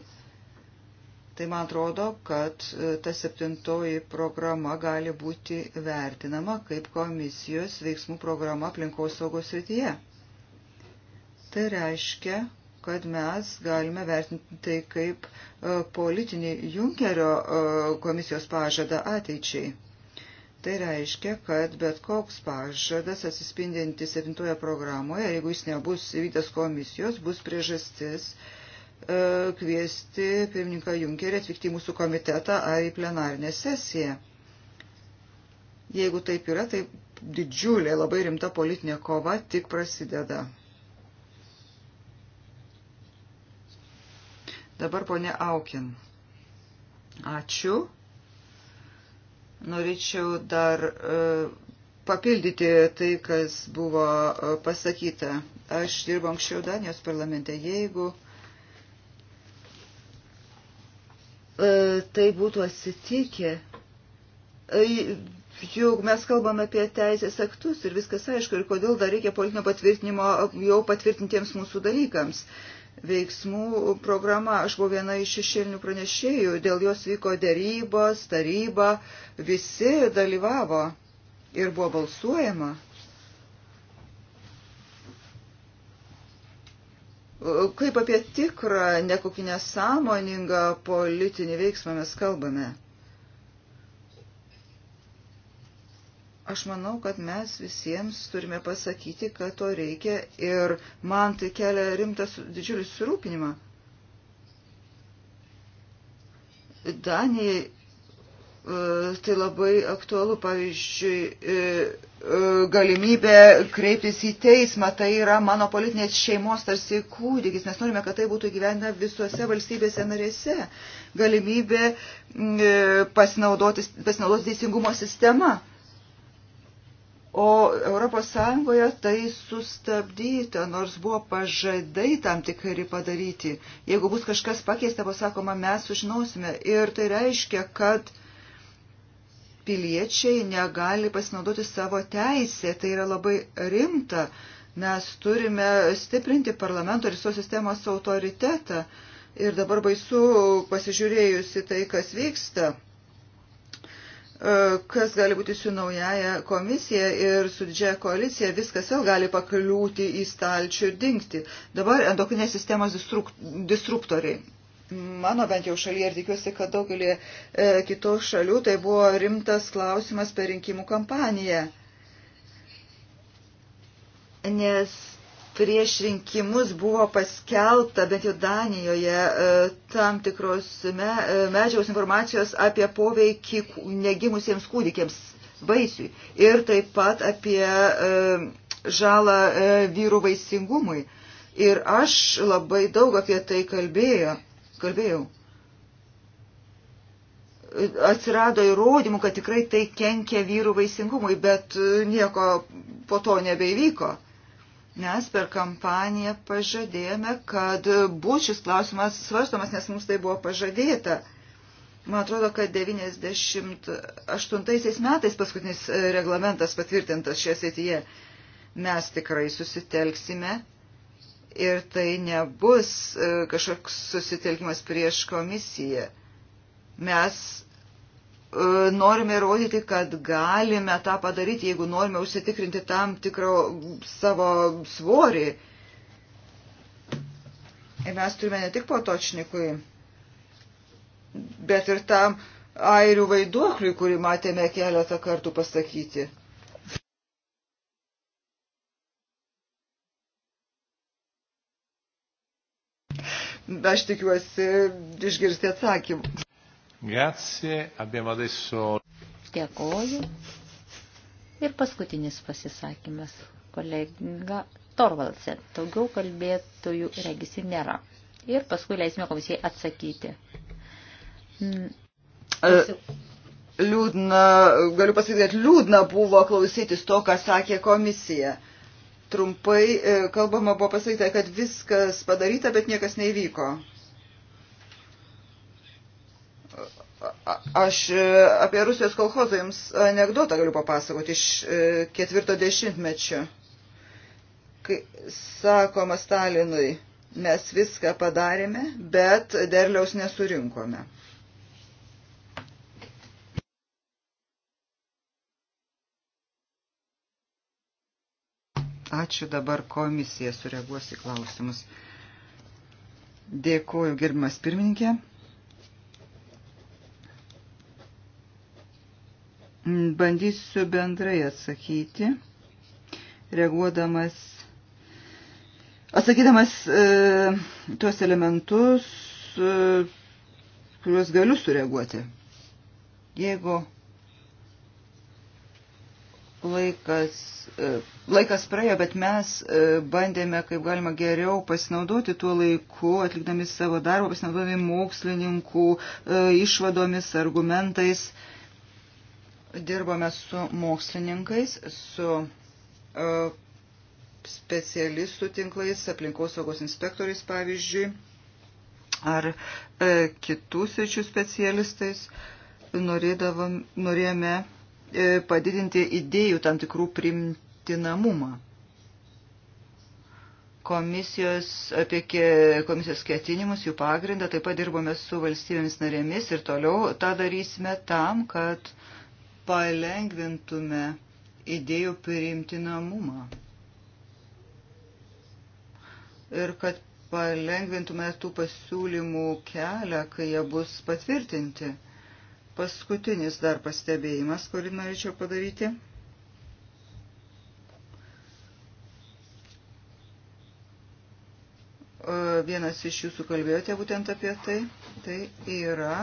tai man atrodo, kad e, ta septintoji programa gali būti vertinama kaip komisijos veiksmų programa aplinkosaugos srityje. Tai reiškia, kad mes galime vertinti tai kaip e, politinį Junkerio e, komisijos pažadą ateičiai. Tai reiškia, kad bet koks pažadas atsispindinti septintoje programoje, jeigu jis nebus įvyktas komisijos, bus priežastis e, kviesti pirmininką Junkerį atvykti į mūsų komitetą ar į plenarinę sesiją. Jeigu taip yra, tai didžiulė, labai rimta politinė kova tik prasideda. Dabar ponė Aukin. Ačiū. Norėčiau dar e, papildyti tai, kas buvo e, pasakyta. Aš dirbu anksčiau Danijos parlamente. Jeigu e, tai būtų atsitikę, Juk mes kalbame apie teisės aktus ir viskas aišku, ir kodėl dar reikia politinio patvirtinimo jau patvirtintiems mūsų dalykams veiksmų programa. Aš buvau viena iš šešėlinių pranešėjų, dėl jos vyko dėrybos, taryba, visi dalyvavo ir buvo balsuojama. Kaip apie tikrą, nekokį nesąmoningą politinį veiksmą mes kalbame. Aš manau, kad mes visiems turime pasakyti, kad to reikia ir man tai kelia rimtas didžiulis surūpinimą. Danijai e, tai labai aktualu, pavyzdžiui, e, e, galimybė kreiptis į teismą, tai yra mano politinės šeimos tarsi kūdikis, mes norime, kad tai būtų gyvena visose valstybėse narėse, galimybė pasinaudoti, pasinaudoti teisingumo sistema. O ES tai sustabdyta, nors buvo pažadai tam tikri padaryti. Jeigu bus kažkas pakeista, pasakoma, mes sužinosime. Ir tai reiškia, kad piliečiai negali pasinaudoti savo teisę. Tai yra labai rimta. Mes turime stiprinti parlamento ir visos sistemos autoritetą. Ir dabar baisu pasižiūrėjusi tai, kas vyksta E, kas gali būti su naujaja komisija ir su didžiaja koalicija, viskas vėl gali pakliūti į stalčių ir dinkti. Dabar endokrinės sistemos disruptoriai. Mano bent jau šalyje ir tikiuosi, kad daugelį e, kitų šalių tai buvo rimtas klausimas per rinkimų kampaniją. Nes prieš rinkimus buvo paskelbta, bent jau Danijoje, e, tam tikros me, e, medžiaus informacijos apie poveikį negimusiems kūdikiams vaisiui ir taip pat apie e, žalą vyrų vaisingumui. Ir aš labai daug apie tai kalbėjo, kalbėjau. Atsirado įrodymų, kad tikrai tai kenkia vyrų vaisingumui, bet nieko po to nebeivyko nes per kampaniją pažadėjome, kad bus šis klausimas svarstomas, nes mums tai buvo pažadėta. Man atrodo, kad 98 metais paskutinis e, reglamentas patvirtintas šioje srityje. Mes tikrai susitelksime ir tai nebus e, kažkoks susitelkimas prieš komisiją. Mes E, norime įrodyti, kad galime tą padaryti, jeigu norime užsitikrinti tam tikro savo svorį. Ir mes turime ne tik potočnikui, bet ir tam airių vaiduokliui, kurį matėme keletą kartų pasakyti. Aš tikiuosi išgirsti atsakymą. Grazie, abbiamo adesso. Dėkoju. Ir paskutinis pasisakymas, kolega Torvaldsen. Daugiau kalbėtojų regisi nėra. Ir paskui leisime komisijai atsakyti. Hmm. E, liūdna, galiu pasakyti, kad liūdna buvo klausytis to, ką sakė komisija. Trumpai e, kalbama buvo pasakyta, kad viskas padaryta, bet niekas neįvyko. Aš e, apie Rusijos kolhozą jums anegdotą galiu papasakoti iš e, ketvirto dešimtmečio. Kai sakoma Stalinui, mes viską padarėme, bet derliaus nesurinkome. Ačiū dabar komisija sureaguos į klausimus. Dėkuoju, gerbimas pirmininkė. Bandysiu bendrai atsakyti, reaguodamas, atsakydamas e, tuos elementus, e, kuriuos galiu sureaguoti. Jeigu laikas, e, laikas praėjo, bet mes e, bandėme kaip galima geriau pasinaudoti tuo laiku, atlikdami savo darbą, pasinaudodami mokslininkų e, išvadomis, argumentais. E, dirbome su mokslininkais, su e, specialistų tinklais, aplinkos saugos inspektoriais pavyzdžiui, ar e, kitų sričių specialistais, norėjome e, padidinti idėjų tam tikrų primtinamumą. Komisijos, apie ke, komisijos ketinimus, jų pagrindą taip pat dirbome su valstybėmis narėmis ir toliau tą darysime tam, kad palengvintume idėjų priimtinamumą. Ir kad palengvintume tų pasiūlymų kelią, kai jie bus patvirtinti. Paskutinis dar pastebėjimas, kurį norėčiau padaryti. Vienas iš jūsų kalbėjote būtent apie tai. Tai yra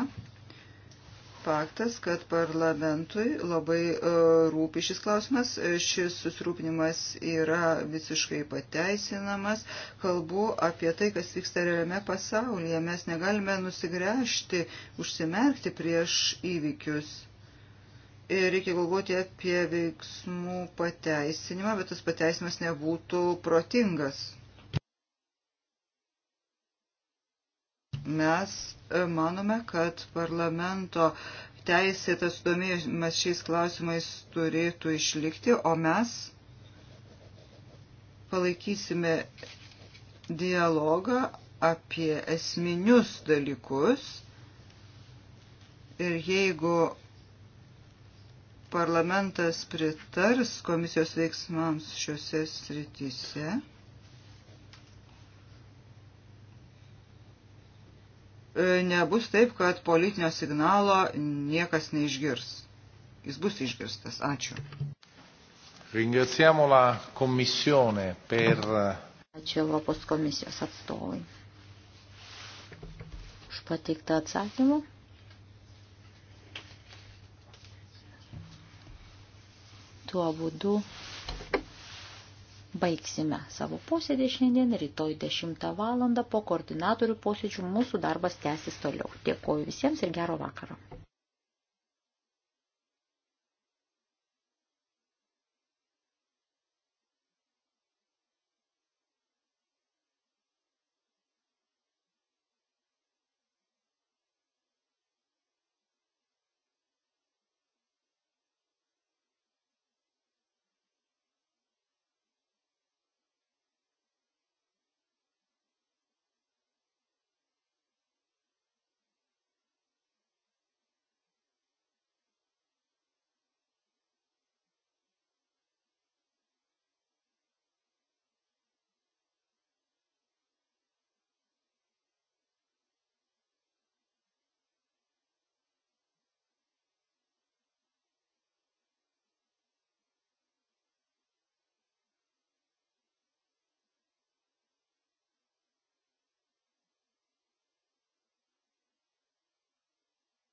faktas, kad parlamentui labai e, rūpi šis klausimas, šis susirūpinimas yra visiškai pateisinamas. Kalbu apie tai, kas vyksta realiame pasaulyje. Mes negalime nusigręžti, užsimerkti prieš įvykius. Ir reikia galvoti apie veiksmų pateisinimą, bet tas pateisinimas nebūtų protingas. Mes e, manome, kad parlamento teisėtas domėjimas šiais klausimais turėtų išlikti, o mes palaikysime dialogą apie esminius dalykus ir jeigu parlamentas pritars komisijos veiksmams šiuose srityse, E, nebus taip, kad politinio signalo niekas neišgirs. Jis bus išgirstas. Ačiū. Ringraziamo la Commissione per. E, Ačiū Europos komisijos atstovai. Už pateiktą atsakymą. Tuo būdu baigsime savo posėdį šiandien, rytoj 10 val. po koordinatorių posėdžių mūsų darbas tęsis toliau. Dėkuoju visiems ir gero vakaro.